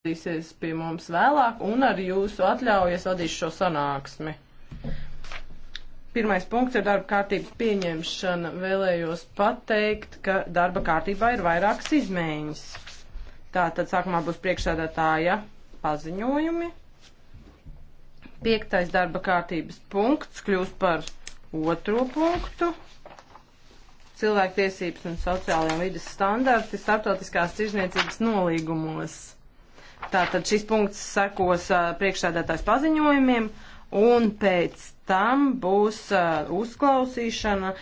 atgriezīsies pie mums vēlāk un ar jūsu atļauju es vadīšu šo sanāksmi. Pirmais punkts ir darba kārtības pieņemšana. Vēlējos pateikt, ka darba kārtībā ir vairākas izmaiņas. Tā tad sākumā būs priekšsēdētāja paziņojumi. Piektais darba kārtības punkts kļūst par otro punktu cilvēktiesības un sociālajiem vidas standarti starptautiskās tirzniecības nolīgumos. Tātad šis punkts sekos priekšsēdētājs paziņojumiem, un pēc tam būs uzklausīšana,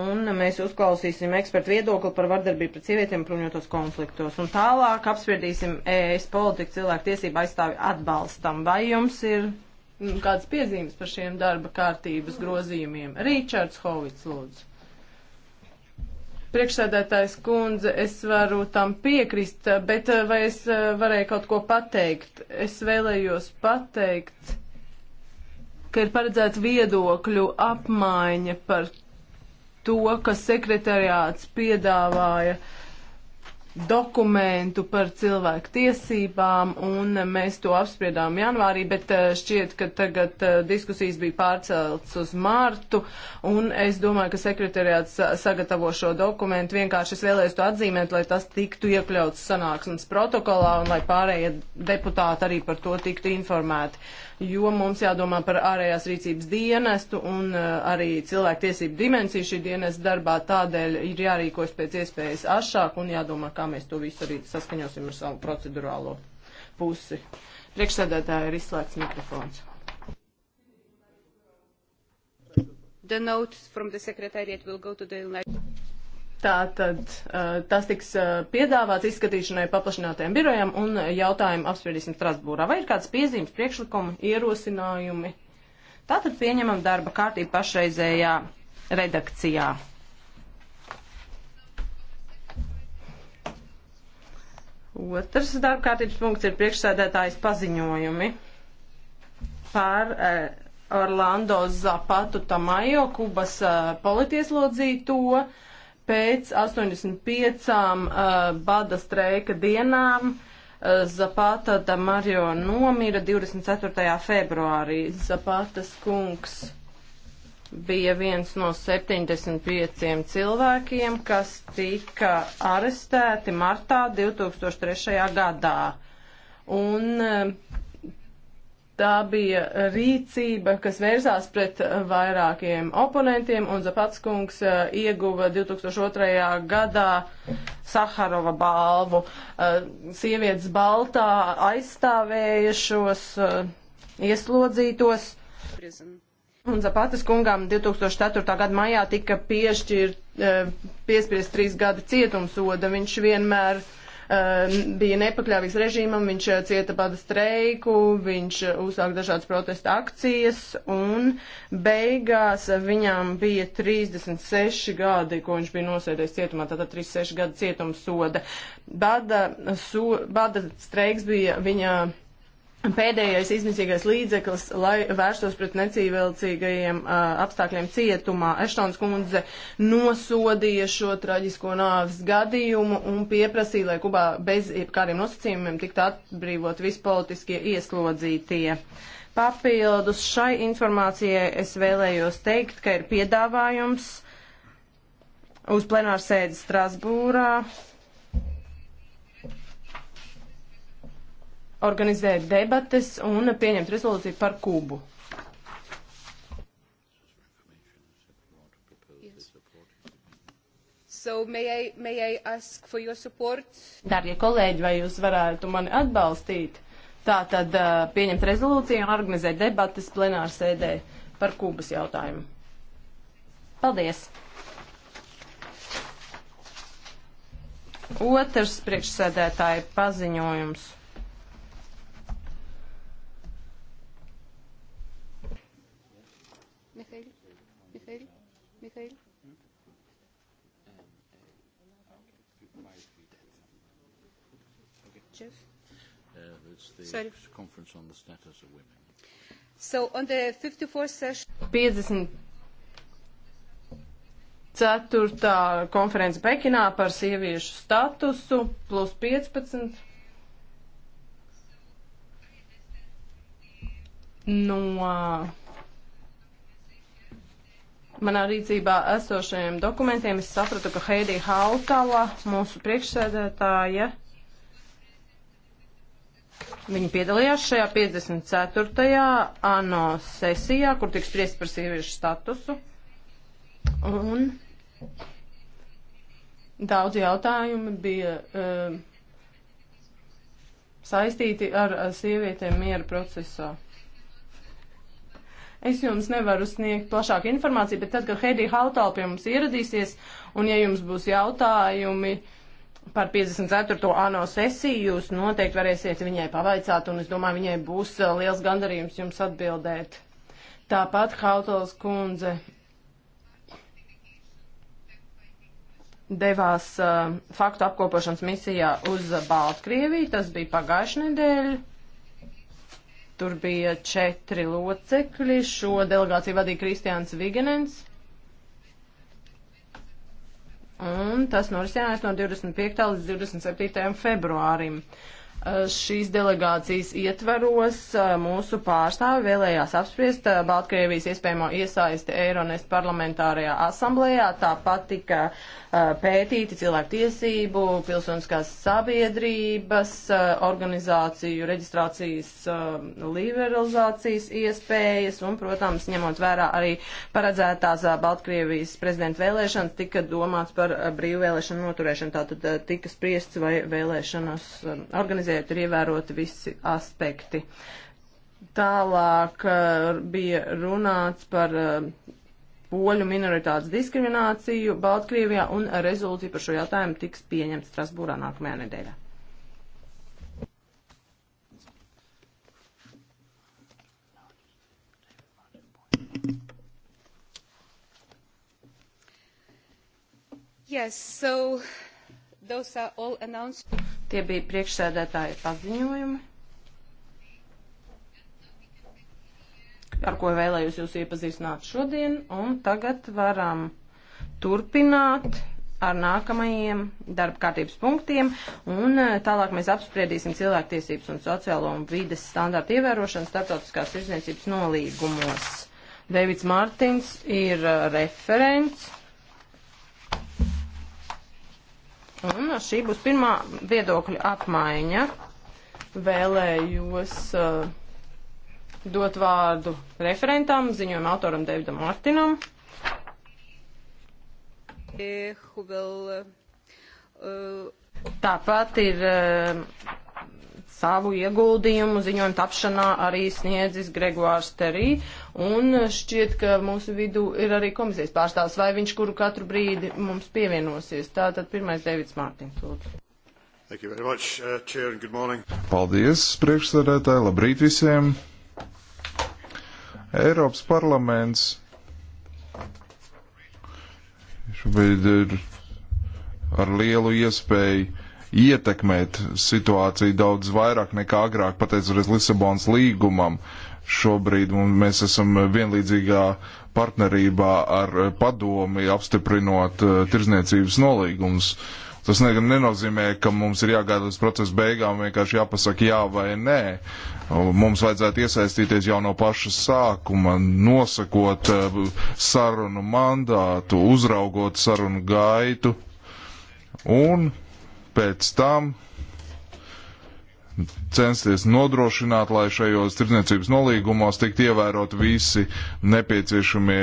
un mēs uzklausīsim ekspertu viedokli par vardarbību pret sievietēm bruņotos konfliktos. Un tālāk apspriedīsim ES politiku cilvēku tiesību aizstāvi atbalstam. Vai jums ir kādas piezīmes par šiem darba kārtības grozījumiem? Rīčards Hovits, lūdzu. Priekšsēdētājs kundze, es varu tam piekrist, bet eh, vai es eh, varēju kaut ko pateikt? Es vēlējos pateikt, ka ir paredzēta viedokļu apmaiņa par to, ka sekretariāts piedāvāja uh, dokumentu par cilvēku tiesībām, un mēs to apspriedām janvārī, bet eh, šķiet, ka tagad eh, diskusijas bija pārceltas uz martu, un es domāju, ka sekretariāts eh, sagatavo šo dokumentu. Vienkārši es vēlējos to atzīmēt, lai tas tiktu iekļauts sanāksmes protokolā, un lai pārējie deputāti arī par to tiktu informēti jo mums jādomā par ārējās rīcības dienestu un uh, arī cilvēktiesību dimensiju šī dienesta darbā. Tādēļ ir jārīkojas pēc iespējas ašāk un jādomā, kā mēs to visu arī saskaņosim ar savu procedurālo pusi. Priekšsēdētāji ir izslēgts mikrofons. The notes from the secretariat will go to the Tātad tas tiks piedāvāts izskatīšanai paplašinātajiem birojiem un jautājumu apspriedīsim Strasbūrā. Vai ir kādas piezīmes, priekšlikumi, ierosinājumi? Tātad pieņemam darba kārtību pašreizējā redakcijā. Otrs darba kārtības punkts ir priekšsēdētājs paziņojumi par eh, Orlando Zapatu Tamajo, Kubas eh, politieslodzīto. Eh, Pēc 85 uh, bada streika dienām uh, Zapata da Mario nomira 24. februārī. Zapatas kungs bija viens no 75 cilvēkiem, kas tika arestēti martā 2003. gadā. Un um, Tā bija rīcība, kas vērsās pret vairākiem oponentiem, un Zapatskungs eh, ieguva 2002. gadā Saharova balvu. Eh, sievietes Baltā aizstāvēja šos eh, ieslodzītos. Un Zapatas kungām 2004. gada maijā tika piešķirt, piespiest trīs gada cietumsoda. Viņš vienmēr uh, Ehm, bija nepakļāvīgs režīmam, viņš eh, cieta bada streiku, viņš eh, uzsāka dažādas protesta akcijas un beigās viņām bija 36 gadi, ko viņš bija nosēdējis cietumā, tātad 36 gadi cietums soda. Bada, so, bada streiks bija viņa pēdējais izmisīgais līdzeklis, lai vērstos pret necīvēlcīgajiem uh, apstākļiem cietumā. Eštons kundze nosodīja šo traģisko nāves gadījumu un pieprasīja, lai Kubā bez kādiem nosacījumiem tiktu atbrīvot vispolitiskie ieslodzītie. Papildus šai informācijai es vēlējos teikt, ka ir piedāvājums uz plenārsēdi Strasbūrā organizēt debates un pieņemt rezolūciju par Kubu. So may I, may I ask for your support? Darbie kolēģi, vai jūs varētu mani atbalstīt? Tā tad uh, pieņemt rezolūciju un organizēt debatas plenāru sēdē par Kūbas jautājumu. Paldies! Otrs priekšsēdētāja paziņojums. Sorry. Conference on the Status of Women. So on the 54th session... 50. Ceturtā konference Pekinā par sieviešu statusu plus 15. No uh, manā rīcībā esošajiem dokumentiem es sapratu, ka Heidi Hautala, mūsu priekšsēdētāja, ja, Viņi piedalījās šajā 54. ANO sesijā, kur tiks spriest par sieviešu statusu. Un daudz jautājumi bija uh, saistīti ar sievietēm miera procesā. Es jums nevaru sniegt plašāku informāciju, bet tad, kad Heidi Hautala pie mums ieradīsies, un ja jums būs jautājumi, uh, par 54. ANO sesiju. Jūs noteikti varēsiet viņai pavaicāt, un es domāju, viņai būs eh, liels gandarījums jums atbildēt. Tāpat Hautals kundze devās uh, faktu apkopošanas misijā uz Baltkrieviju. Tas bija pagājušajā nedēļā. Tur bija četri locekļi. Šo delegāciju vadīja Kristiāns Vigenens un tas norisinājās no 25. līdz 27. februārim. Uh, Eh, šīs delegācijas ietvaros eh, mūsu pārstāvi vēlējās apspriest eh, Baltkrievijas iespējamo iesaisti Eironest parlamentārajā asamblējā. Tāpat tika pētīti cilvēktiesību, pilsoniskās sabiedrības, organizāciju reģistrācijas liberalizācijas iespējas un, protams, ņemot vērā arī paredzētās Baltkrievijas prezidenta vēlēšanas, tika domāts par brīvvēlēšanu noturēšanu. Tātad tika spriests vai vēlēšanas organizēt precizēti ir ievēroti visi aspekti. Tālāk eh, bija runāts par eh, poļu minoritātes diskrimināciju Baltkrievijā un rezolūcija par šo jautājumu tiks pieņemta Strasbūrā nākamajā nedēļā. Yes, so those are all announcements. Tie bija priekšsēdētāja paziņojumi, ar ko vēlējos jūs iepazīstināt šodien, un tagad varam turpināt ar nākamajiem darba kārtības punktiem, un eh, tālāk mēs apspriedīsim cilvēktiesības un sociālo un vides standartu ievērošanu starptautiskās izniecības nolīgumos. Deivids Mārtiņš ir eh, referents. Un šī būs pirmā viedokļa apmaiņa. Vēlējos uh, dot vārdu referentam, ziņojuma autoram Davidam Martinam. Eh, eh, Tāpat ir uh, savu ieguldījumu ziņojumu tapšanā arī sniedzis Gregoārs Terī, un šķiet, ka mūsu vidū ir arī komisijas pārstāvs, vai viņš kuru katru brīdi mums pievienosies. Tātad pirmais Devits Mārtiņš, lūdzu. Thank you very much, uh, Chair, and good morning. Paldies, priekšsēdētāji, labrīt visiem. Eiropas parlaments šobrīd ir ar lielu iespēju ietekmēt situāciju daudz vairāk nekā agrāk, pateicoties Lisabonas līgumam. Šobrīd mēs esam vienlīdzīgā partnerībā ar padomi apstiprinot eh, tirzniecības nolīgumus. Tas ne, nenozīmē, ka mums ir jāgaida līdz procesa beigām, vienkārši jāpasaka jā vai nē. Mums vajadzētu iesaistīties jau no paša sākuma, nosakot eh, sarunu mandātu, uzraugot sarunu gaitu un pēc tam censties nodrošināt, lai šajos tirdzniecības nolīgumos tiktu ievērot visi nepieciešamie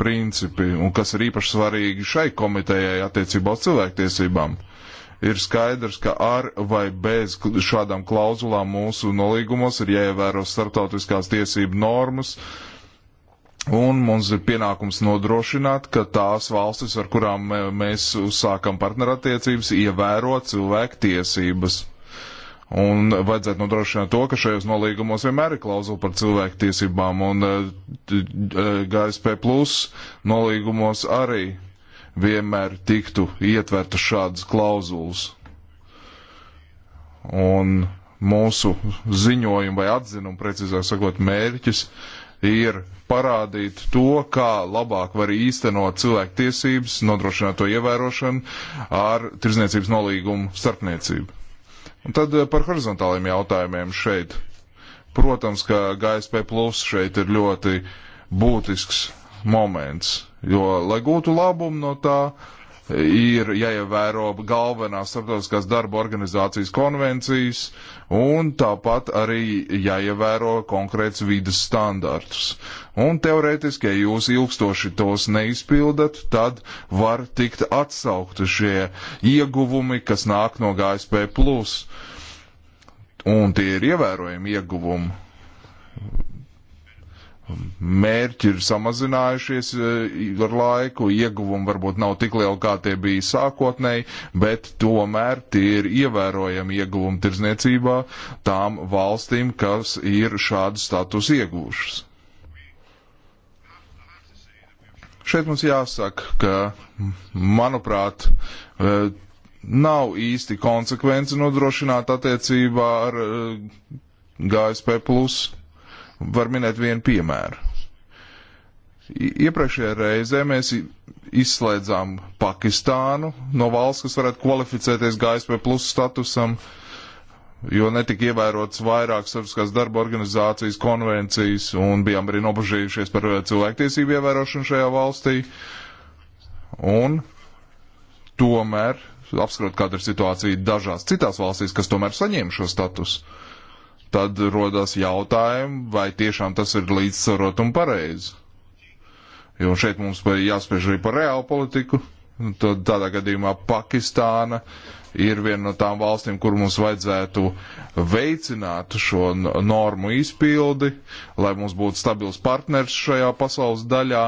principi, un kas ir īpaši svarīgi šai komitejai attiecībā uz cilvēktiesībām. Ir skaidrs, ka ar vai bez šādām klauzulām mūsu nolīgumos ir jāievēro starptautiskās tiesību normas, uh, Un mums ir pienākums nodrošināt, ka tās valstis, ar kurām mēs uzsākam partnerattiecības, ievēro cilvēku tiesības. Un vajadzētu nodrošināt to, ka šajos nolīgumos vienmēr ir klauzula par cilvēku tiesībām, un eh, eh, GSP plus nolīgumos arī vienmēr tiktu ietverta šādas klauzulas. Un mūsu ziņojuma vai atzinuma, precīzāk sakot, mērķis uh, ir parādīt to, kā labāk var īstenot cilvēku tiesības, nodrošināt to ievērošanu ar tirzniecības nolīgumu starpniecību. Un tad eh, par horizontāliem jautājumiem šeit. Protams, ka GSP plus šeit ir ļoti būtisks moments, jo, lai gūtu labumu no tā, uh, ir jāievēro galvenās starptautiskās darba organizācijas konvencijas un tāpat arī jāievēro konkrēts vidas standartus. Un teorētiski, ja jūs ilgstoši tos neizpildat, tad var tikt atsaukti šie ieguvumi, kas nāk no GSP. Un tie ir ievērojami ieguvumi mērķi ir samazinājušies e, ar laiku, ieguvumi varbūt nav tik lieli, kā tie bija sākotnēji, bet tomēr tie ir ievērojami ieguvumi tirzniecībā tām valstīm, kas ir šādu status ieguvušas. Šeit mums jāsaka, ka, manuprāt, e, nav īsti konsekvence nodrošināta attiecībā ar e, GSP plusu Var minēt vienu piemēru. Iepriekšējā reizē mēs izslēdzām Pakistānu no valsts, kas varētu kvalificēties GSP plus statusam, jo netika ievērots vairāk starptautiskās darba organizācijas konvencijas un bijām arī nobažījušies par uh, cilvēktiesību ievērošanu šajā valstī. Un tomēr, apskarot, kāda ir situācija dažās citās valstīs, kas tomēr saņēma šo statusu, tad rodas jautājumi, vai tiešām tas ir līdzsvarot un pareizi. Jo šeit mums jāspiež arī par reālu politiku. Tad tādā gadījumā Pakistāna ir viena no tām valstīm, kur mums vajadzētu veicināt šo normu izpildi, lai mums būtu stabils partners šajā pasaules daļā,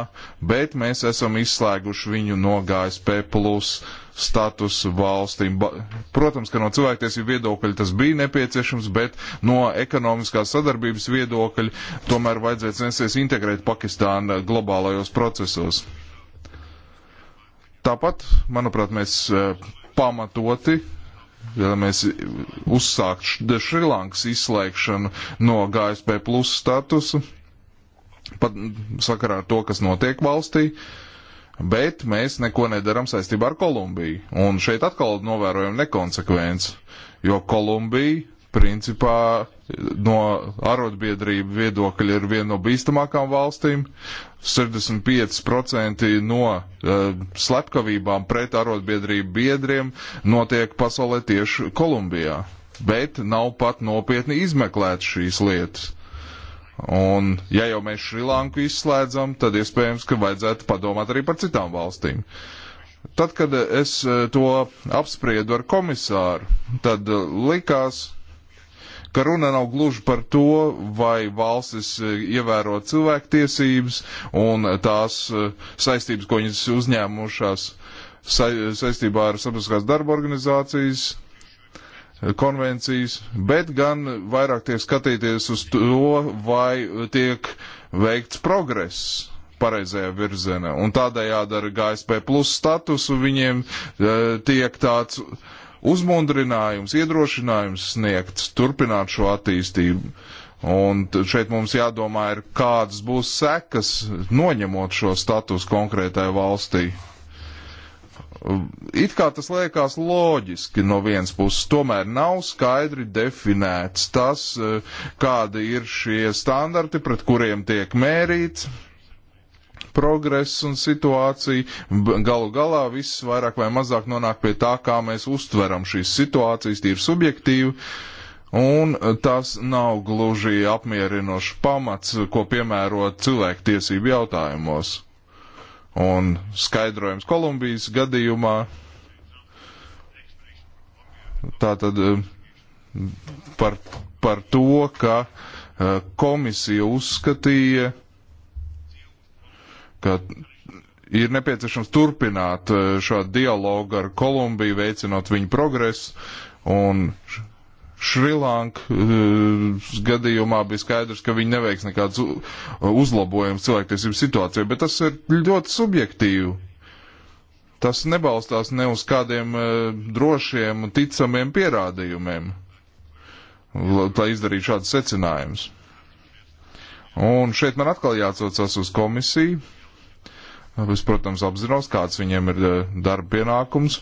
bet mēs esam izslēguši viņu no GSP plus uh, status valstīm. Protams, ka no cilvēktiesību viedokļa tas bija nepieciešams, bet no ekonomiskās sadarbības viedokļa tomēr vajadzēja censties integrēt Pakistānu globālajos procesos. Tāpat, manuprāt, mēs e, pamatoti vēlamies uzsākt Šrilankas izslēgšanu no GSP plus statusu, pat sakarā ar to, kas notiek valstī. Uh, bet mēs neko nedaram saistībā ar Kolumbiju. Un šeit atkal novērojam nekonsekvenci, jo Kolumbija principā no arotbiedrību viedokļa ir viena no bīstamākām valstīm. 65% no uh, slepkavībām pret arotbiedrību biedriem notiek pasaulē tieši Kolumbijā. Bet nav pat nopietni izmeklēt šīs lietas. Un, ja jau mēs Šrilanku izslēdzam, tad iespējams, ka vajadzētu padomāt arī par citām valstīm. Tad, kad es e, to apspriedu ar komisāru, tad e, likās, ka runa nav gluži par to, vai valstis e, ievēro cilvēktiesības un tās saistības, ko viņas uzņēmušās sa saistībā ar sabiedriskās darba organizācijas konvencijas, bet gan vairāk tiek skatīties uz to, vai tiek veikts progress pareizajā virzienā. Un tādējādi ar GSP plus statusu viņiem e, tiek tāds uzmundrinājums, iedrošinājums sniegts turpināt šo attīstību. Un šeit mums jādomā ir, kādas būs sekas noņemot šo statusu konkrētai valstī. It kā tas liekas loģiski no vienas puses, tomēr nav skaidri definēts tas, eh, kādi ir šie standarti, pret kuriem tiek mērīts progress un situācija. Galu galā viss vairāk vai mazāk nonāk pie tā, kā mēs uztveram šīs situācijas, tīri subjektīvi. Un tas nav gluži apmierinošs pamats, ko piemērot cilvēktiesību jautājumos. Un skaidrojums Kolumbijas gadījumā tātad eh, par, par to, ka eh, komisija uzskatīja, ka ir nepieciešams turpināt eh, šādu dialogu ar Kolumbiju, veicinot viņu progresu, un Šrilankas eh, gadījumā bija skaidrs, ka viņi neveiks nekādus uzlabojumus cilvēktiesību situācijai, bet tas ir ļoti subjektīvi. Tas nebalstās ne uz kādiem eh, drošiem un ticamiem pierādījumiem, lai izdarītu šādus secinājumus. Un šeit man atkal jāatcaucas uz komisiju. Es, protams, apzinos, kāds viņiem ir eh, darba pienākums.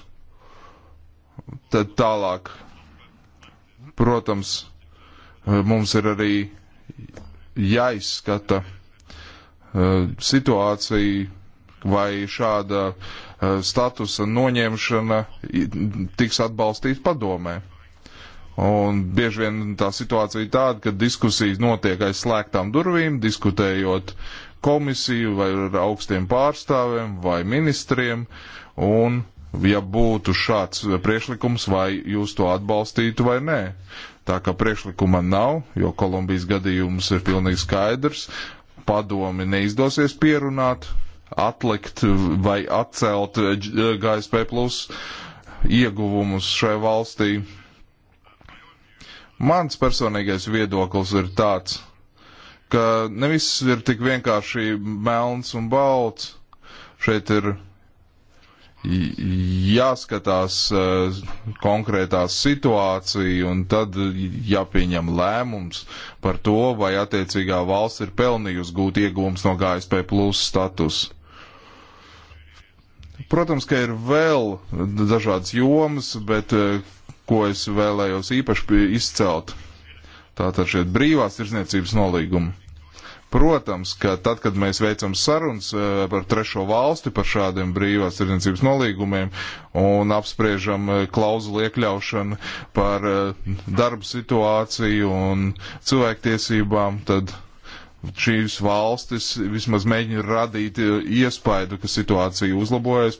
Tad tālāk Protams, eh, mums ir arī jāizskata eh, situācija, vai šāda eh, statusa noņemšana tiks atbalstīta padomē. Un bieži vien tā situācija ir tāda, ka diskusijas notiek aiz slēgtām durvīm, diskutējot komisiju vai ar augstiem pārstāvjiem vai ministriem, un ja būtu šāds priekšlikums, vai jūs to atbalstītu vai nē. Tā kā priekšlikuma nav, jo Kolumbijas gadījums ir pilnīgi skaidrs, padomi neizdosies pierunāt, atlikt vai atcelt GSP plus ieguvumus šai valstī. Mans personīgais viedoklis ir tāds, ka nevis ir tik vienkārši melns un balts. Šeit ir jāskatās eh, konkrētā situācija un tad jāpieņem lēmums par to, vai attiecīgā valsts ir pelnījusi gūt iegūmus no GSP plus status. Protams, ka ir vēl dažādas jomas, bet eh, ko es vēlējos īpaši izcelt, tātad šie brīvās tirzniecības nolīgumi. Protams, ka tad, kad mēs veicam sarunas eh, par trešo valsti par šādiem brīvās tirdzniecības nolīgumiem un apspriežam eh, klauzulu iekļaušanu par eh, darba situāciju un cilvēktiesībām, tad šīs valstis vismaz mēģina radīt iespaidu, ka situācija uzlabojas.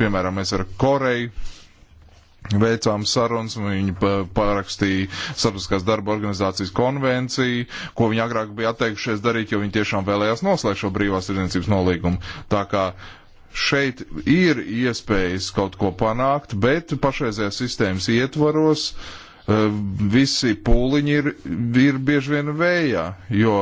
Piemēram, mēs ar Koreju veicām sarunas, viņi parakstīja Sabiedriskās darba organizācijas konvenciju, ko viņi agrāk bija atteikušies darīt, jo viņi tiešām vēlējās noslēgt šo brīvās tirdzniecības nolīgumu. Tā kā šeit ir iespējas kaut ko panākt, bet pašreizējās sistēmas ietvaros e, visi pūliņi ir, ir bieži vien vējā, jo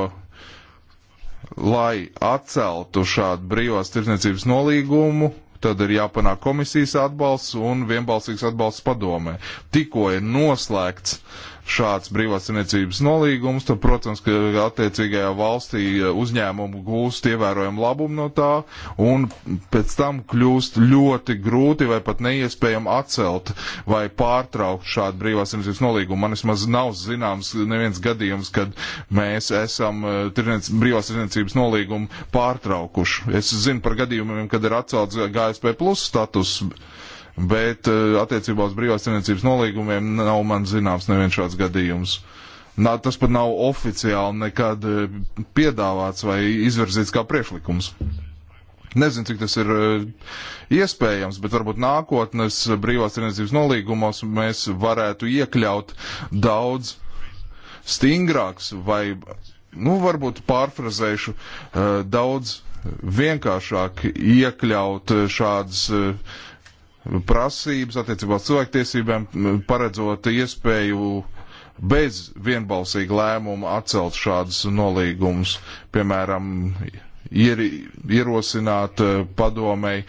lai atceltu šādu brīvās tirdzniecības nolīgumu, tad ir jāpanāk komisijas atbalsts un vienbalsīgs atbalsts padomē. Tikko ir noslēgts uh, šāds brīvās tirniecības nolīgums, tad, protams, ka attiecīgajā valstī uzņēmumu gūst ievērojumu labumu no tā, un pēc tam kļūst ļoti grūti vai pat neiespējami atcelt vai pārtraukt šādu brīvās tirniecības nolīgumu. Man vismaz nav zināms neviens gadījums, kad mēs esam eh, tirniec, brīvās tirniecības nolīgumu pārtraukuši. Es zinu par gadījumiem, kad ir atcelts GSP plus status bet eh, attiecībā uz brīvās tirniecības nolīgumiem nav man zināms neviens šāds gadījums. Nā, tas pat nav oficiāli nekad eh, piedāvāts vai izvirzīts kā priekšlikums. Nezinu, cik tas ir eh, iespējams, bet varbūt nākotnes brīvās tirniecības nolīgumos mēs varētu iekļaut daudz stingrāks vai, nu, varbūt pārfrazēšu, daudz vienkāršāk iekļaut šādas Nu, prasības attiecībā uz cilvēktiesībām, nu, paredzot iespēju bez vienbalsīga lēmuma atcelt šādus nolīgumus, piemēram, ir ierosināt eh, padomei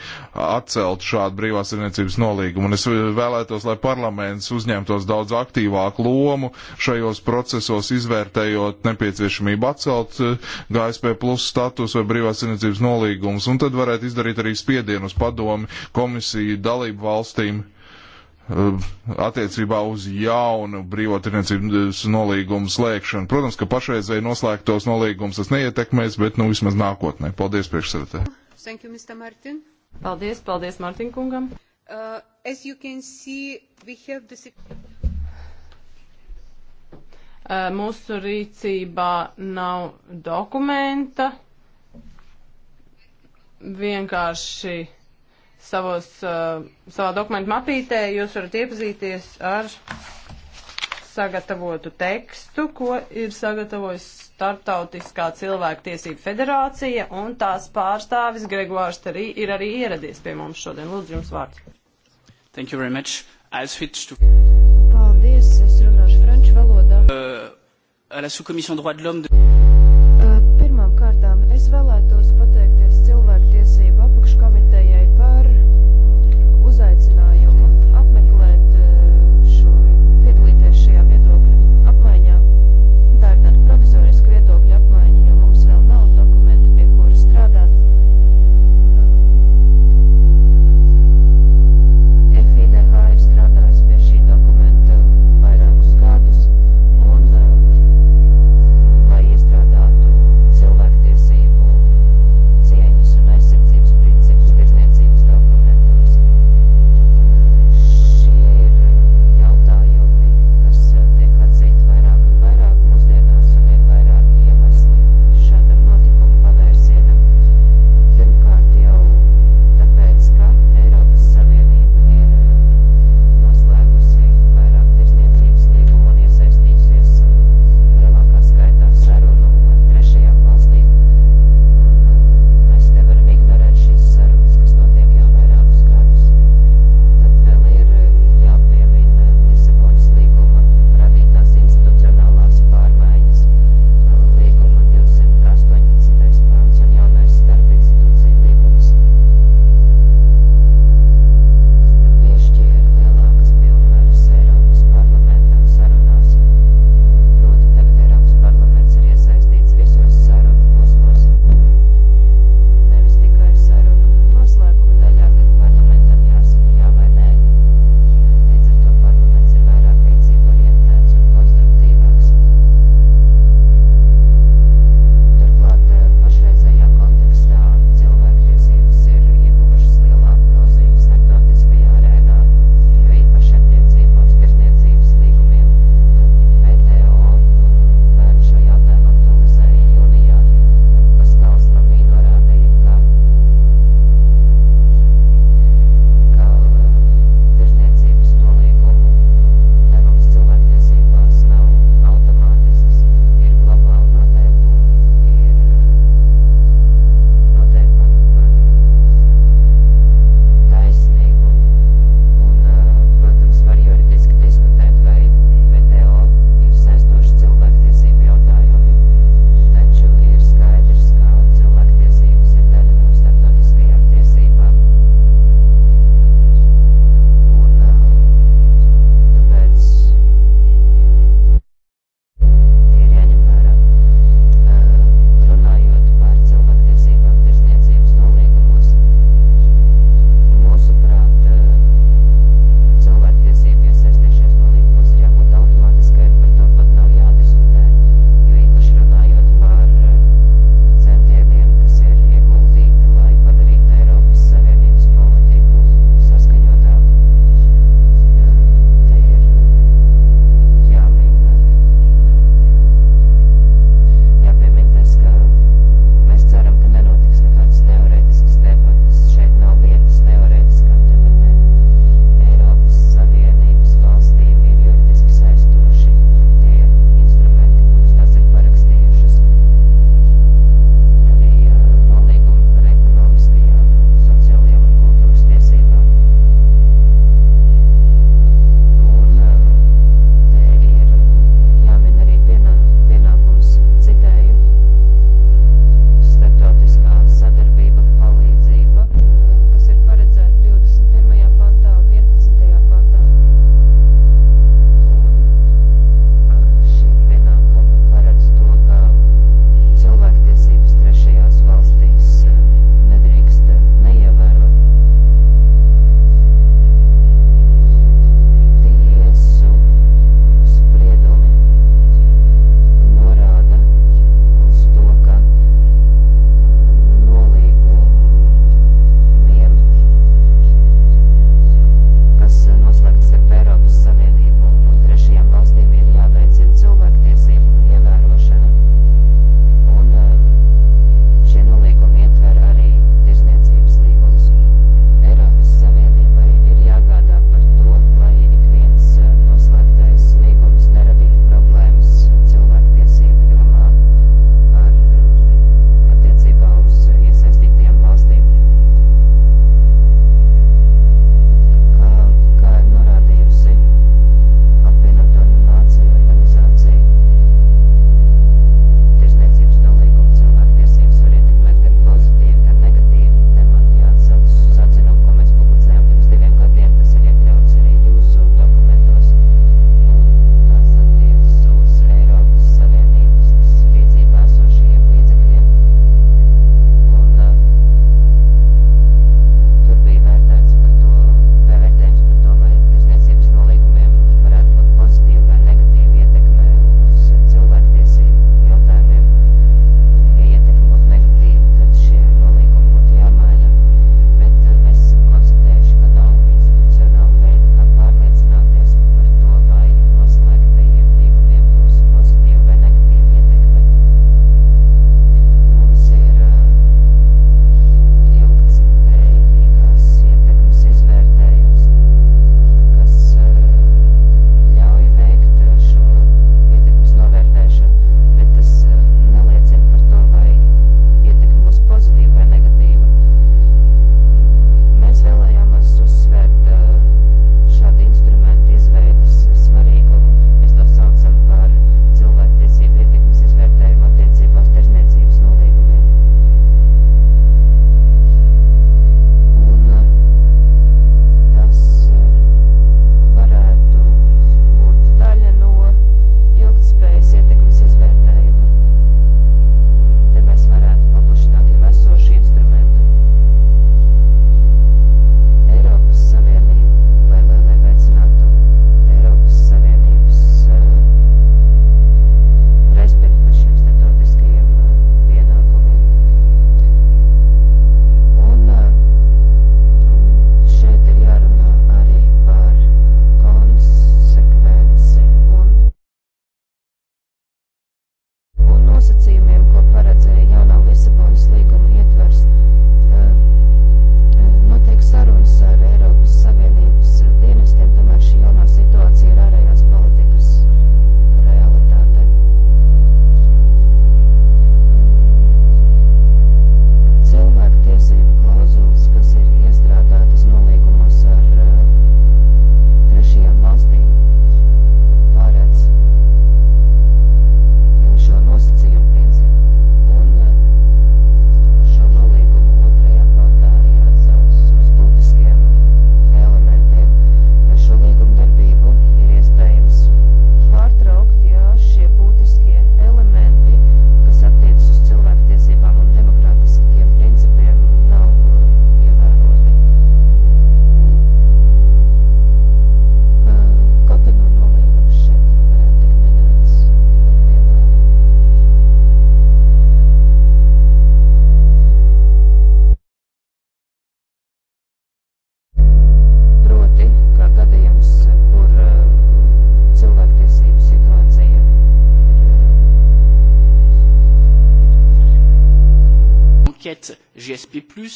atcelt šādu brīvās rīniecības nolīgumu. Un es eh, vēlētos, lai parlaments uzņemtos daudz aktīvāku lomu šajos procesos, izvērtējot nepieciešamību atcelt eh, GSP plus status vai brīvās rīniecības nolīgumus. Un tad varētu izdarīt arī spiedienu uz padomi, komisiju, dalību valstīm Ehm, attiecībā uz jaunu brīvotirniecības nolīgumu slēgšanu. Protams, ka pašreizēji noslēgtos nolīgumus tas neietekmēs, bet nu vismaz nākotnē. Paldies priekšsēdētāji. Thank you, Mr. Martin. Paldies, paldies Martin kungam. Uh, as you can see, we have the uh, Mūsu rīcībā nav dokumenta, vienkārši savos, uh, savā dokumentu mapītē jūs varat iepazīties ar sagatavotu tekstu, ko ir sagatavojis Startautiskā cilvēktiesība federācija, un tās pārstāvis Gregors arī ir arī ieradies pie mums šodien. Lūdzu, jums vārds. Thank you very much. I'll switch to... Paldies, es runāšu franču valodā. Uh, à la sous-commission droits de l'homme de...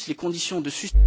les conditions de suspension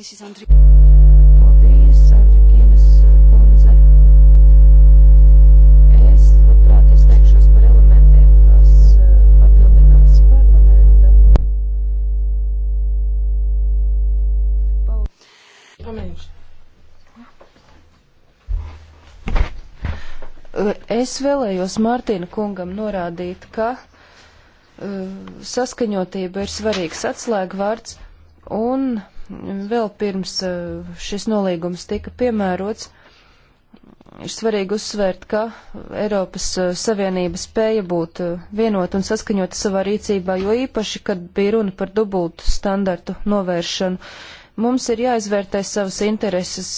Mrs. Andri. Paldies, Andrikienes kundze. Es labprāt izteikšos par elementiem, kas eh, papildinās parlamenta. Paldies. Pamēģināšu. Eh, es vēlējos Mārtiņa kungam norādīt, ka uh, saskaņotība ir svarīgs atslēgvārds, un vēl pirms eh, šis nolīgums tika piemērots, ir svarīgi uzsvērt, ka Eiropas eh, Savienība spēja būt eh, vienot un saskaņot savā rīcībā, jo īpaši, kad bija runa par dubultu standartu novēršanu, mums ir jāizvērtē savas intereses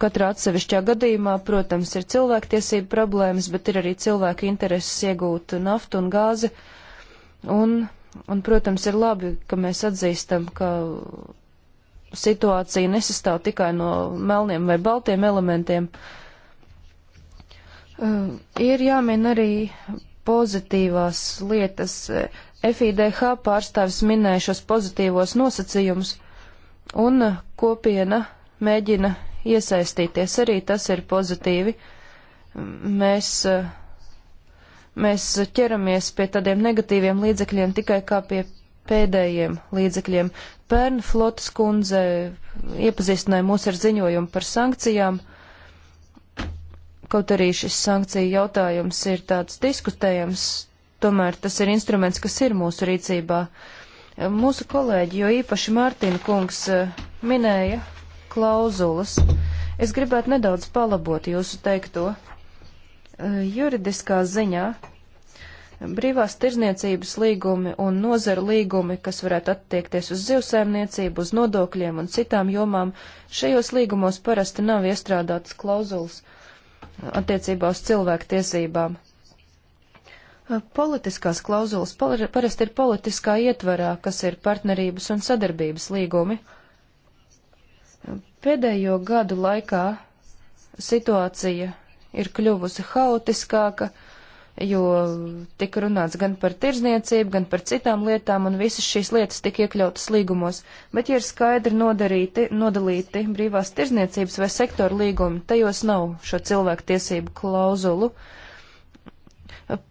katrā atsevišķā gadījumā. Protams, ir cilvēktiesība problēmas, bet ir arī cilvēku intereses iegūt naftu un gāzi. Un Un, protams, ir labi, ka mēs atzīstam, ka situācija nesastāv tikai no melniem vai baltiem elementiem. Uh, ir jāmin arī pozitīvās lietas. FIDH pārstāvis minēja šos pozitīvos nosacījumus, un kopiena mēģina iesaistīties arī tas ir pozitīvi. Mēs uh, mēs ķeramies pie tādiem negatīviem līdzekļiem tikai kā pie pēdējiem līdzekļiem. Pērn flotas kundze iepazīstināja mūs ar ziņojumu par sankcijām. Kaut arī šis sankciju jautājums ir tāds diskutējams, tomēr tas ir instruments, kas ir mūsu rīcībā. Mūsu kolēģi, jo īpaši Mārtiņa kungs minēja klauzulas, es gribētu nedaudz palabot jūsu teikto. Juridiskā ziņā Brīvās tirzniecības līgumi un nozaru līgumi, kas varētu attiekties uz zivsēmniecību, uz nodokļiem un citām jomām, šajos līgumos parasti nav iestrādātas klauzulas attiecībā uz cilvēku tiesībām. Politiskās klauzulas parasti ir politiskā ietvarā, kas ir partnerības un sadarbības līgumi. Pēdējo gadu laikā situācija ir kļuvusi haotiskāka, jo tika runāts gan par tirzniecību, gan par citām lietām, un visas šīs lietas tika iekļautas līgumos. Bet, ja ir skaidri nodarīti, nodalīti brīvās tirzniecības vai sektora līgumi, tajos nav šo cilvēku tiesību klauzulu.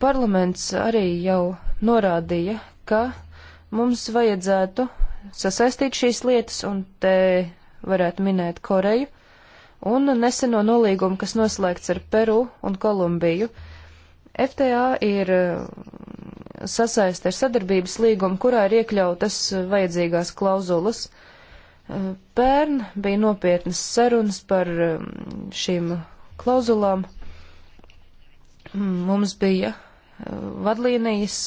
Parlaments arī jau norādīja, ka mums vajadzētu sasaistīt šīs lietas, un te varētu minēt Koreju, un neseno nolīgumu, kas noslēgts ar Peru un Kolumbiju. FTA ir uh, sasaiste ar sadarbības līgumu, kurā ir iekļautas uh, vajadzīgās klauzulas. Uh, Pērn bija nopietnas sarunas par um, šīm klauzulām. Mums bija vadlīnijas,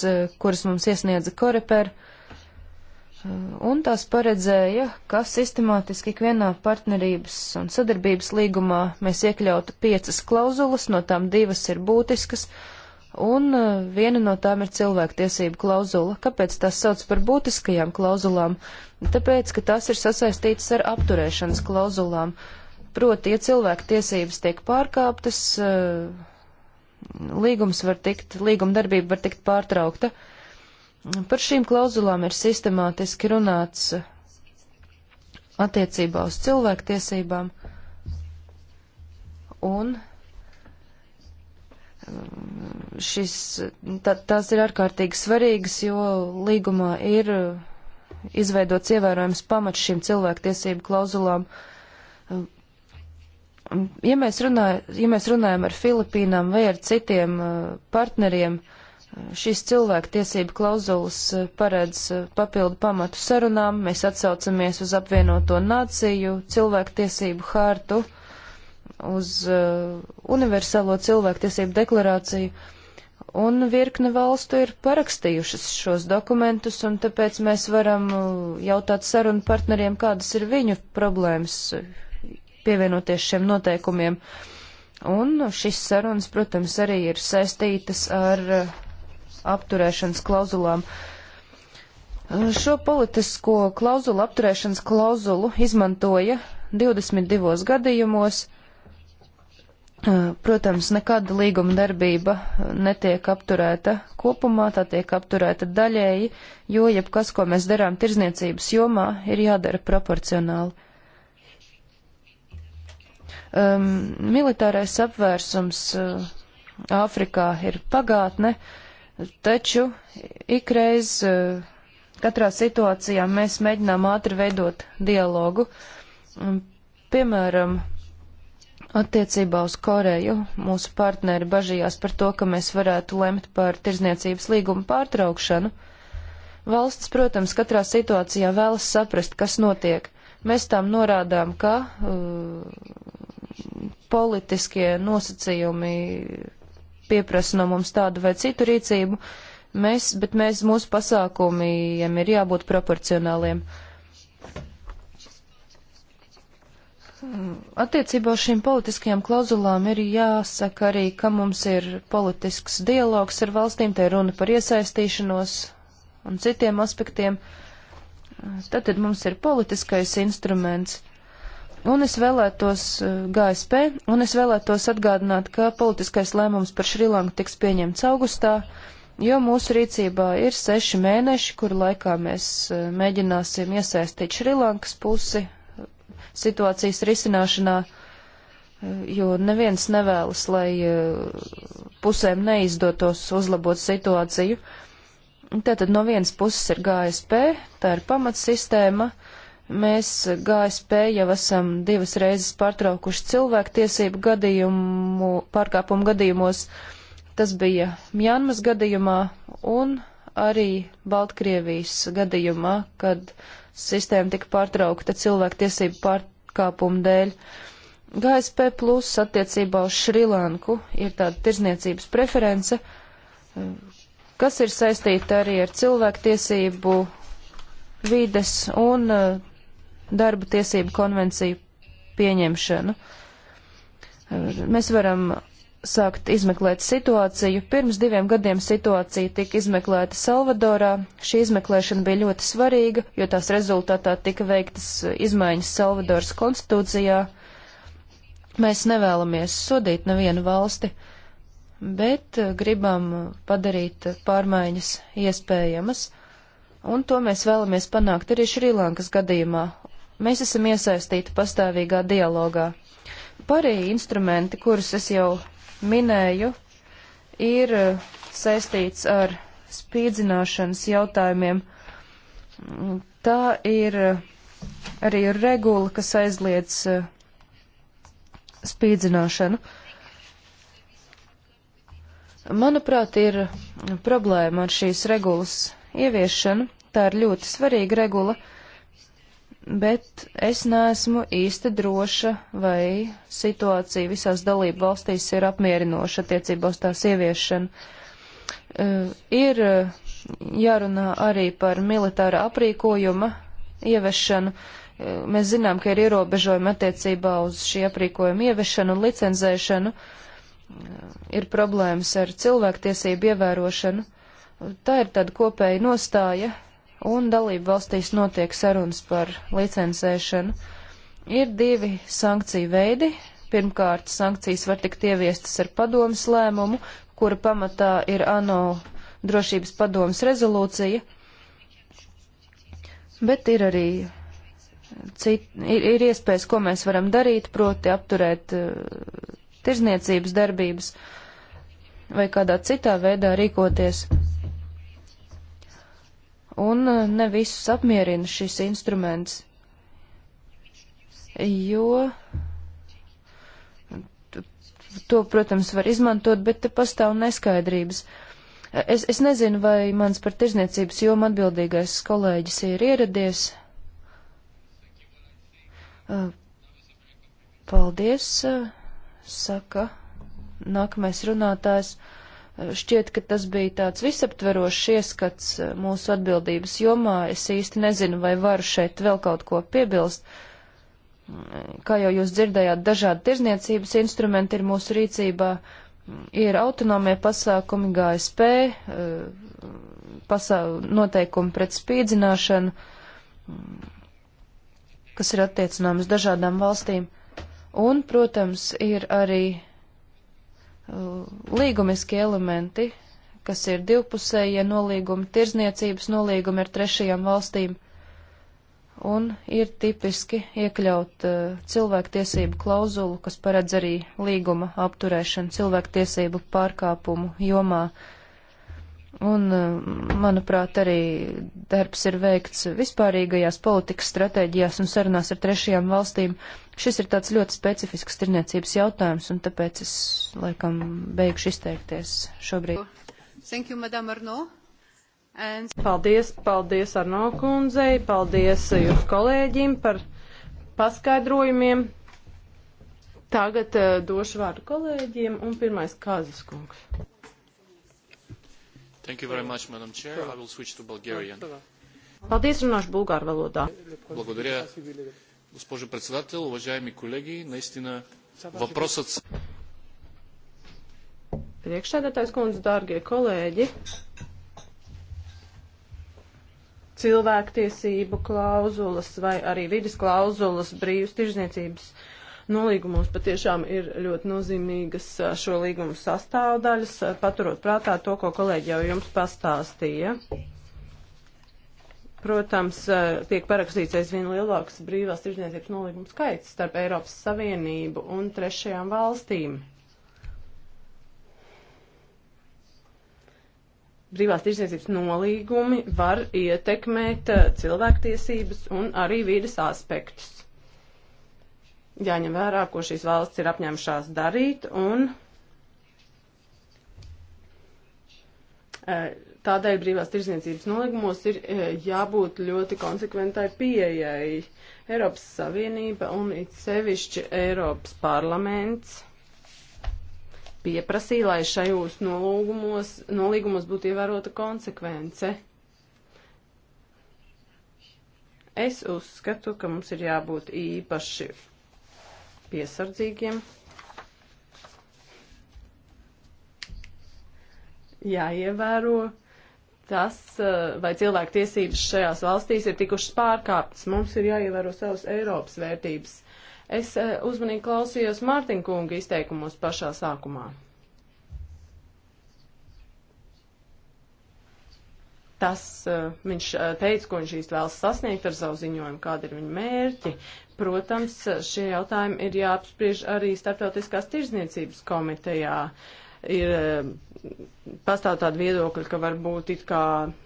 kuras mums iesniedza Koreper, un tās paredzēja, ka sistemātiski ikvienā partnerības un sadarbības līgumā mēs iekļautu piecas klauzulas, no tām divas ir būtiskas, uh, un eh, viena no tām ir cilvēktiesība klauzula. Kāpēc tās sauc par būtiskajām klauzulām? Tāpēc, ka tās ir sasaistītas ar apturēšanas klauzulām. Proti, ja cilvēktiesības tiek pārkāptas, eh, līgums var tikt, līguma darbība var tikt pārtraukta. Par šīm klauzulām ir sistemātiski runāts attiecībā uz cilvēktiesībām un šis, tā, tās ir ārkārtīgi svarīgas, jo līgumā ir izveidots ievērojams pamats šīm cilvēktiesību klauzulām. Ja mēs, runāj, ja mēs runājam ar Filipīnām vai ar citiem uh, partneriem, uh, šīs cilvēktiesību klauzulas uh, paredz papildu pamatu sarunām, mēs atsaucamies uz apvienoto nāciju, cilvēktiesību hārtu uz uh, universālo cilvēktiesību deklarāciju, un virkne valstu ir parakstījušas šos dokumentus, un tāpēc mēs varam uh, jautāt sarunu partneriem, kādas ir viņu problēmas uh, pievienoties šiem noteikumiem. Un šis sarunas, protams, arī ir saistītas ar uh, apturēšanas klauzulām. Uh, šo politisko klauzulu, apturēšanas klauzulu izmantoja 22 gadījumos, uh, Protams, nekāda līguma darbība netiek apturēta kopumā, tā tiek apturēta daļēji, jo jebkas, ko mēs darām tirzniecības jomā, ir jādara proporcionāli. Um, militārais apvērsums uh, Āfrikā ir pagātne, taču ikreiz uh, katrā situācijā mēs mēģinām ātri veidot dialogu. Um, piemēram, Attiecībā uz Koreju mūsu partneri bažījās par to, ka mēs varētu lemt par tirzniecības līgumu pārtraukšanu. Valsts, protams, katrā situācijā vēlas saprast, kas notiek. Mēs tām norādām, ka uh, politiskie nosacījumi pieprasa no mums tādu vai citu rīcību, mēs, bet mēs mūsu pasākumiem ir jābūt proporcionāliem. Uh, Attiecībā uz šīm politiskajām klauzulām ir jāsaka arī, ka mums ir politisks dialogs ar valstīm, te runa par iesaistīšanos un citiem aspektiem. Tātad mums ir politiskais instruments. Un es vēlētos eh, GSP, un es vēlētos atgādināt, ka politiskais lēmums par Šrilanku tiks pieņemts augustā, jo mūsu rīcībā ir seši mēneši, kur laikā mēs eh, mēģināsim iesaistīt Šrilankas pusi situācijas risināšanā, jo neviens nevēlas, lai eh, pusēm neizdotos uzlabot situāciju. Tātad no vienas puses ir GSP, tā ir pamatsistēma. Mēs eh, GSP jau esam divas reizes pārtraukuši cilvēktiesību gadījumu, pārkāpumu gadījumos. Tas bija Mjanmas gadījumā un arī Baltkrievijas gadījumā, kad sistēma tika pārtraukta cilvēktiesību pārkāpumu dēļ. GSP plus attiecībā uz Šrilanku ir tāda tirzniecības preference, kas ir saistīta arī ar cilvēktiesību, vides un eh, darba tiesību konvenciju pieņemšanu. Mēs varam sākt izmeklēt situāciju. Pirms diviem gadiem situācija tika izmeklēta Salvadorā. Šī izmeklēšana bija ļoti svarīga, jo tās rezultātā tika veiktas izmaiņas Salvadoras konstitūcijā. Mēs nevēlamies sodīt nevienu valsti, bet eh, gribam padarīt pārmaiņas iespējamas, un to mēs vēlamies panākt arī Šrilankas gadījumā. Mēs esam iesaistīti pastāvīgā dialogā. Pārējie instrumenti, kurus es jau minēju, ir eh, saistīts ar spīdzināšanas jautājumiem. Mm, tā ir eh, arī regula, kas aizliedz eh, spīdzināšanu. Manuprāt, ir problēma ar šīs regulas ieviešanu. Tā ir ļoti svarīga regula. Uh, bet es neesmu īsti droša, vai situācija visās dalību valstīs ir apmierinoša attiecībā uz tās ieviešanu. Uh, ir e, jārunā arī par militāra aprīkojuma ieviešanu. Uh, mēs zinām, ka ir ierobežojumi attiecībā uz šī aprīkojuma ieviešanu un licenzēšanu. Uh, ir problēmas ar cilvēktiesību ievērošanu. Tā ir tāda kopēja nostāja, un dalību valstīs notiek sarunas par licencēšanu. Ir divi sankciju veidi. Pirmkārt, sankcijas var tikt ieviestas ar padomas lēmumu, kura pamatā ir ANO drošības padomas rezolūcija, bet ir arī cit, ir, ir iespējas, ko mēs varam darīt, proti apturēt uh, tirzniecības darbības vai kādā citā veidā rīkoties un eh, ne visus apmierina šis instruments, jo to, protams, var izmantot, bet te pastāv neskaidrības. Es, es nezinu, vai mans par tirzniecības jomu atbildīgais kolēģis ir ieradies. Eh, paldies, eh, saka nākamais runātājs. Šķiet, ka tas bija tāds visaptverošs ieskats eh, mūsu atbildības jomā. Es īsti nezinu, vai varu šeit vēl kaut ko piebilst. Mm, kā jau jūs dzirdējāt, dažādi tirzniecības instrumenti ir mūsu rīcībā, mm, ir autonomie pasākumi, GSP, eh, pasā, noteikumi pret spīdzināšanu, mm, kas ir attiecināmas dažādām valstīm. Un, protams, ir arī Uh, līgumiski elementi, kas ir divpusējie nolīgumi, tirzniecības nolīgumi ar trešajām valstīm, un ir tipiski iekļaut uh, cilvēktiesību klauzulu, kas paredz arī līguma apturēšanu cilvēktiesību pārkāpumu jomā. Uh, Un, eh, manuprāt, arī darbs ir veikts vispārīgajās politikas stratēģijās un sarunās ar trešajām valstīm. Šis ir tāds ļoti specifisks tirniecības jautājums, un tāpēc es, laikam, beigšu izteikties šobrīd. Thank you, Madam Arno. And... Paldies, paldies Arno kundzei, paldies jūsu kolēģim par paskaidrojumiem. Tagad uh, došu vārdu kolēģiem un pirmais Kazas kungs. Thank you very much, Madam Chair. I will switch to Bulgarian. Paldies, runāšu bulgāru валода. Благодаря, госпожо председател, уважаеми колеги. Наистина въпросът... Priekšsēdētājs kundze, dārgie kolēģi, cilvēktiesību klauzulas vai arī vidas klauzulas brīvas tirzniecības uh, Nolīgumos patiešām ir ļoti nozīmīgas šo līgumu sastāvdaļas, paturot prātā to, ko kolēģi jau jums pastāstīja. Protams, tiek parakstīts aizvien lielāks brīvās tirdzniecības nolīgumu skaits starp Eiropas Savienību un trešajām valstīm. Brīvās tirdzniecības nolīgumi var ietekmēt cilvēktiesības un arī vīdes aspektus jāņem vērā, ko šīs valsts ir apņēmušās darīt, un e, tādēļ brīvās tirzniecības nolīgumos ir e, jābūt ļoti konsekventai pieejai. Eiropas Savienība un it sevišķi Eiropas parlaments pieprasīja, lai šajos nolūgumos, nolīgumos būtu ievērota konsekvence. Es uzskatu, ka mums ir jābūt īpaši piesardzīgiem. Jāievēro tas, eh, vai cilvēku tiesības šajās valstīs ir tikušas pārkāptas. Mums ir jāievēro savas Eiropas vērtības. Es eh, uzmanīgi klausījos Mārtiņa kunga izteikumos pašā sākumā. tas uh, viņš uh, teica, ko viņš īsti vēlas sasniegt ar savu ziņojumu, kāda ir viņa mērķi. Protams, šie jautājumi ir jāapspriež arī Startautiskās tirzniecības komitejā. Ir eh, pastāv tāda viedokļa, ka varbūt it kā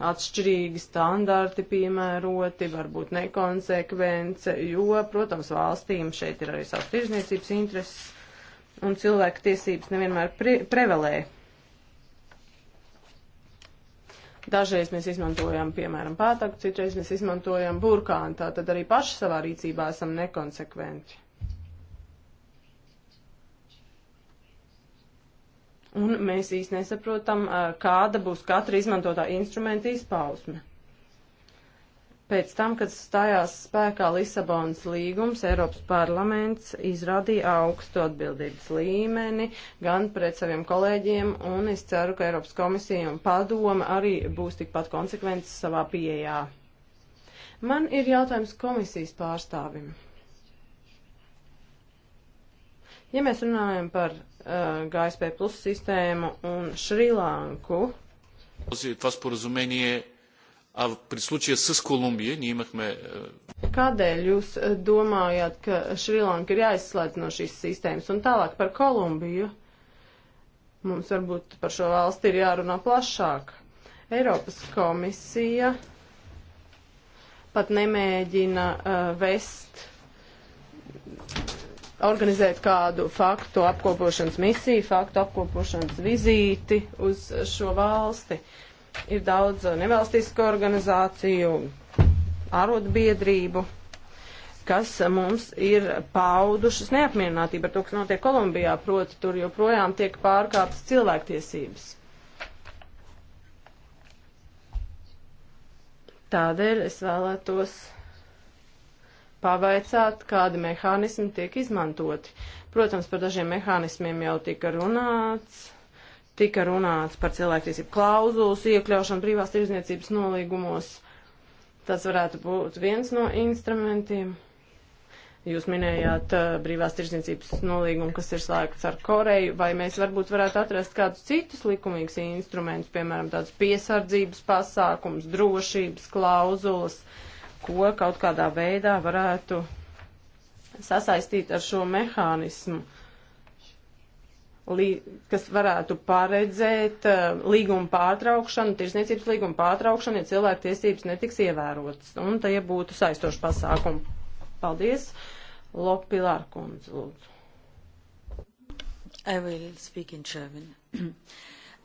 atšķirīgi standarti piemēroti, varbūt nekonsekvence, jo, protams, valstīm šeit ir arī savas tirzniecības intereses un cilvēku tiesības nevienmēr pre prevelē. Dažreiz mēs izmantojam, piemēram, pātaku, citreiz mēs izmantojam burkānu, tā tad arī paši savā rīcībā esam nekonsekventi. Un mēs īsti nesaprotam, kāda būs katra izmantotā instrumenta izpausme. Pēc tam, kad stājās spēkā Lisabonas līgums, Eiropas parlaments izrādīja augstu atbildības līmeni gan pret saviem kolēģiem, un es ceru, ka Eiropas komisija un padoma arī būs tikpat konsekvences savā pieejā. Man ir jautājums komisijas pārstāvim. Ja mēs runājam par uh, GSP plus sistēmu un Šrilanku, Tas ir tas porazumenie А при случая с Колумбия ние имахме. Э, Kādēļ jūs э, domājat, ka Šrilanka ir jāizslēdz no šīs sistēmas un tālāk par Kolumbiju? Mums varbūt par šo valsti ir jārunā plašāk. Eiropas komisija pat nemēģina uh, vest organizēt kādu faktu apkopošanas misiju, faktu apkopošanas vizīti uz šo valsti. Uh, Ir daudz uh, nevalstisku organizāciju, arotbiedrību, kas uh, mums ir paudušas neapmierinātību par to, kas notiek Kolumbijā, proti tur joprojām tiek pārkāptas cilvēktiesības. Tādēļ es vēlētos pavaicāt, kādi mehānismi tiek izmantoti. Protams, par dažiem mehānismiem jau tika runāts. Tika runāts par cilvēktiesību klauzulas iekļaušanu privās tirzniecības nolīgumos. Tas varētu būt viens no instrumentiem. Jūs minējāt uh, brīvās tirsniecības nolīgumu, kas ir slēgts ar Koreju, vai mēs varbūt varētu atrast kādus citus likumīgus instrumentus, piemēram, tādus piesardzības pasākums, drošības klauzulas, ko kaut kādā veidā varētu sasaistīt ar šo mehānismu. Uh, kas varētu paredzēt uh, līguma pārtraukšanu, tirsniecības līguma pārtraukšanu, ja cilvēku tiesības netiks ievērotas. Un tie būtu saistoši pasākumi. Paldies. Lopilār kundze, lūdzu. I will speak in German.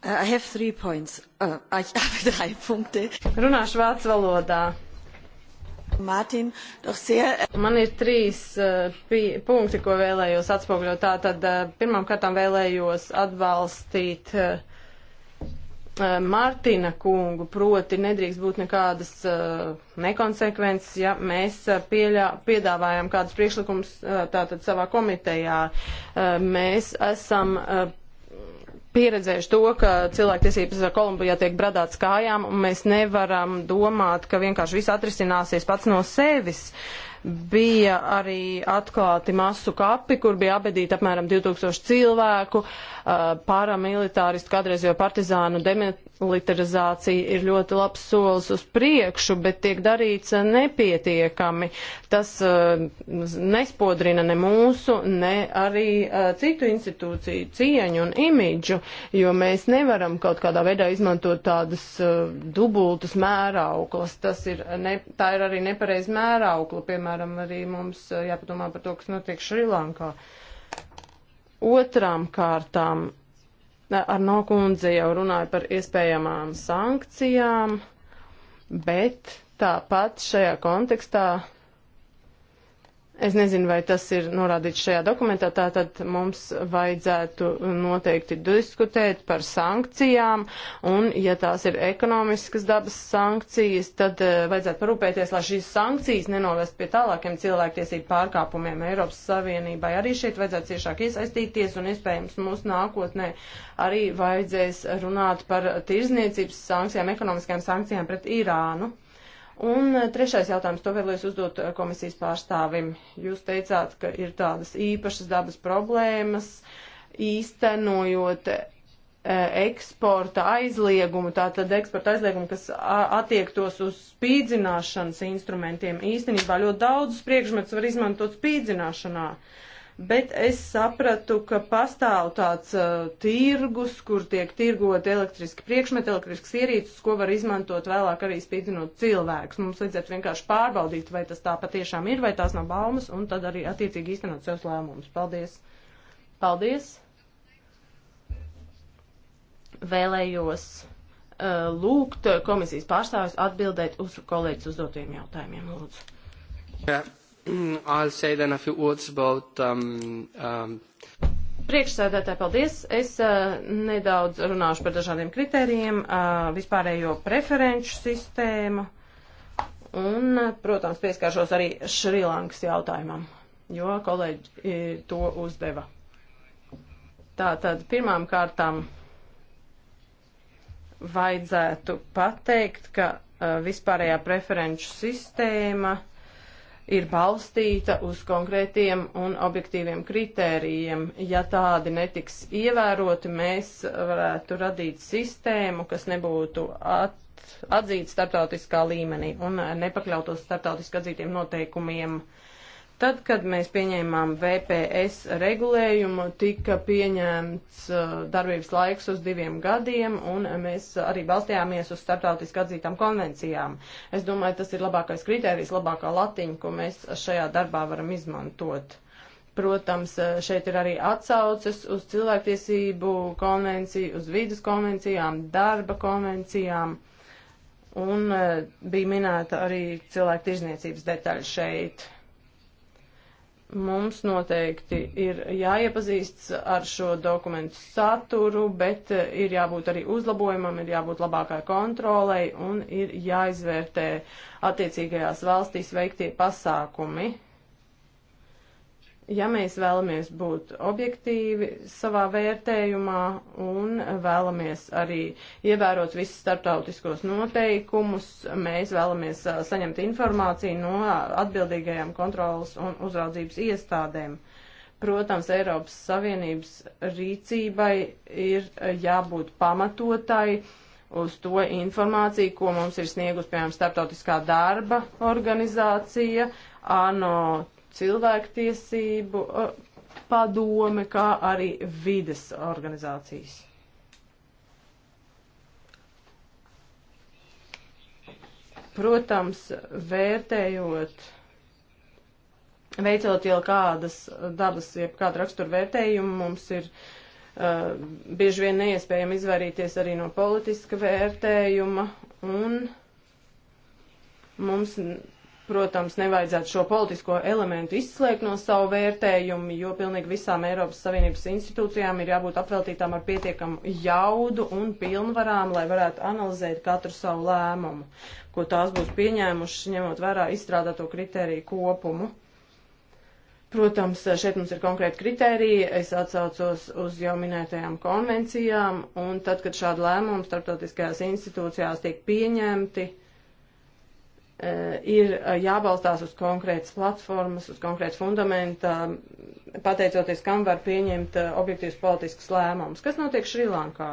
Uh, I have three points. Uh, I have drei punkte. Runāšu vācu valodā. Mārtiņ, sehr... Äh, Man ir trīs uh, punkti, ko vēlējos atspoguļot. Tātad uh, pirmām kārtām vēlējos atbalstīt uh, Mārtiņa kungu, proti nedrīkst būt nekādas nekonsekvences, ja mēs pieļā, piedāvājam kādus priekšlikumus tātad savā komitejā. Mēs esam pieredzējuši to, ka cilvēktiesības Kolumbijā tiek bradāts kājām, un mēs nevaram domāt, ka vienkārši viss atrisināsies pats no sevis. Bija arī atklāti masu kapi, kur bija abedīti apmēram 2000 cilvēku, uh, paramilitāristu, kādreizējo partizānu literizācija ir ļoti labs solis uz priekšu, bet tiek darīts eh, nepietiekami. Tas uh, nespodrina ne mūsu, ne arī uh, citu institūciju cieņu un imidžu, jo mēs nevaram kaut kādā veidā izmantot tādas uh, dubultas mērauklas. Tas ir, ne, tā ir arī nepareiz mēraukla, piemēram, arī mums jāpadomā par to, kas notiek Šrilankā. Otrām kārtām Ar nokundze jau runāja par iespējamām sankcijām, bet tāpat šajā kontekstā Es nezinu, vai tas ir norādīts šajā dokumentā, tātad mums vajadzētu noteikti diskutēt par sankcijām, un ja tās ir ekonomiskas dabas sankcijas, tad uh, vajadzētu parūpēties, lai šīs sankcijas nenovest pie tālākiem cilvēktiesību pārkāpumiem Eiropas Savienībai. Arī šeit vajadzētu ciešāk iesaistīties, un iespējams mūs nākotnē arī vajadzēs runāt par tirzniecības sankcijām, ekonomiskajām sankcijām pret Irānu. Un eh, trešais jautājums, to vēlos uzdot eh, komisijas pārstāvim. Jūs teicāt, ka ir tādas īpašas dabas problēmas, īstenojot eh, eksporta aizliegumu, tātad eksporta aizliegumu, kas attiektos uz spīdzināšanas instrumentiem. Īstenībā ļoti daudzus priekšmetus var izmantot spīdzināšanā. Uh, bet es sapratu, ka pastāv tāds uh, tirgus, kur tiek tirgoti elektriski priekšmeti, elektrisks ierīces, ko var izmantot vēlāk arī spīdzinot cilvēkus. Mums vajadzētu vienkārši pārbaudīt, vai tas tā patiešām ir, vai tās nav baumas, un tad arī attiecīgi īstenot savus lēmumus. Paldies! Paldies! Vēlējos uh, lūgt komisijas pārstāvis atbildēt uz kolēģis uzdotiem jautājumiem, lūdzu. Yeah. Mm, I'll say then a few words about um, um, Priekšsēdētāji, paldies. Es uh, nedaudz runāšu par dažādiem kritērijiem, uh, vispārējo preferenču sistēmu un, protams, pieskāršos arī Šrilankas jautājumam, jo kolēģi e, to uzdeva. Tātad pirmām kārtām vajadzētu pateikt, ka uh, vispārējā preferenču sistēma uh, ir balstīta uz konkrētiem un objektīviem kritērijiem. Ja tādi netiks ievēroti, mēs varētu radīt sistēmu, kas nebūtu at, atzīta starptautiskā līmenī un nepakļautos starptautiski atzītiem noteikumiem. Uh, Tad, kad mēs pieņēmām VPS regulējumu, tika pieņemts uh, darbības laiks uz diviem gadiem, un mēs arī balstījāmies uz starptautiski atzītām konvencijām. Es domāju, tas ir labākais kritērijs, labākā latiņa, ko mēs šajā darbā varam izmantot. Protams, šeit ir arī atsauces uz cilvēktiesību konvenciju, uz vīdas konvencijām, darba konvencijām un uh, bija minēta arī cilvēku tirzniecības detaļa šeit mums noteikti ir jāiepazīstas ar šo dokumentu saturu, bet eh, ir jābūt arī uzlabojumam, ir jābūt labākai kontrolei un ir jāizvērtē attiecīgajās valstīs veiktie pasākumi ja mēs vēlamies būt objektīvi savā vērtējumā un vēlamies arī ievērot visus starptautiskos noteikumus, mēs vēlamies saņemt informāciju no atbildīgajām kontrolas un uzraudzības iestādēm. Protams, Eiropas Savienības rīcībai ir jābūt pamatotai uz to informāciju, ko mums ir sniegus, piemēram, Startautiskā darba organizācija, ANO cilvēktiesību uh, padome, kā arī vides organizācijas. Protams, vērtējot, veicot jau kādas dabas, jeb kādu raksturu vērtējumu, mums ir uh, bieži vien neiespējami izvairīties arī no politiska vērtējuma, un mums Protams, nevajadzētu šo politisko elementu izslēgt no savu vērtējumu, jo pilnīgi visām Eiropas Savienības institūcijām ir jābūt apveltītām ar pietiekamu jaudu un pilnvarām, lai varētu analizēt katru savu lēmumu, ko tās būs pieņēmušas, ņemot vērā izstrādāto kritēriju kopumu. Protams, šeit mums ir konkrēti kriteriji, es atsaucos uz jau minētajām konvencijām, un tad, kad šādi lēmumi starptautiskajās institūcijās tiek pieņemti, Eh, ir eh, jābalstās uz konkrētas platformas, uz konkrētu fundamentu, mm, pateicoties kam var pieņemt eh, objektīvas politiskas lēmumus. Kas notiek Šrilankā?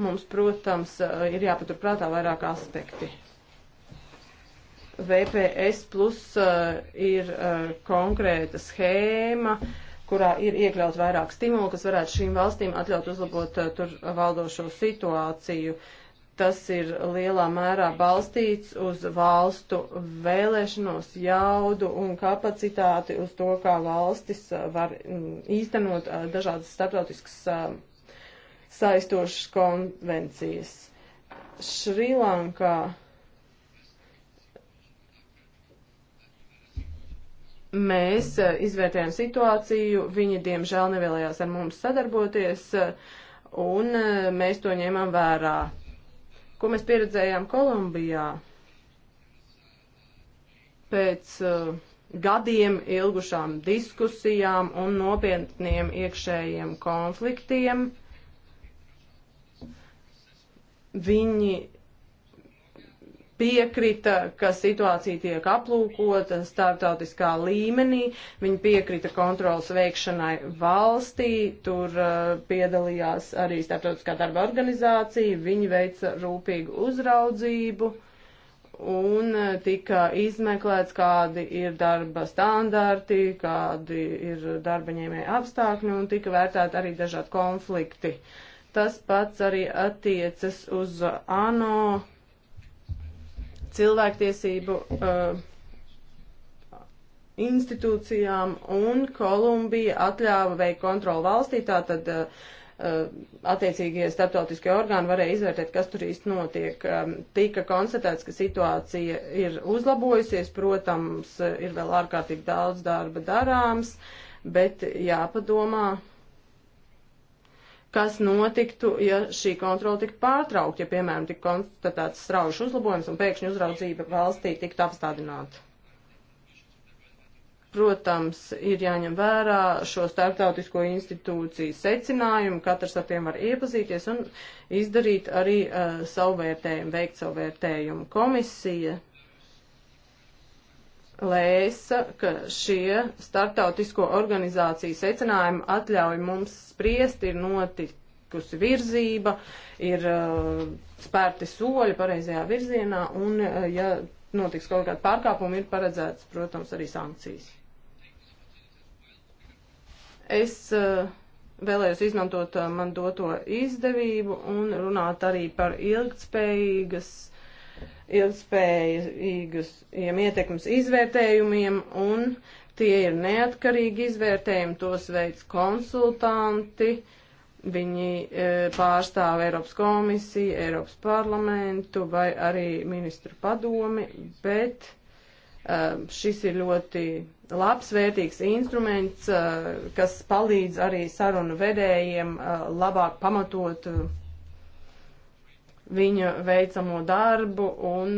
Mums, protams, ir jāpaturprātā vairāk aspekti. VPS plus ir konkrēta schēma, kurā ir iekļaut vairāk stimulu, kas varētu šīm valstīm atļaut uzlabot tur valdošo situāciju. Uh, tas ir lielā mērā balstīts uz valstu vēlēšanos, jaudu un kapacitāti, uz to, kā valstis uh, var mm, īstenot uh, dažādas starptautiskas um, saistošas konvencijas. Šrilankā mēs uh, izvērtējam situāciju, viņi diemžēl nevēlējās ar mums sadarboties, un mēs to ņēmām vērā ko mēs pieredzējām Kolumbijā pēc uh, gadiem ilgušām diskusijām un nopietniem iekšējiem konfliktiem. Viņi piekrita, ka situācija tiek aplūkota starptautiskā līmenī, viņi piekrita kontrols veikšanai valstī, tur uh, piedalījās arī starptautiskā darba organizācija, viņi veica rūpīgu uzraudzību un uh, tika izmeklēts, kādi ir darba standarti, kādi ir darbaņēmēji apstākļi un tika vērtēti arī dažādi konflikti. Tas pats arī attiecas uz ANO cilvēktiesību uh, institūcijām, un Kolumbija atļāva veikt kontroli valstī, tātad uh, uh attiecīgie starptautiskie orgāni varēja izvērtēt, kas tur īsti notiek. Um, tika konstatēts, ka situācija ir uzlabojusies, protams, ir vēl ārkārtīgi daudz darba darāms, bet jāpadomā, kas notiktu, ja šī kontrola tiktu pārtraukta, ja, piemēram, tiktu konstatēts straujuši uzlabojums un pēkšņi uzraudzība valstī tiktu apstādināta. Protams, ir jāņem vērā šo starptautisko institūciju secinājumu, katrs ar tiem var iepazīties un izdarīt arī uh, savu vērtējumu, veikt savu vērtējumu. Komisija lēsa, ka šie startautisko organizāciju secinājumi atļauj mums spriest, ir notikusi virzība, ir uh, spērti soļi pareizajā virzienā, un uh, ja notiks kaut kāda pārkāpuma, ir paredzēts, protams, arī sankcijas. Es uh, vēlējos izmantot uh, man doto izdevību un runāt arī par ilgtspējīgas ilgspējīgiem ietekmes izvērtējumiem un tie ir neatkarīgi izvērtējumi, tos veids konsultanti, viņi e, pārstāv Eiropas komisiju, Eiropas parlamentu vai arī ministru padomi, bet e, šis ir ļoti labs, vērtīgs instruments, e, kas palīdz arī sarunu vedējiem e, labāk pamatot viņa veicamo darbu un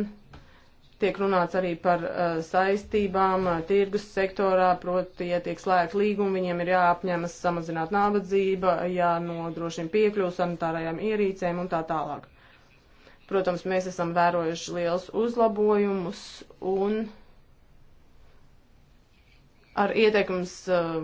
tiek runāts arī par uh, saistībām uh, tirgus sektorā, proti, ja tiek slēgt līgumi, viņiem ir jāapņemas samazināt nabadzība, jānodrošina piekļūs sanitārajām ierīcēm un tā tālāk. Protams, mēs esam vērojuši liels uzlabojumus un ar ieteikums uh,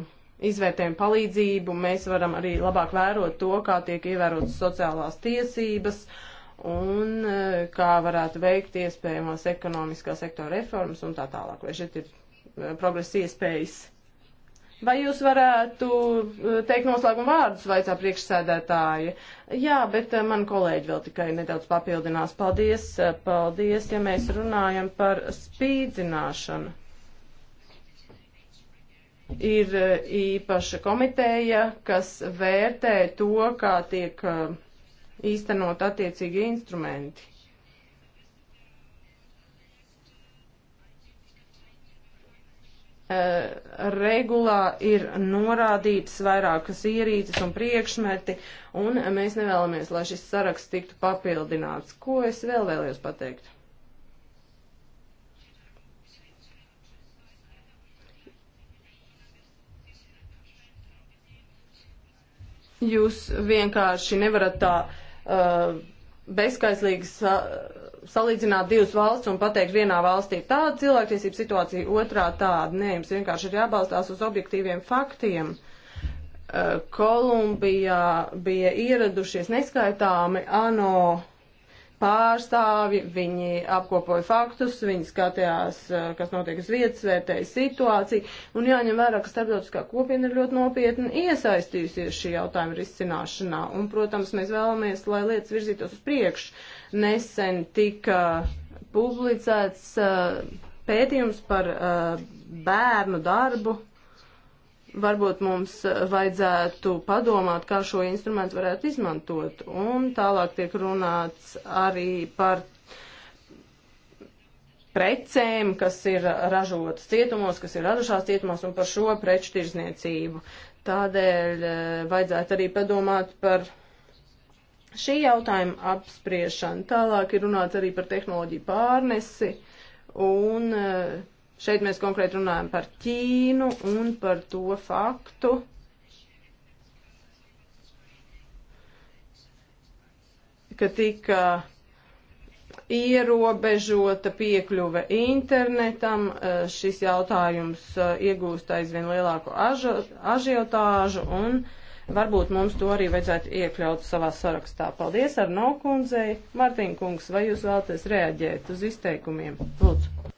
izvērtējumu palīdzību mēs varam arī labāk vērot to, kā tiek ievērotas sociālās tiesības. Uh, un eh, kā varētu veikt iespējamās ekonomiskā sektora reformas un tā tālāk. Vai šeit ir eh, progresa iespējas? Vai jūs varētu eh, teikt noslēguma vārdus, vaicā priekšsēdētāji? Jā, bet man kolēģi vēl tikai nedaudz papildinās. Paldies, paldies, ja mēs runājam par spīdzināšanu. Ir īpaša komiteja, kas vērtē to, kā tiek uh, īstenot attiecīgie instrumenti. Eh, regulā ir norādītas vairākas ierīces un priekšmeti, un mēs nevēlamies, lai šis saraksts tiktu papildināts. Ko es vēl vēlējos pateikt? Jūs vienkārši nevarat tā uh, uh, bezskaislīgi sa, salīdzināt divas valsts un pateikt vienā valstī tāda cilvēktiesība situācija, otrā tāda. Nē, jums vienkārši ir jābalstās uz objektīviem faktiem. Uh, Kolumbijā bija ieradušies neskaitāmi ANO. Uh, pārstāvi, viņi apkopoja faktus, viņi skatījās, eh, kas notiek uz vietas, vērtēja situāciju, un jāņem vērā, ka starptautiskā kopiena ir ļoti nopietni iesaistījusies šī jautājuma risināšanā, un, protams, mēs vēlamies, lai lietas virzītos uz priekšu. Nesen tika publicēts eh, pētījums par eh, bērnu darbu varbūt mums eh, vajadzētu padomāt, kā šo instrumentu varētu izmantot. Un tālāk tiek runāts arī par precēm, kas ir ražotas cietumos, kas ir ražošās cietumos un par šo preču tirzniecību. Tādēļ eh, vajadzētu arī padomāt par šī jautājuma apspriešanu. Tālāk ir runāts arī par tehnoloģiju pārnesi un uh, Šeit mēs konkrēti runājam par Ķīnu un par to faktu, ka tika ierobežota piekļuve internetam, eh, šis jautājums eh, iegūst aizvien lielāku ažiotāžu un varbūt mums to arī vajadzētu iekļaut savā sarakstā. Paldies ar nokundzei. Martīn kungs, vai jūs vēlaties reaģēt uz izteikumiem? Lūdzu.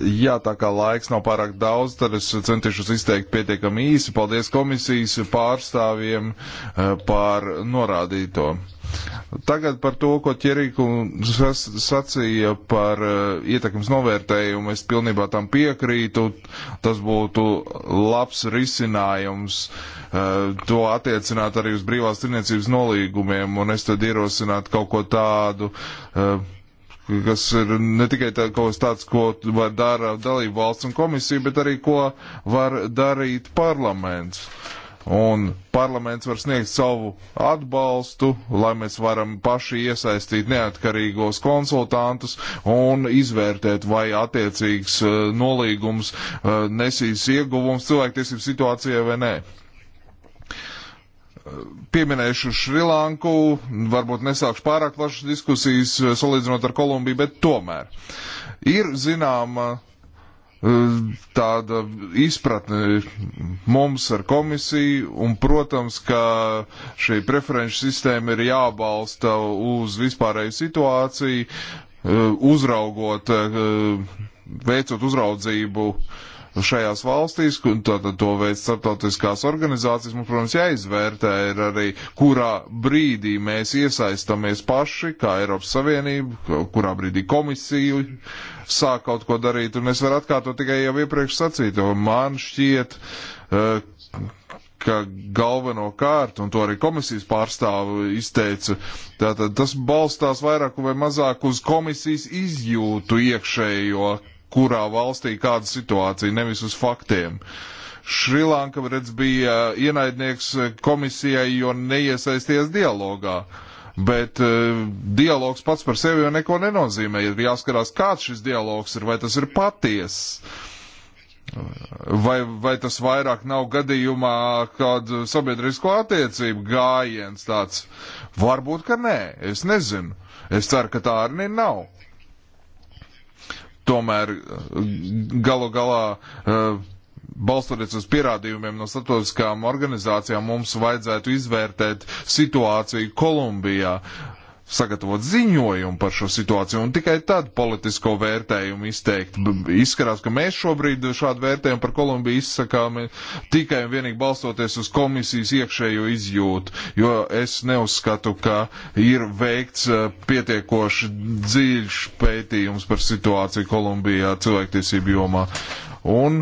Jā, tā kā laiks nav pārāk daudz, tad es centīšos izteikt pietiekami īsi. Paldies komisijas pārstāvjiem eh, par norādīto. Tagad par to, ko Ķerīku sacīja par eh, ietekmes novērtējumu, es pilnībā tam piekrītu. Tas būtu labs risinājums eh, to attiecināt arī uz brīvās tirniecības nolīgumiem, un es tad ierosinātu kaut ko tādu. Uh, kas ir ne tikai tā, kaut kas tāds, ko var dara dalību valsts un komisija, bet arī ko var darīt parlaments. Un parlaments var sniegt savu atbalstu, lai mēs varam paši iesaistīt neatkarīgos konsultantus un izvērtēt, vai attiecīgs eh, nolīgums eh, nesīs ieguvums cilvēktiesību situācijai vai nē. Pieminēšu Šrilanku, varbūt nesākšu pārāk plašas diskusijas, eh, salīdzinot ar Kolumbiju, bet tomēr ir zināma eh, tāda izpratne mums ar komisiju, un, protams, ka šī preferenču sistēma ir jābalsta uz vispārēju situāciju, eh, uzraugot, veicot uzraudzību uh, šajās valstīs, tātad to veids starptautiskās organizācijas, mums, protams, jāizvērtē ir arī, kurā brīdī mēs iesaistamies paši, kā Eiropas Savienība, kurā brīdī komisija sāk kaut ko darīt, un es varu atkārtot tikai jau iepriekš sacīto. Man šķiet, eh, ka galvenokārt, un to arī komisijas pārstāvu izteica, tātad tas balstās vairāk vai mazāk uz komisijas izjūtu iekšējo, kurā valstī kāda situācija, nevis uz faktiem. Šrilanka, redz, bija ienaidnieks komisijai, jo neiesaisties dialogā. Bet uh, dialogs pats par sevi jau neko nenozīmē. Ir jāskarās, kāds šis dialogs ir, vai tas ir patiesis. Vai, vai tas vairāk nav gadījumā kādu sabiedrisko attiecību gājiens tāds? Varbūt, ka nē, es nezinu. Es ceru, ka tā arī nav tomēr galu galā eh, balstoties uz pierādījumiem no starptautiskām organizācijām, mums vajadzētu izvērtēt situāciju Kolumbijā sagatavot ziņojumu par šo situāciju un tikai tad politisko vērtējumu izteikt. Izskatās, ka mēs šobrīd šādu vērtējumu par Kolumbiju izsakām eh, tikai un vienīgi balstoties uz komisijas iekšējo izjūtu, jo es neuzskatu, ka ir veikts eh, pietiekoši dziļš pētījums par situāciju Kolumbijā cilvēktiesību jomā. Un,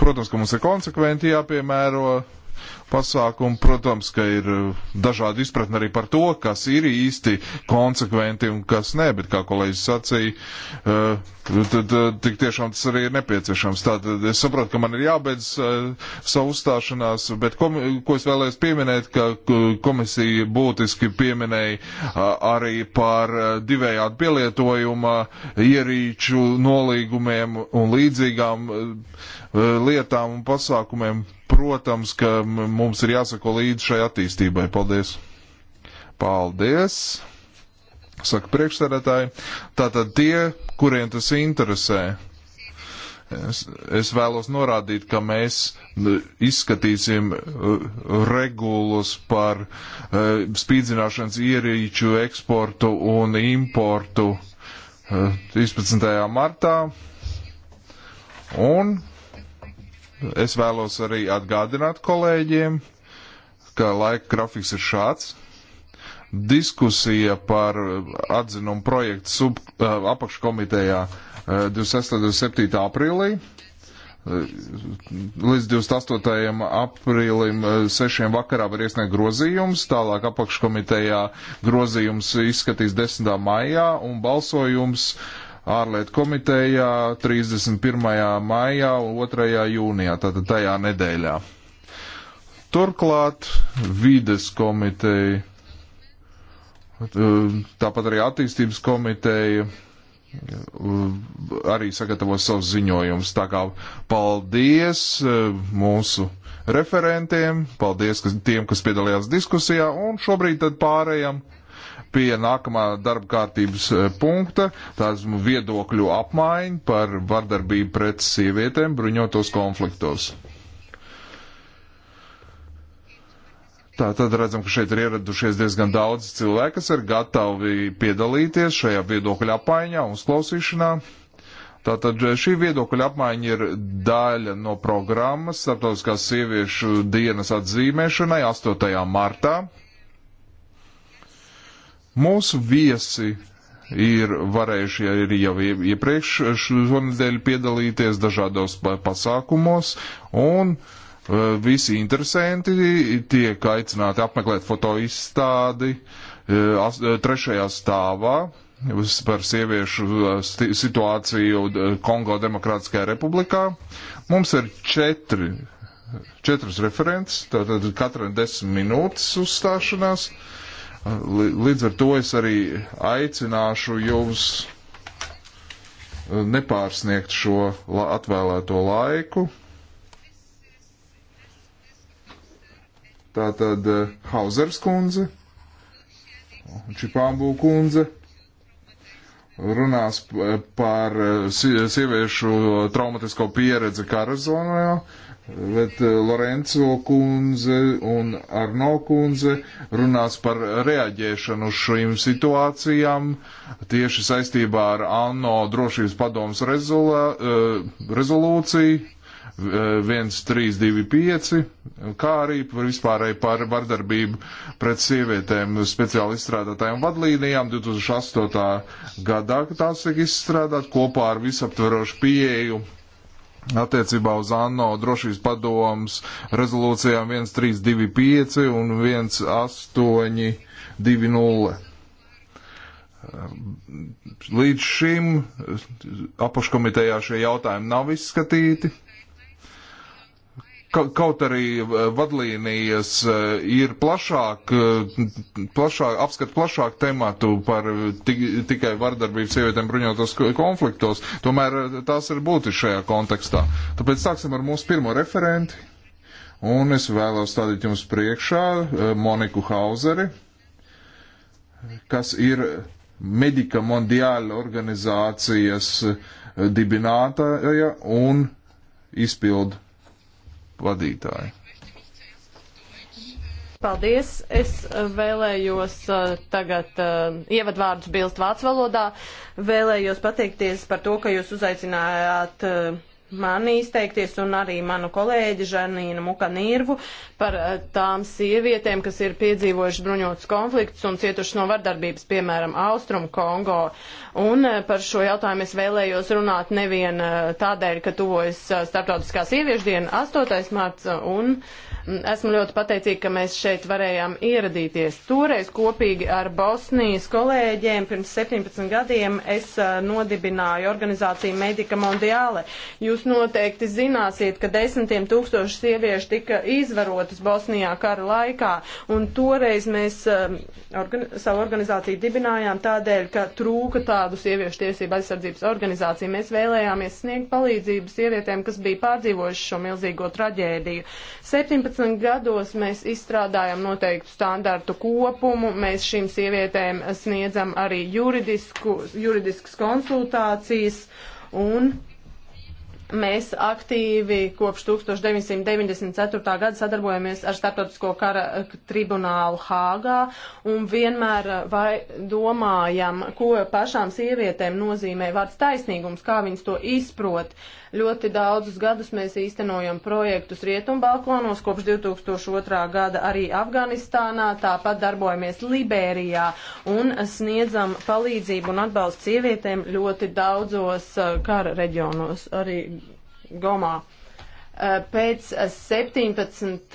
protams, ka mums ir konsekventi jāpiemēro pasākumu. Protams, ka ir uh, dažādi izpratni arī par to, kas ir īsti konsekventi un kas nē, bet kā kolēģis sacīja, uh, tad uh, tik tiešām tas arī ir nepieciešams. Tātad es saprotu, ka man ir jābeidz savu uzstāšanās, bet ko, ko es vēlējos pieminēt, ka komisija būtiski pieminēja arī par divējādu pielietojumu ierīču nolīgumiem un līdzīgām lietām un pasākumiem protams, ka mums ir jāsako līdzi šai attīstībai. Paldies! Paldies! Saka priekšsēdētāji. Tātad tie, kuriem tas interesē, Es, es vēlos norādīt, ka mēs izskatīsim e, regulas par e, spīdzināšanas ierīču eksportu un importu 13. E, martā. Un Es vēlos arī atgādināt kolēģiem, ka laika grafiks ir šāds. Diskusija par eh, atzinumu projektu sub, eh, apakškomitejā 26. un 27. aprīlī eh, līdz 28. aprīlim 6. vakarā var iesniegt grozījums, tālāk apakškomitejā grozījums izskatīs 10. maijā un balsojums ārlietu komitejā 31. maijā un 2. jūnijā, tātad tajā nedēļā. Turklāt vides komiteja, tāpat arī attīstības komiteja arī sagatavo savus ziņojumus. Tā kā paldies eh, mūsu referentiem, paldies kas, tiem, kas piedalījās diskusijā, un šobrīd tad pārējām pie nākamā darba kārtības eh, punkta, tās viedokļu apmaiņa par vardarbību pret sievietēm bruņotos konfliktos. Tā tad redzam, ka šeit ir ieradušies diezgan daudz cilvēku, kas ir gatavi piedalīties šajā viedokļa apmaiņā, uzklausīšanā. Tātad eh, šī viedokļa apmaiņa ir daļa no programmas Startautiskās sieviešu dienas atzīmēšanai 8. martā. Mūsu viesi ir varējuši arī jau iepriekš šonadēļ piedalīties dažādos pasākumos, un e, visi interesanti tiek aicināti apmeklēt fotoizstādi e, e, trešajā stāvā par sieviešu situāciju Kongo Demokrātiskajā republikā. Mums ir četri, četras referents, tātad katra desmit minūtes uzstāšanās. Uh, Līdz ar to es arī aicināšu jūs eh, nepārsniegt šo atvēlēto laiku. Tātad eh, Hauzers kundze un Čipāmbū kundze runās eh, par sieviešu traumatisko pieredzi kara zonā, Bet eh, Lorenzo kundze un Arno kundze runās par reaģēšanu uz šīm situācijām tieši saistībā ar ANO drošības padomas rezolā, eh, rezolūciju 1325, eh, kā arī par vispārēju par vardarbību pret sievietēm speciāli izstrādātājiem vadlīnijām 2008. gadā, tās tika izstrādāt kopā ar visaptverošu pieeju attiecībā uz ANO drošības padomus rezolūcijām 1325 un 1820. Līdz šim apakškomitejā šie jautājumi nav izskatīti. Kaut arī eh, vadlīnijas eh, ir plašāk, eh, plašāk apskat plašāk tematu par tik, tikai vardarbību sievietēm bruņotos konfliktos, tomēr tās ir būtiski šajā kontekstā. Tāpēc sāksim ar mūsu pirmo referenti, un es vēlos stādīt jums priekšā Moniku Hauzeri, kas ir Medika Mondiāla organizācijas dibinātāja un izpildu vadītāji. Paldies! Es eh, vēlējos eh, tagad eh, ievadvārdus bilst vācu valodā. Vēlējos pateikties par to, ka jūs uzaicinājāt mani izteikties un arī manu kolēģi Žanīnu Mukanīrvu par eh, tām sievietēm, kas ir piedzīvojuši bruņots konflikts un cietuši no vardarbības, piemēram, Austrum Kongo. Un eh, par šo jautājumu es vēlējos runāt nevien eh, tādēļ, ka tuvojas starptautiskā sieviešu diena 8. marts un uh, Esmu ļoti pateicīga, ka mēs šeit varējām ieradīties. Toreiz kopīgi ar Bosnijas kolēģiem pirms 17 gadiem es nodibināju organizāciju Medika Mondiāle. Jūs noteikti zināsiet, ka desmitiem tūkstoši sieviešu tika izvarotas Bosnijā kara laikā, un toreiz mēs organ savu organizāciju dibinājām tādēļ, ka trūka tādu sieviešu tiesību aizsardzības organizāciju. Mēs vēlējāmies sniegt palīdzību sievietēm, kas bija pārdzīvojuši šo milzīgo traģēdiju. 17 15 gados mēs izstrādājam noteiktu standartu kopumu, mēs šīm sievietēm sniedzam arī juridisku, juridiskas konsultācijas un mēs aktīvi kopš 1994. gada sadarbojamies ar Startautisko kara tribunālu Hāgā un vienmēr eh, vai domājam, ko pašām sievietēm nozīmē vārds taisnīgums, kā viņas to izprot. Uh, Ļoti daudzus gadus mēs īstenojam projektus Rietumbalkonos, kopš 2002. gada arī Afganistānā, tāpat darbojamies Liberijā un sniedzam palīdzību un atbalstu sievietēm ļoti daudzos eh, kara reģionos, arī Gomā. Eh, pēc 17 eh,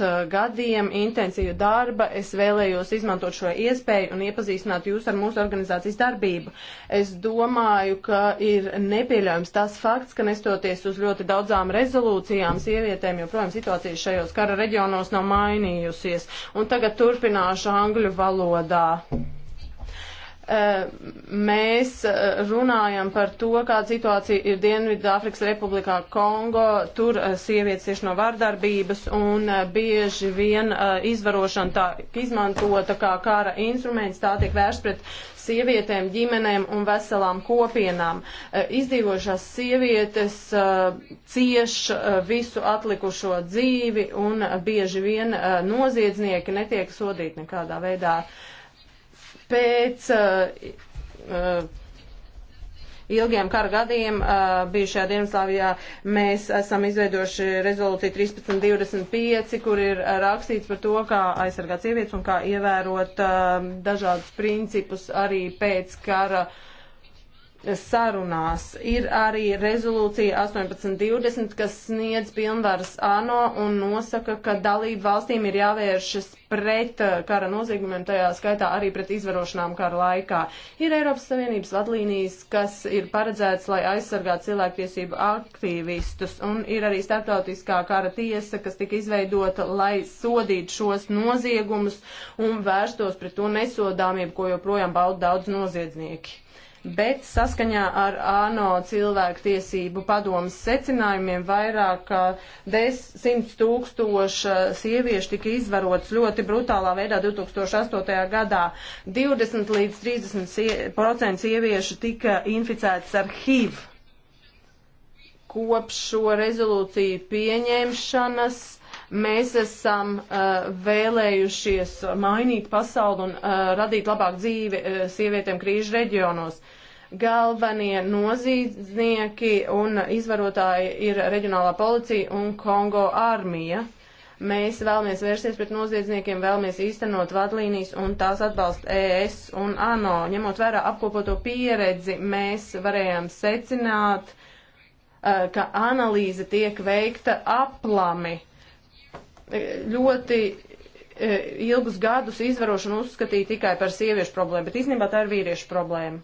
eh, gadiem intensīva darba es vēlējos izmantot šo iespēju un iepazīstināt jūs ar mūsu organizācijas darbību. Es domāju, ka ir nepieļaujams tas fakts, ka nestoties uz ļoti daudzām rezolūcijām, sievietēm joprojām situācija šajos kara reģionos nav mainījusies. Un tagad turpināšu angļu valodā mēs eh, runājam par to, kāda situācija ir Dienvidāfrikas Republikā Kongo. Tur eh, sievietes cieši no vardarbības un eh, bieži vien izvarošana tā izmantota kā kara instruments, tā tiek vērst pret sievietēm, ģimenēm un veselām kopienām. Izdzīvošās sievietes cieš visu atlikušo dzīvi un bieži vien noziedznieki netiek sodīti nekādā veidā. Uh, Pēc uh, uh, ilgiem kara gadiem uh, bijušajā Dienvidslāvijā mēs esam izveidojuši rezolūciju 1325, kur ir uh, rakstīts par to, kā aizsargāt sievietes un kā ievērot uh, dažādus principus arī pēc kara uh, sarunās. Ir arī rezolūcija 1820, kas sniedz pilnvaras ANO un nosaka, ka dalību valstīm ir jāvēršas pret uh, kara noziegumiem, tajā skaitā arī pret izvarošanām kara laikā. Ir Eiropas Savienības vadlīnijas, kas ir paredzēts, lai aizsargātu cilvēktiesību aktīvistus, un ir arī starptautiskā kara tiesa, kas tika izveidota, lai sodītu šos noziegumus un vērstos pret to nesodāmību, ko joprojām bauda daudz noziedznieki bet saskaņā ar ANO cilvēktiesību padomas secinājumiem vairāk kā 100 tūkstoši sieviešu tika izvarots ļoti brutālā veidā 2008. gadā. 20 līdz 30% sieviešu tika inficētas ar HIV. Kopš šo rezolūciju pieņemšanas Mēs esam uh, vēlējušies mainīt pasauli un uh, radīt labāku dzīvi uh, sievietēm krīžu reģionos. Galvenie nozīdznieki un izvarotāji ir reģionālā policija un Kongo armija mēs vēlamies vērsties pret noziedzniekiem, vēlamies īstenot vadlīnijas un tās atbalst ES un ANO. Ņemot vērā apkopoto pieredzi, mēs varējām secināt, uh, ka analīze tiek veikta aplami ļoti e, ilgus gadus izvarošanu uzskatīja tikai par sieviešu problēmu, bet īstenībā tā ir vīriešu problēma.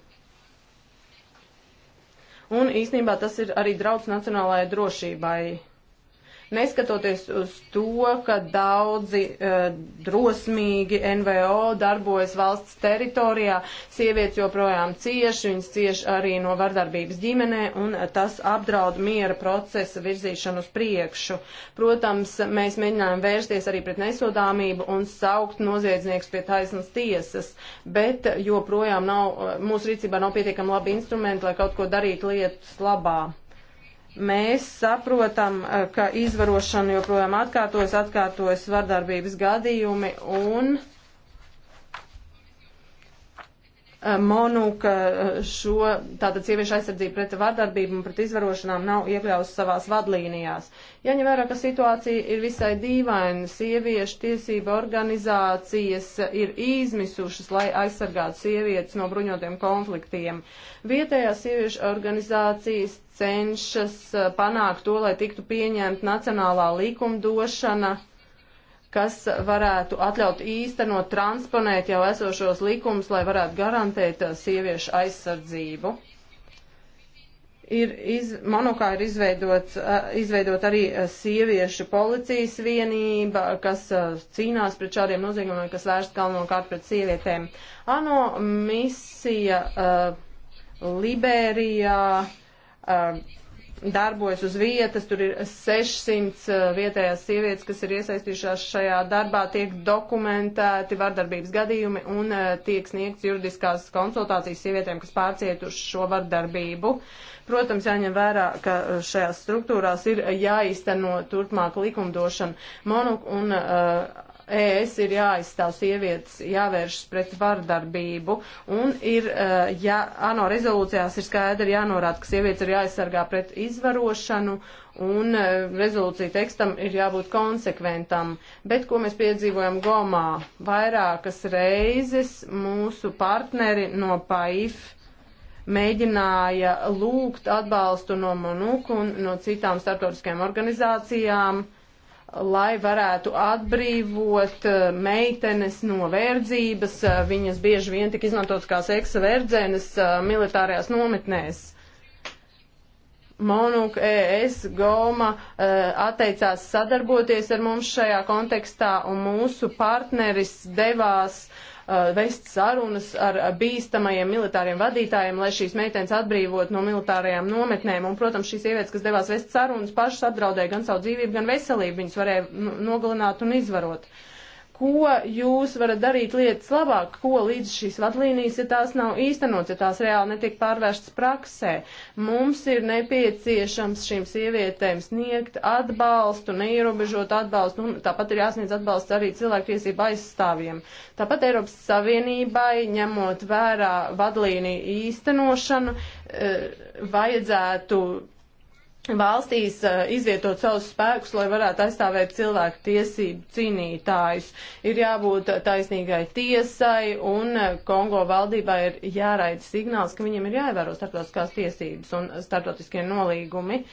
Un īstenībā tas ir arī draudz nacionālajai drošībai neskatoties uz to, ka daudzi uh, drosmīgi NVO darbojas valsts teritorijā, sievietes joprojām cieši, viņas cieši arī no vardarbības ģimenē, un tas apdraud miera procesa virzīšanu uz priekšu. Protams, mēs mēģinājām vērsties arī pret nesodāmību un saukt noziedznieks pie taisnas tiesas, bet joprojām nav, eh, mūsu rīcībā nav pietiekami labi instrumenti, lai kaut ko darītu lietas labā. Mēs saprotam, eh, ka izvarošana joprojām atkārtojas, atkārtojas vardarbības gadījumi un eh, Monuka eh, šo tātad sieviešu aizsardzību pret vardarbību un pret izvarošanām nav iekļauts savās vadlīnijās. Jaņem vērā, ka situācija ir visai dīvaina, sieviešu tiesība organizācijas ir izmisušas, lai aizsargātu sievietes no bruņotiem konfliktiem. Vietējās sieviešu organizācijas cenšas eh, panākt to, lai tiktu pieņemta nacionālā likumdošana, kas varētu atļaut īstenot, transponēt jau esošos likumus, lai varētu garantēt eh, sieviešu aizsardzību. Ir iz, manokā ir izveidots, eh, izveidot arī sieviešu policijas vienība, kas cīnās pret šādiem noziegumiem, kas vērst galvenokārt pret sievietēm. ANO misija uh, Liberijā uh, Um, darbojas uz vietas, tur ir 600 uh, vietējās sievietes, kas ir iesaistījušās šajā darbā, tiek dokumentēti vardarbības gadījumi un uh, tiek sniegts juridiskās konsultācijas sievietēm, kas pārcietuši šo vardarbību. Protams, jāņem vērā, ka uh, šajās struktūrās ir jāizteno turpmāk likumdošana. Monuk un uh, ES ir jāizstāv sievietes, jāvēršas pret vardarbību, un ir, eh, ja ANO rezolūcijās ir skaidri jānorāda, ka sievietes ir jāaizsargā pret izvarošanu, un eh, rezolūcija tekstam ir jābūt konsekventam. Bet ko mēs piedzīvojam Gomā? Vairākas reizes mūsu partneri no PAIF mēģināja lūgt atbalstu no MONUK un no citām starptautiskajām organizācijām lai varētu atbrīvot eh, meitenes no verdzības. Eh, viņas bieži vien tik izmantotas kā seksa verdzenes eh, militārajās nometnēs. Monuk ES Goma atteicās sadarboties ar mums šajā kontekstā, un mūsu partneris devās uh, Uh, vest sarunas ar uh, bīstamajiem militāriem vadītājiem, lai šīs meitenes atbrīvot no militārajām nometnēm. Un, protams, šīs sievietes, kas devās vest sarunas, pašas apdraudēja gan savu dzīvību, gan veselību. Viņas varēja nogalināt un izvarot. Uh, ko jūs varat darīt lietas labāk, ko līdz šīs vadlīnijas, ja tās nav īstenots, ja tās reāli netiek pārvērstas praksē. Mums ir nepieciešams šīm sievietēm sniegt atbalstu, neierobežot atbalstu, un tāpat ir jāsniedz atbalsts arī cilvēktiesību aizstāvjiem. Tāpat Eiropas Savienībai, ņemot vērā vadlīniju īstenošanu, eh, vajadzētu valstīs eh, izvietot savus spēkus, lai varētu aizstāvēt cilvēku tiesību cīnītājus. Ir jābūt eh, taisnīgai tiesai, un eh, Kongo valdībā ir jāraida signāls, ka viņiem ir jāievēro starptautiskās tiesības un starptautiskie nolīgumi.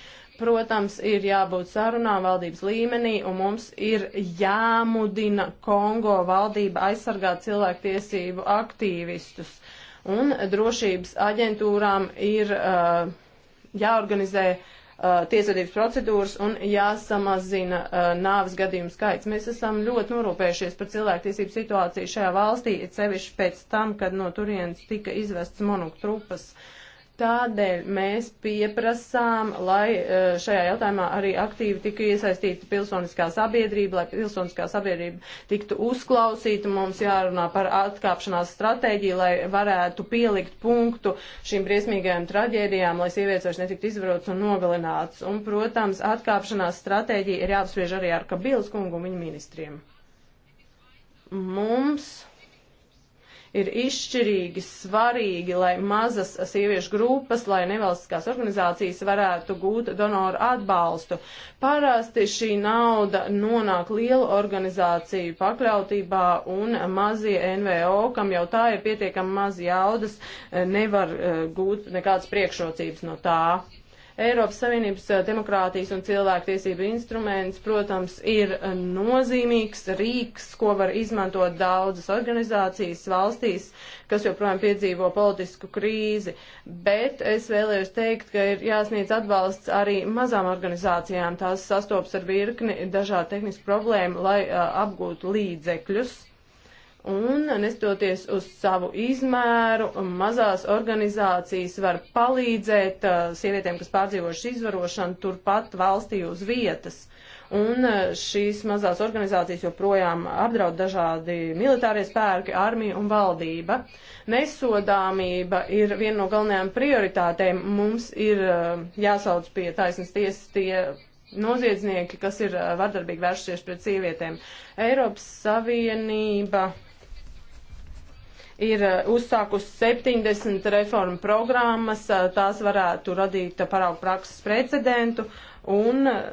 Protams, ir jābūt sarunām valdības līmenī, un mums ir jāmudina Kongo valdība aizsargāt cilvēku tiesību aktīvistus. Un drošības aģentūrām ir uh, jāorganizē uh, uh, tiesvedības procedūras un jāsamazina uh, nāves gadījumu skaits. Mēs esam ļoti norūpējušies par cilvēktiesību situāciju šajā valstī, sevišķi pēc tam, kad no turienes tika izvestas monokrupas. Uh, Tādēļ mēs pieprasām, lai e, šajā jautājumā arī aktīvi tika iesaistīta pilsoniskā sabiedrība, lai pilsoniskā sabiedrība tiktu uzklausīta. Mums jārunā par atkāpšanās stratēģiju, lai varētu pielikt punktu šīm briesmīgajām traģēdijām, lai sievietes vairs netiktu izvarotas un nogalinātas. Un, protams, atkāpšanās stratēģija ir jāapspriež arī ar Kabīlas kungu un viņa ministriem. Mums ir izšķirīgi svarīgi, lai mazas sieviešu grupas, lai nevalstiskās organizācijas varētu gūt donoru atbalstu. Parasti šī nauda nonāk lielu organizāciju pakļautībā un mazie NVO, kam jau tā ir pietiekami maz jaudas, nevar eh, gūt nekādas priekšrocības no tā. Eiropas Savienības eh, demokrātijas un cilvēktiesība instruments, protams, ir eh, nozīmīgs rīks, ko var izmantot daudzas organizācijas valstīs, kas joprojām piedzīvo politisku krīzi. Bet es vēlējos teikt, ka ir jāsniedz atbalsts arī mazām organizācijām. Tās sastopas ar virkni dažādu tehnisku problēmu, lai uh, apgūtu līdzekļus. Un, nestoties uz savu izmēru, mazās organizācijas var palīdzēt uh, sievietēm, kas pārdzīvojuši izvarošanu, turpat valstī uz vietas. Un uh, šīs mazās organizācijas joprojām apdraud dažādi militārie spēki, armija un valdība. Nesodāmība ir viena no galvenajām prioritātēm. Mums ir uh, jāsauc pie taisnas tiesas tie noziedznieki, kas ir uh, vardarbīgi vēršies pret sievietēm. Eiropas Savienība ir eh, uzsākusi 70 reformu programmas, eh, tās varētu radīt paraugu prakses precedentu un eh,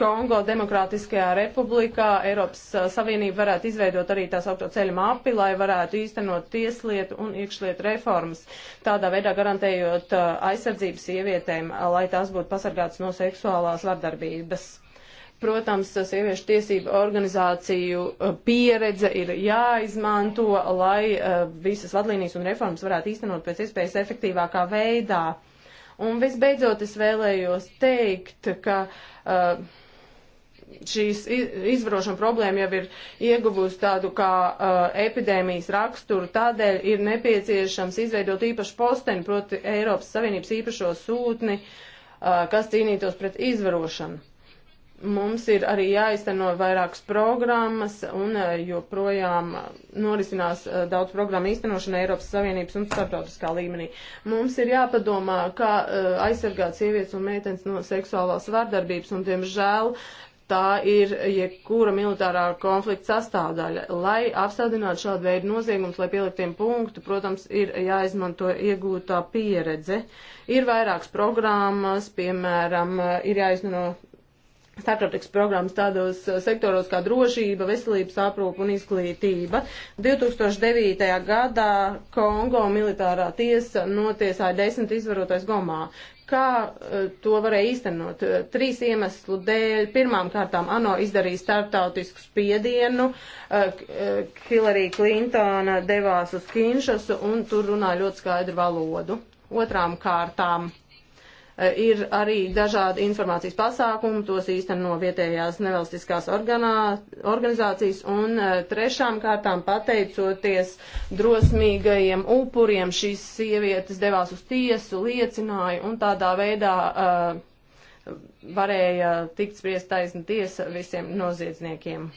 Kongo Demokrātiskajā republikā Eiropas Savienība varētu izveidot arī tās auto ceļu mapi, lai varētu īstenot tieslietu un iekšlietu reformas, tādā veidā garantējot aizsardzību sievietēm, lai tās būtu pasargātas no seksuālās vardarbības. Protams, sieviešu tiesību organizāciju eh, pieredze ir jāizmanto, lai eh, visas vadlīnijas un reformas varētu īstenot pēc iespējas efektīvākā veidā. Un visbeidzot, es vēlējos teikt, ka. Uh, šīs izvarošana problēma jau ir ieguvusi tādu kā uh, epidēmijas raksturu, tādēļ ir nepieciešams izveidot īpašu posteni, proti Eiropas Savienības īpašo sūtni, uh, kas cīnītos pret izvarošanu mums ir arī jāizteno vairākas programmas un eh, joprojām norisinās eh, daudz programmu īstenošana Eiropas Savienības un starptautiskā līmenī. Mums ir jāpadomā, kā eh, aizsargāt sievietes un meitenes no seksuālās vardarbības un, diemžēl, tā ir jebkura militārā konflikta sastāvdaļa. Lai apstādinātu šādu veidu noziegumus, lai pieliktiem punktu, protams, ir jāizmanto iegūtā pieredze. Ir vairākas programmas, piemēram, ir jāizmanto starptautiskas programmas tādos uh, sektoros kā drošība, veselības aprūpa un izglītība. 2009. gadā Kongo militārā tiesa notiesāja desmit izvarotais gomā. Kā uh, to varēja īstenot? Uh, trīs iemeslu dēļ. Pirmām kārtām ANO izdarīja startautisku spiedienu. Hillary Clinton devās uz Kinšasu un tur runāja ļoti skaidru valodu. Otrām kārtām Eh, ir arī dažādi informācijas pasākumi, tos īsteno vietējās nevalstiskās organā, organizācijas un eh, trešām kārtām pateicoties drosmīgajiem upuriem šīs sievietes devās uz tiesu, liecināja un tādā veidā uh, varēja tikt spriest taisna tiesa visiem noziedzniekiem.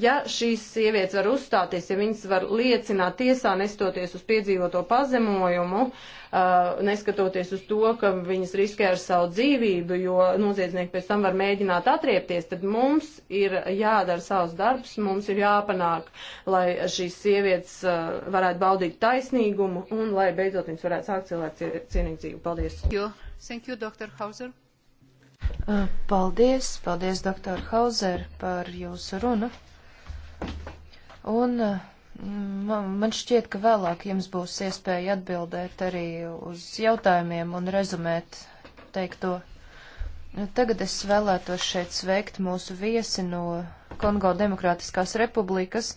Ja šīs sievietes var uzstāties, ja viņas var liecināt tiesā, nestoties uz piedzīvoto pazemojumu, uh, neskatoties uz to, ka viņas riskē ar savu dzīvību, jo noziedznieki pēc tam var mēģināt atriepties, tad mums ir jādara savs darbs, mums ir jāpanāk, lai šīs sievietes uh, varētu baudīt taisnīgumu un lai beidzot viņas varētu sākt cilvēku cienīgu dzīvi. Paldies! Jo. Thank you, Dr. Hauser. Uh, paldies, paldies, doktor Hauser, par jūsu runu. Un mm, man šķiet, ka vēlāk jums būs iespēja atbildēt arī uz jautājumiem un rezumēt teikto. Tagad es vēlētos šeit sveikt mūsu viesi no Kongo Demokrātiskās Republikas,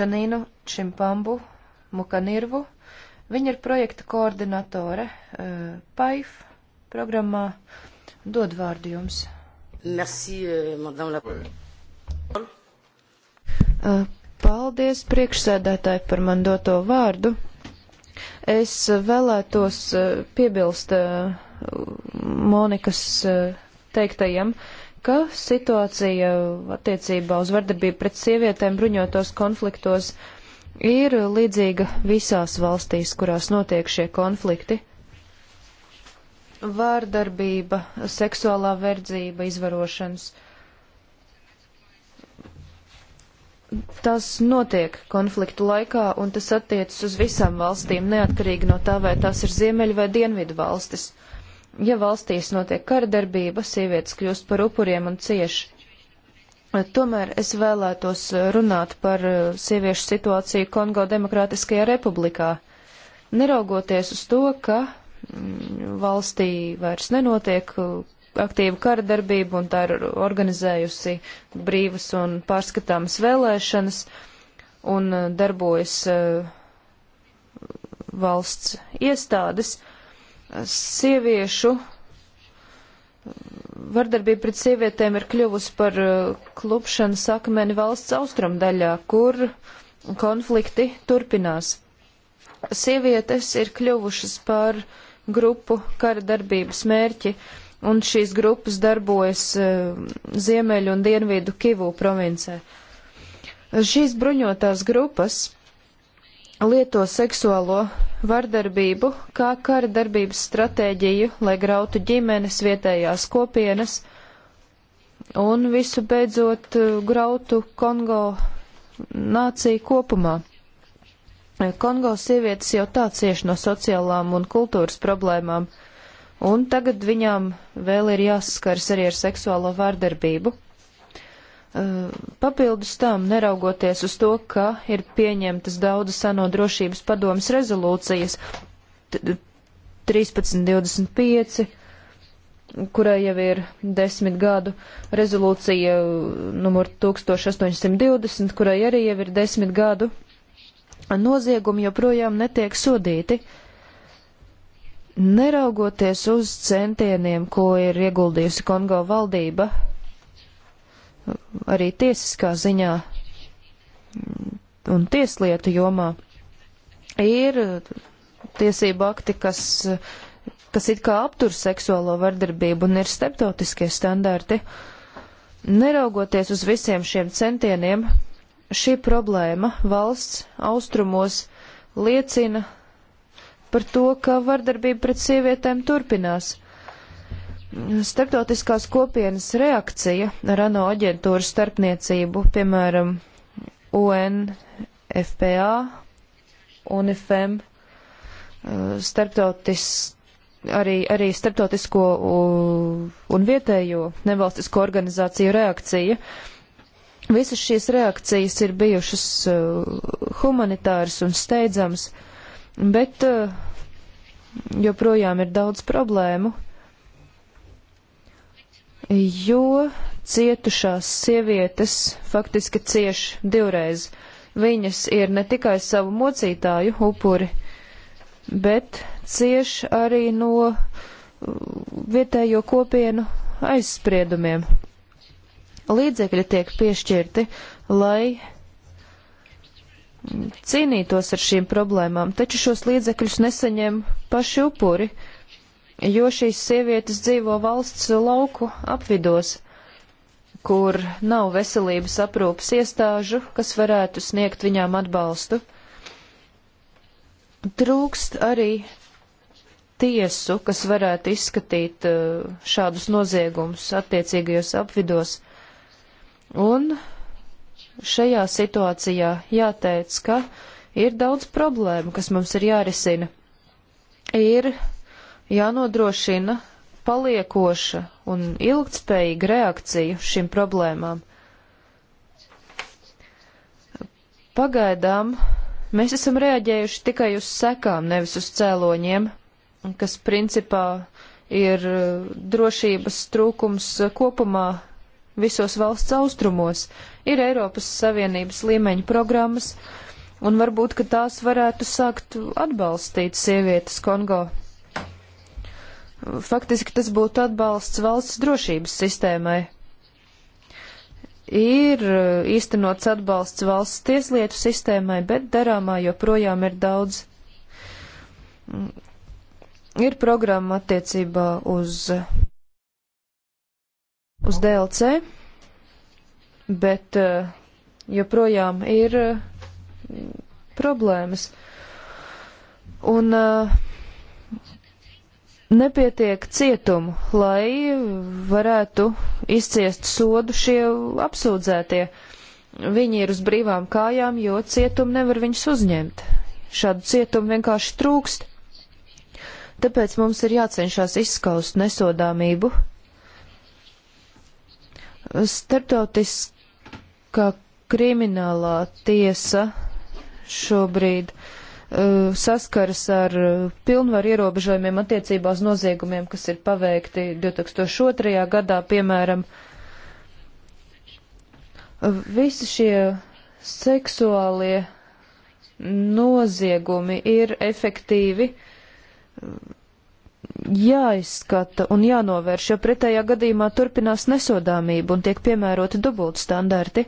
Žanīnu Čimpambu Mukanirvu. Viņa ir projekta koordinatore eh, PAIF programmā. Dod vārdu jums. Merci, eh, madame la. Uh, paldies priekšsēdētāji par man doto vārdu. Es vēlētos uh, piebilst uh, Monikas teiktajam, ka situācija attiecībā uz vardarbību pret sievietēm bruņotos konfliktos ir līdzīga visās valstīs, kurās notiek šie konflikti. Vārdarbība, seksuālā verdzība, izvarošanas. Uh, tas notiek konfliktu laikā, un tas attiecas uz visām valstīm, neatkarīgi no tā, vai tās ir ziemeļu vai dienvidu valstis. Ja valstīs notiek karadarbība, sievietes kļūst par upuriem un cieši. Tomēr es vēlētos runāt par eh, sieviešu situāciju Kongo Demokrātiskajā republikā. Neraugoties uz to, ka mm, valstī vairs nenotiek aktīvu kara darbību un tā ir organizējusi brīvas un pārskatāmas vēlēšanas un uh, darbojas uh, valsts iestādes. Sieviešu uh, vardarbība pret sievietēm ir kļuvusi par klupšanas akmeni valsts austrumdaļā, kur konflikti turpinās. Sievietes ir kļuvušas par grupu kara darbības mērķi. Uh, un šīs grupas darbojas e, Ziemeļu un Dienvidu Kivu provincē. Šīs bruņotās grupas lieto seksuālo vardarbību kā kara darbības stratēģiju, lai grautu ģimenes, vietējās kopienas un visu beidzot e, grautu Kongo nāciju kopumā. Kongo sievietes jau tā cieši no sociālām un kultūras problēmām un tagad viņām vēl ir jāsaskars arī ar seksuālo vārdarbību. Uh, papildus tam, neraugoties uz to, ka ir pieņemtas daudzas ANO drošības padomas rezolūcijas 1325, kurai jau ir desmit gadu rezolūcija uh, numur 1820, kurai arī jau ir desmit gadu, noziegumi joprojām netiek sodīti. Uh, Neraugoties uz centieniem, ko ir ieguldījusi Kongo valdība, arī tiesiskā ziņā un tieslietu jomā, ir tiesība akti, kas, kas it kā aptur seksuālo vardarbību un ir starptautiskie standarti. Neraugoties uz visiem šiem centieniem, šī problēma valsts austrumos liecina par to, ka vardarbība pret sievietēm turpinās. Starptautiskās kopienas reakcija ar ANO aģentūru starpniecību, piemēram, UNFPA, UNIFEM, eh, starptautis, arī, arī starptautisko un vietējo nevalstisko organizāciju reakcija. Visas šīs reakcijas ir bijušas eh, humanitāras un steidzamas. Uh, bet eh, joprojām ir daudz problēmu, jo cietušās sievietes faktiski cieš divreiz. Viņas ir ne tikai savu mocītāju upuri, bet cieš arī no uh, vietējo kopienu aizspriedumiem. Līdzekļi tiek piešķirti, lai cīnītos ar šīm problēmām, taču šos līdzekļus nesaņem paši upuri, jo šīs sievietes dzīvo valsts lauku apvidos, kur nav veselības aprūpas iestāžu, kas varētu sniegt viņām atbalstu. Trūkst arī tiesu, kas varētu izskatīt eh, šādus noziegumus attiecīgajos apvidos. Un šajā situācijā jāteic, ka ir daudz problēmu, kas mums ir jārisina. Ir jānodrošina paliekoša un ilgtspējīga reakcija šīm problēmām. Pagaidām mēs esam reaģējuši tikai uz sekām, nevis uz cēloņiem, kas principā ir eh, drošības trūkums kopumā visos valsts austrumos. Uh, ir Eiropas Savienības līmeņa programmas, un varbūt, ka tās varētu sākt atbalstīt sievietes Kongo. Faktiski tas būtu atbalsts valsts drošības sistēmai. Ir uh, īstenots atbalsts valsts tieslietu sistēmai, bet darāmā joprojām ir daudz. Mm. Ir programma attiecībā uz, uh, uz DLC bet eh, joprojām ir eh, problēmas. Un eh, nepietiek cietumu, lai varētu izciest sodu šie apsūdzētie. Viņi ir uz brīvām kājām, jo cietumu nevar viņus uzņemt. Šādu cietumu vienkārši trūkst. Tāpēc mums ir jācenšas izskaust nesodāmību Startautiskā kriminālā tiesa šobrīd uh, saskaras ar uh, pilnvaru ierobežojumiem attiecībā uz noziegumiem, kas ir paveikti 2002. gadā, piemēram. Uh, visi šie seksuālie noziegumi ir efektīvi uh, jāizskata un jānovērš, jo pretējā gadījumā turpinās nesodāmība un tiek piemēroti dubult standarti,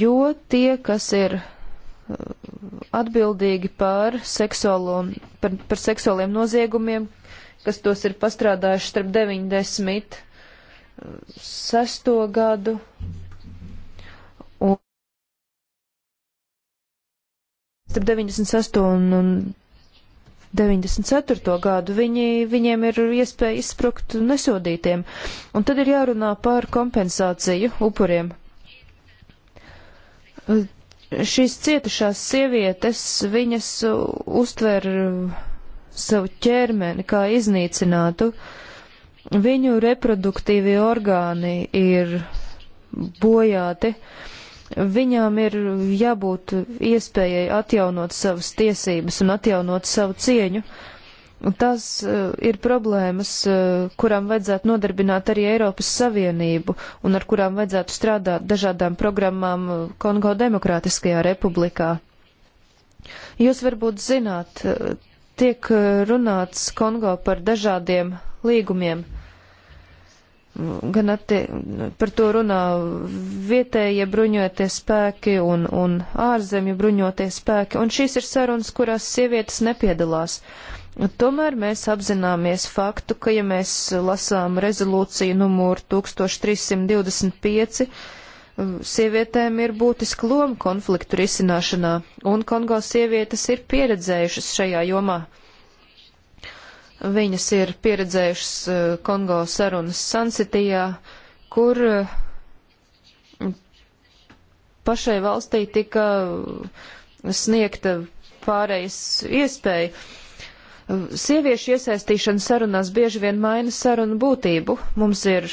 jo tie, kas ir uh, atbildīgi par, seksuālo, par, par seksuāliem noziegumiem, kas tos ir pastrādājuši starp 96. Uh, gadu starp 96. un, un 94. gadu, viņi, viņiem ir iespēja izsprukt nesodītiem. Un tad ir jārunā par kompensāciju upuriem. Šīs cietušās sievietes, viņas uztver savu ķermeni kā iznīcinātu. Viņu reproduktīvie orgāni ir bojāti. Uh, Viņām ir jābūt iespējai atjaunot savas tiesības un atjaunot savu cieņu. Un tās uh, eh, ir problēmas, uh, kurām vajadzētu nodarbināt arī Eiropas Savienību un ar kurām vajadzētu strādāt dažādām programmām uh, Kongo Demokrātiskajā republikā. Jūs varbūt zināt, uh, tiek runāts Kongo par dažādiem līgumiem. Uh, gan atti, par to runā vietējie bruņotie spēki un, un ārzemju bruņotie spēki, un šīs ir sarunas, kurās sievietes nepiedalās. Tomēr mēs apzināmies faktu, ka ja mēs lasām rezolūciju numuru 1325, sievietēm ir būtiska loma konfliktu risināšanā, un Kongo sievietes ir pieredzējušas šajā jomā. Viņas ir pieredzējušas eh, Kongo sarunas Sansitijā, kur eh, pašai valstī tika eh, sniegta pārējas iespēja. Sieviešu iesaistīšana sarunās bieži vien maina sarunu būtību. Mums ir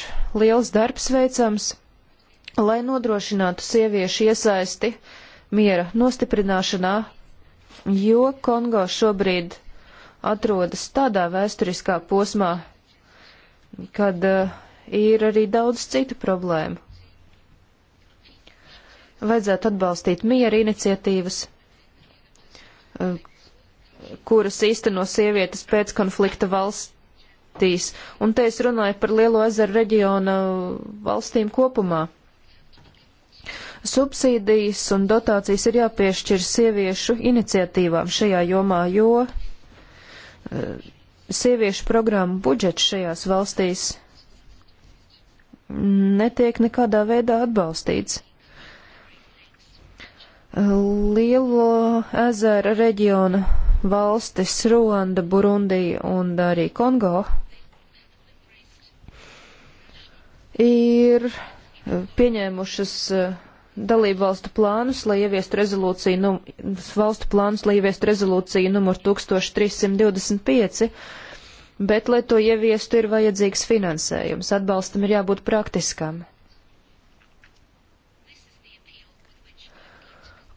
liels darbs veicams, lai nodrošinātu sieviešu iesaisti miera nostiprināšanā, jo Kongo šobrīd atrodas tādā vēsturiskā posmā, kad uh, ir arī daudz citu problēmu. Vajadzētu atbalstīt miera iniciatīvas, uh, kuras īsteno sievietes pēc konflikta valstīs, un te es runāju par Lielo ezeru reģiona valstīm kopumā. Subsīdijas un dotācijas ir jāpiešķir sieviešu iniciatīvām šajā jomā, jo Eh, sieviešu programmu budžets šajās valstīs netiek nekādā veidā atbalstīts. Eh, Lielo ezera reģiona valstis Ruanda, Burundija un arī Kongo ir eh, pieņēmušas uh, dalību valstu plānus, lai ieviestu rezolūciju, num, valstu plānus, lai ieviestu rezolūciju numur 1325, bet, lai to ieviestu, ir vajadzīgs finansējums. Atbalstam ir jābūt praktiskam.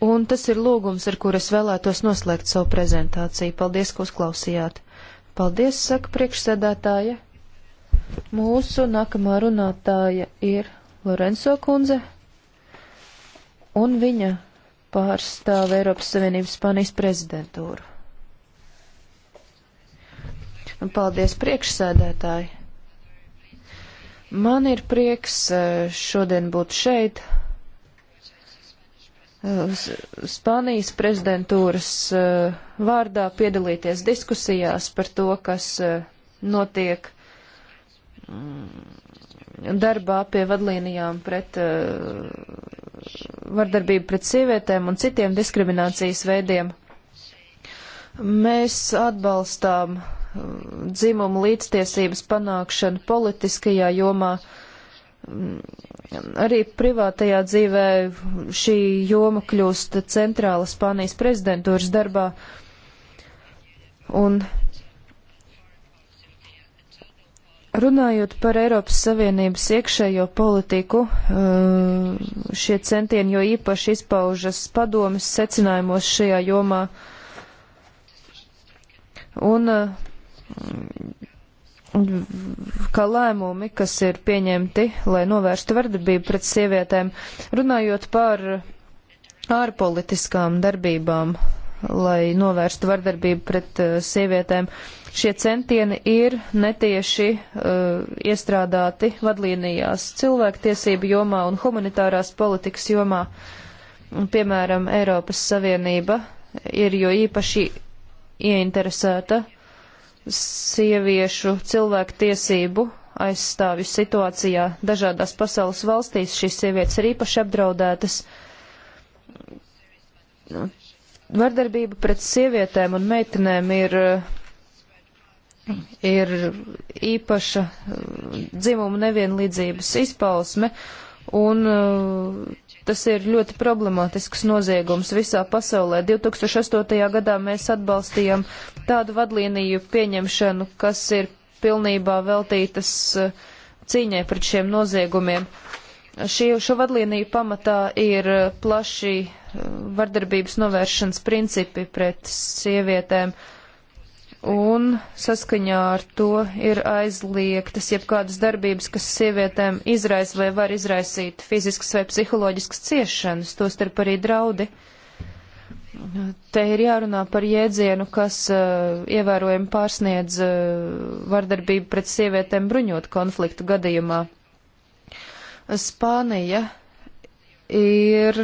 Un tas ir lūgums, ar kur es vēlētos noslēgt savu prezentāciju. Paldies, ka uzklausījāt. Paldies, saka priekšsēdētāja. Mūsu nākamā runātāja ir Lorenzo Kunze un viņa pārstāv Eiropas Savienības Spānijas prezidentūru. Un paldies priekšsēdētāji. Man ir prieks eh, šodien būt šeit. Eh, Spānijas prezidentūras eh, vārdā piedalīties diskusijās par to, kas notiek mm, darbā pie vadlīnijām pret uh, vardarbību pret sievietēm un citiem diskriminācijas veidiem. Mēs atbalstām uh, dzimumu līdztiesības panākšanu politiskajā jomā. Um, arī privātajā dzīvē šī joma kļūst centrāla Spānijas prezidentūras darbā. Un Runājot par Eiropas Savienības iekšējo politiku, eh, šie centieni jo īpaši izpaužas padomas secinājumos šajā jomā. Un eh, kā lēmumi, kas ir pieņemti, lai novērstu vardarbību pret sievietēm, runājot par ārpolitiskām darbībām, lai novērstu vardarbību pret uh, sievietēm. Šie centieni ir netieši uh, iestrādāti vadlīnijās cilvēktiesību jomā un humanitārās politikas jomā. Un, piemēram, Eiropas Savienība ir jo īpaši ieinteresēta sieviešu cilvēktiesību aizstāvju situācijā dažādās pasaules valstīs. Šīs sievietes ir īpaši apdraudētas Vardarbība pret sievietēm un meitenēm ir, ir īpaša eh, dzimuma nevienlīdzības izpausme, un eh, tas ir ļoti problemātisks noziegums visā pasaulē. 2008. gadā mēs atbalstījām tādu vadlīniju pieņemšanu, kas ir pilnībā veltītas eh, cīņai pret šiem noziegumiem. Šī, šo vadlīniju pamatā ir uh, plaši uh, vardarbības novēršanas principi pret sievietēm, un saskaņā ar to ir aizliegtas jebkādas darbības, kas sievietēm izraisa vai var izraisīt fiziskas vai psiholoģiskas ciešanas, tostarp arī draudi. Te ir jārunā par jēdzienu, kas uh, ievērojami pārsniedz uh, vardarbību pret sievietēm bruņot konfliktu gadījumā. Spānija ir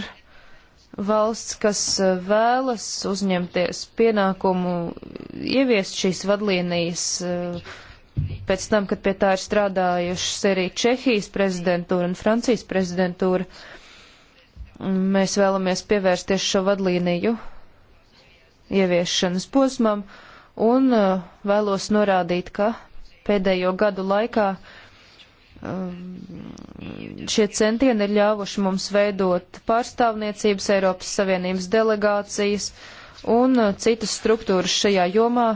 valsts, kas vēlas uzņemties pienākumu ieviest šīs vadlīnijas eh, pēc tam, kad pie tā ir strādājušas arī Čehijas prezidentūra un Francijas prezidentūra. Mēs vēlamies pievērsties šo vadlīniju ieviešanas posmam un eh, vēlos norādīt, ka pēdējo gadu laikā uh, Um, šie centieni ir ļāvuši mums veidot pārstāvniecības Eiropas Savienības delegācijas un uh, citas struktūras šajā jomā,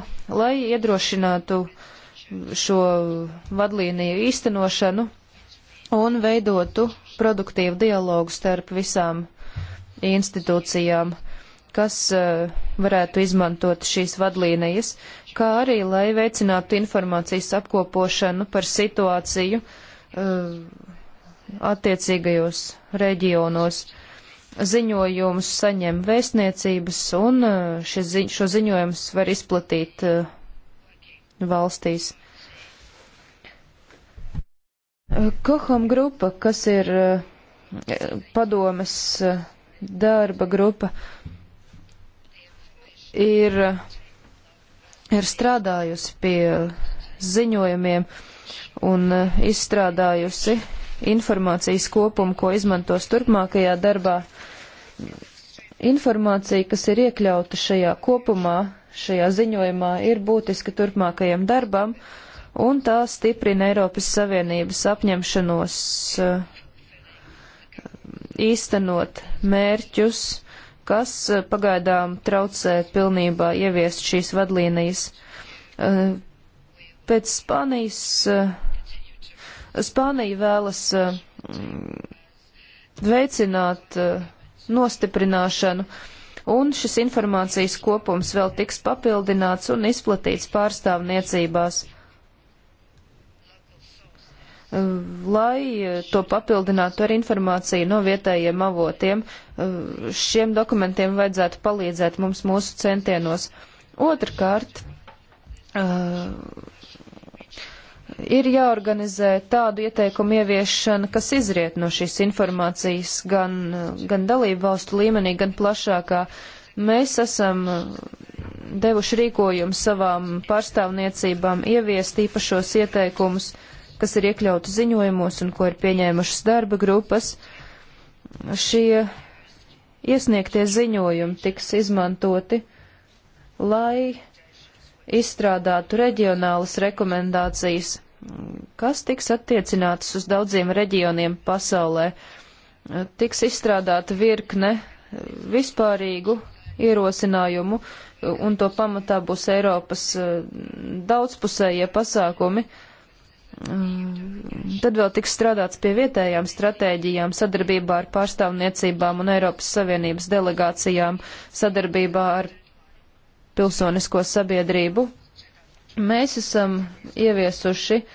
lai iedrošinātu šo vadlīniju īstenošanu un veidotu produktīvu dialogu starp visām institūcijām, kas uh, varētu izmantot šīs vadlīnijas, kā arī lai veicinātu informācijas apkopošanu par situāciju, uh, Uh, attiecīgajos reģionos. Ziņojums saņem vēstniecības, un uh, zi šo ziņojumus var izplatīt uh, valstīs. Kohom grupa, kas ir padomes darba grupa, ir, ir strādājusi pie ziņojumiem. Uh, un e, izstrādājusi informācijas kopumu, ko izmantos turpmākajā darbā. Informācija, kas ir iekļauta šajā kopumā, šajā ziņojumā, ir būtiska turpmākajam darbam, un tā stiprina Eiropas Savienības apņemšanos e, īstenot mērķus, kas e, pagaidām traucē pilnībā ieviest šīs vadlīnijas. Pēc Spānijas, eh, Spānija vēlas eh, veicināt eh, nostiprināšanu, un šis informācijas kopums vēl tiks papildināts un izplatīts pārstāvniecībās lai to papildinātu ar informāciju no vietējiem avotiem. Šiem dokumentiem vajadzētu palīdzēt mums mūsu centienos. Otrkārt, Ir jāorganizē tādu ieteikumu ieviešana, kas izriet no šīs informācijas gan, gan dalību valstu līmenī, gan plašākā. Mēs esam uh, devuši rīkojumu savām pārstāvniecībām ieviest īpašos ieteikumus, kas ir iekļauti ziņojumos un ko ir pieņēmušas darba grupas. Šie iesniegtie ziņojumi tiks izmantoti, lai izstrādātu reģionālas rekomendācijas, kas tiks attiecinātas uz daudziem reģioniem pasaulē. Tiks izstrādāta virkne vispārīgu ierosinājumu, un to pamatā būs Eiropas eh, daudzpusējie pasākumi. Mm, tad vēl tiks strādāts pie vietējām stratēģijām, sadarbībā ar pārstāvniecībām un Eiropas Savienības delegācijām, sadarbībā ar pilsonisko sabiedrību. Mēs esam ieviesuši eh,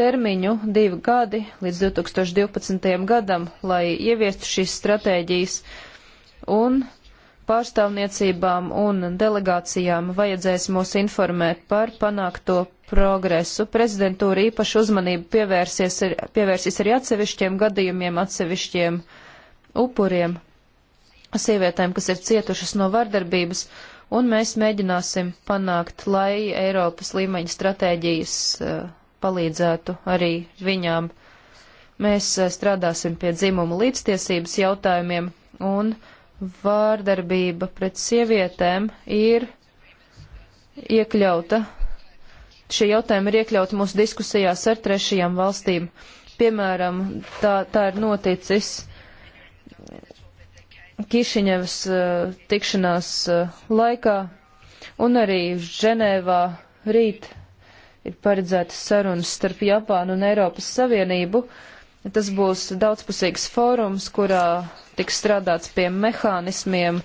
termiņu divi gadi līdz 2012. gadam, lai ieviestu šīs stratēģijas, un pārstāvniecībām un delegācijām vajadzēs mūs informēt par panākto progresu. Prezidentūra īpaši uzmanību pievērsies, ar, pievērsīs arī atsevišķiem gadījumiem, atsevišķiem upuriem, sievietēm, kas ir cietušas no vardarbības, un mēs mēģināsim panākt, lai Eiropas līmeņa stratēģijas eh, palīdzētu arī viņām. Mēs eh, strādāsim pie dzimuma līdztiesības jautājumiem, un vārdarbība pret sievietēm ir iekļauta. Šie jautājumi ir iekļauti mūsu diskusijās ar trešajām valstīm. Piemēram, tā, tā ir noticis Kišiņevas uh, tikšanās uh, laikā un arī Ženēvā rīt ir paredzētas sarunas starp Japānu un Eiropas Savienību. Tas būs daudzpusīgs fórums, kurā tiks strādāts pie mehānismiem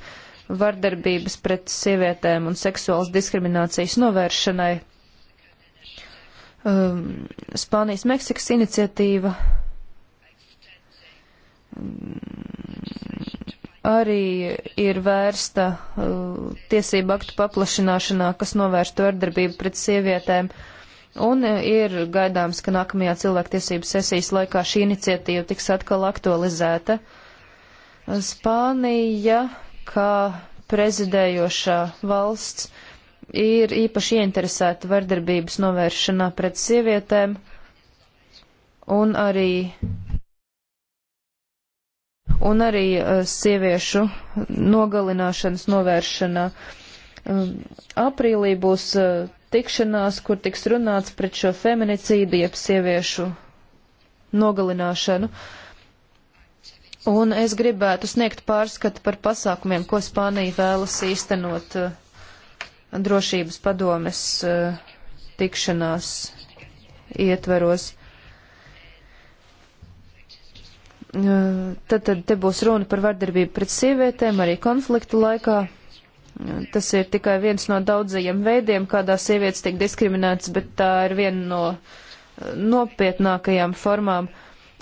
vardarbības pret sievietēm un seksuālas diskriminācijas novēršanai. Um, Spānijas Meksikas iniciatīva um, arī ir vērsta uh, tiesību aktu paplašināšanā, kas novērstu vardarbību pret sievietēm. Un uh, ir gaidāms, ka nākamajā cilvēktiesību sesijas laikā šī iniciatīva tiks atkal aktualizēta. Spānija, kā prezidējošā valsts, ir īpaši ieinteresēta vardarbības novēršanā pret sievietēm un arī un arī eh, sieviešu nogalināšanas novēršanā. Aprīlī būs eh, tikšanās, kur tiks runāts pret šo feminicīdu, jeb sieviešu nogalināšanu. Un es gribētu sniegt pārskatu par pasākumiem, ko Spānija vēlas īstenot eh, drošības padomes tikšanās ietveros. Tad, tad te būs runa par vardarbību pret sievietēm arī konfliktu laikā. Tas ir tikai viens no daudzajiem veidiem, kādā sievietes tiek diskriminētas, bet tā ir viena no nopietnākajām formām.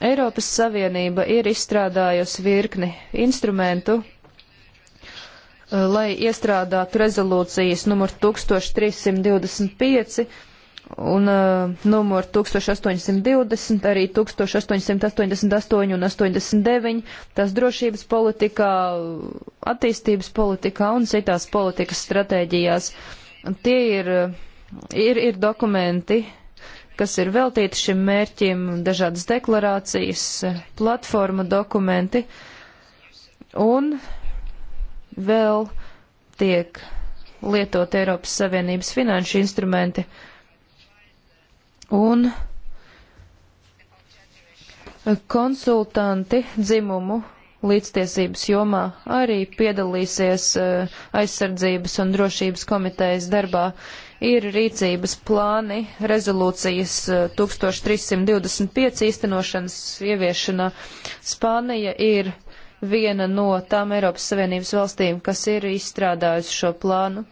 Eiropas Savienība ir izstrādājusi virkni instrumentu, eh, lai iestrādātu rezolūcijas numur 1325 un uh, numur 1820, arī 1888 un 89, tās drošības politikā, attīstības politikā un citās politikas stratēģijās. Tie ir, eh, ir, ir dokumenti, kas ir veltīti šim mērķim, dažādas deklarācijas, platforma dokumenti, un vēl tiek lietot Eiropas Savienības finanšu instrumenti. Uh, un konsultanti dzimumu līdztiesības jomā arī piedalīsies eh, aizsardzības un drošības komitejas darbā. Ir rīcības plāni rezolūcijas 1325 eh, īstenošanas ieviešanā. Spānija ir viena no tām Eiropas Savienības valstīm, kas ir izstrādājusi šo plānu.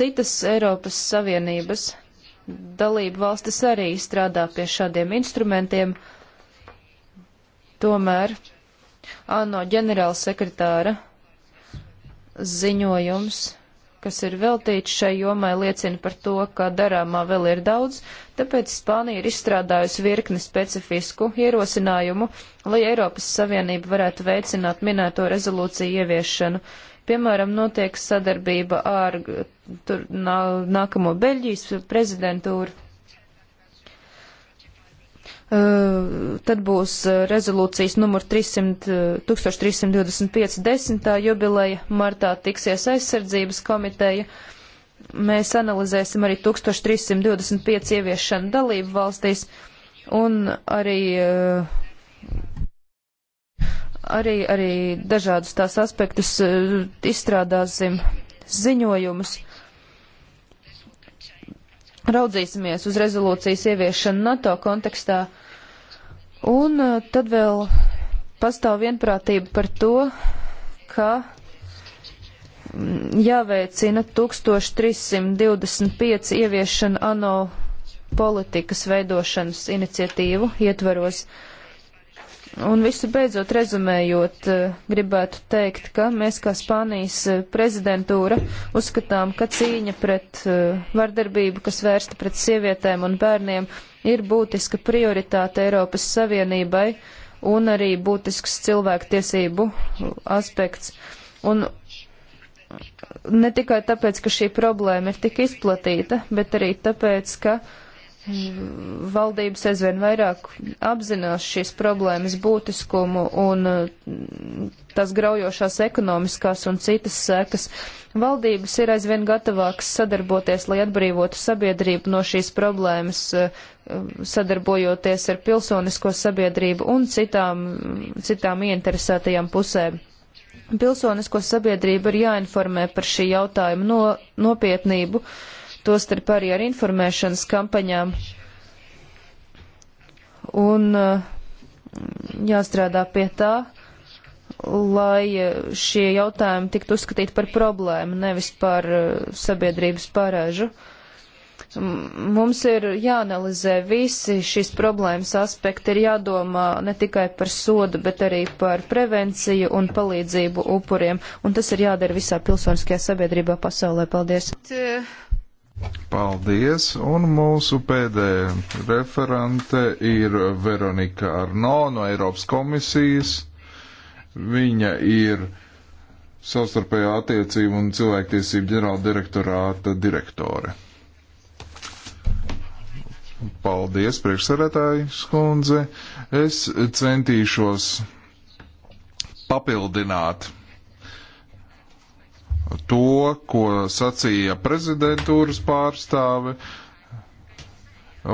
Citas Eiropas Savienības dalību valstis arī strādā pie šādiem instrumentiem. Tomēr ANO ģenerāla sekretāra ziņojums, kas ir veltīts šai jomai, liecina par to, ka darāmā vēl ir daudz, tāpēc Spānija ir izstrādājusi virkni specifisku ierosinājumu, lai Eiropas Savienība varētu veicināt minēto rezolūciju ieviešanu. Uh, Piemēram, notiek sadarbība ar tur, nā, nākamo Beļģijas prezidentūru. Tad būs rezolūcijas numur 300, 1325. 10. jubileja. Martā tiksies aizsardzības komiteja. Mēs analizēsim arī 1325 ieviešanu dalību valstīs un arī arī, arī dažādus tās aspektus e, izstrādāsim ziņojumus. Raudzīsimies uz rezolūcijas ieviešanu NATO kontekstā. Un e, tad vēl pastāv vienprātība par to, ka jāveicina 1325 ieviešana ANO politikas veidošanas iniciatīvu ietvaros. Uh, Un visu beidzot rezumējot, eh, gribētu teikt, ka mēs kā Spānijas eh, prezidentūra uzskatām, ka cīņa pret eh, vardarbību, kas vērsta pret sievietēm un bērniem, ir būtiska prioritāte Eiropas Savienībai un arī būtisks cilvēktiesību aspekts. Un ne tikai tāpēc, ka šī problēma ir tik izplatīta, bet arī tāpēc, ka uh, valdības aizvien vairāk apzinās šīs problēmas būtiskumu un mm, tās graujošās ekonomiskās un citas sekas. Valdības ir aizvien gatavākas sadarboties, lai atbrīvotu sabiedrību no šīs problēmas, mm, sadarbojoties ar pilsonisko sabiedrību un citām, mm, citām ieinteresētajām pusēm. Pilsonisko sabiedrību ir jāinformē par šī jautājuma no, nopietnību. Uh, tostarp arī ar informēšanas kampaņām. Un uh, jāstrādā pie tā, lai uh, šie jautājumi tiktu uzskatīti par problēmu, nevis par uh, sabiedrības pārēžu. Mums ir jāanalizē visi šīs problēmas aspekti, ir jādomā ne tikai par sodu, bet arī par prevenciju un palīdzību upuriem, un tas ir jādara visā pilsoniskajā sabiedrībā pasaulē. Paldies! Paldies, un mūsu pēdējā referente ir Veronika Arno no Eiropas komisijas. Viņa ir savstarpējā attiecība un cilvēktiesība ģenerāla direktorāta direktore. Paldies, priekšsarētāji skundze. Es centīšos papildināt to, ko sacīja prezidentūras pārstāve.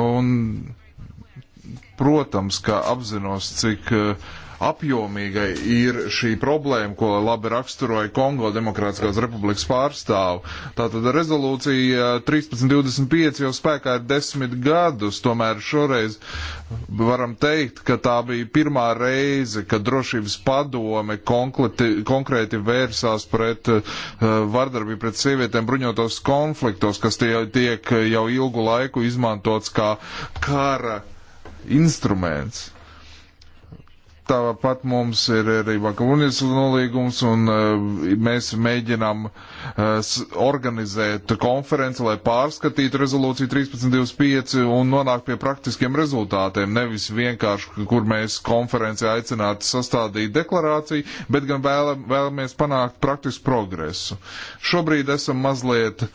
Un, protams, ka apzinos, cik uh, apjomīga ir šī problēma, ko labi raksturoja Kongo Demokrātiskās republikas pārstāvu. Tātad rezolūcija 1325 jau spēkā ir desmit gadus, tomēr šoreiz varam teikt, ka tā bija pirmā reize, kad drošības padome konkreti, konkrēti vērsās pret uh, vardarbību pret sievietēm bruņotos konfliktos, kas tie tiek jau ilgu laiku izmantots kā kara instruments. Tāpat mums ir arī Vakavunis nolīgums, un eh, mēs mēģinām eh, organizēt konferenci, lai pārskatītu rezolūciju 1325 un nonākt pie praktiskiem rezultātiem. Nevis vienkārši, kur mēs konferenci aicinātu sastādīt deklarāciju, bet gan vēlam, vēlamies panākt praktisku progresu. Šobrīd esam mazliet eh,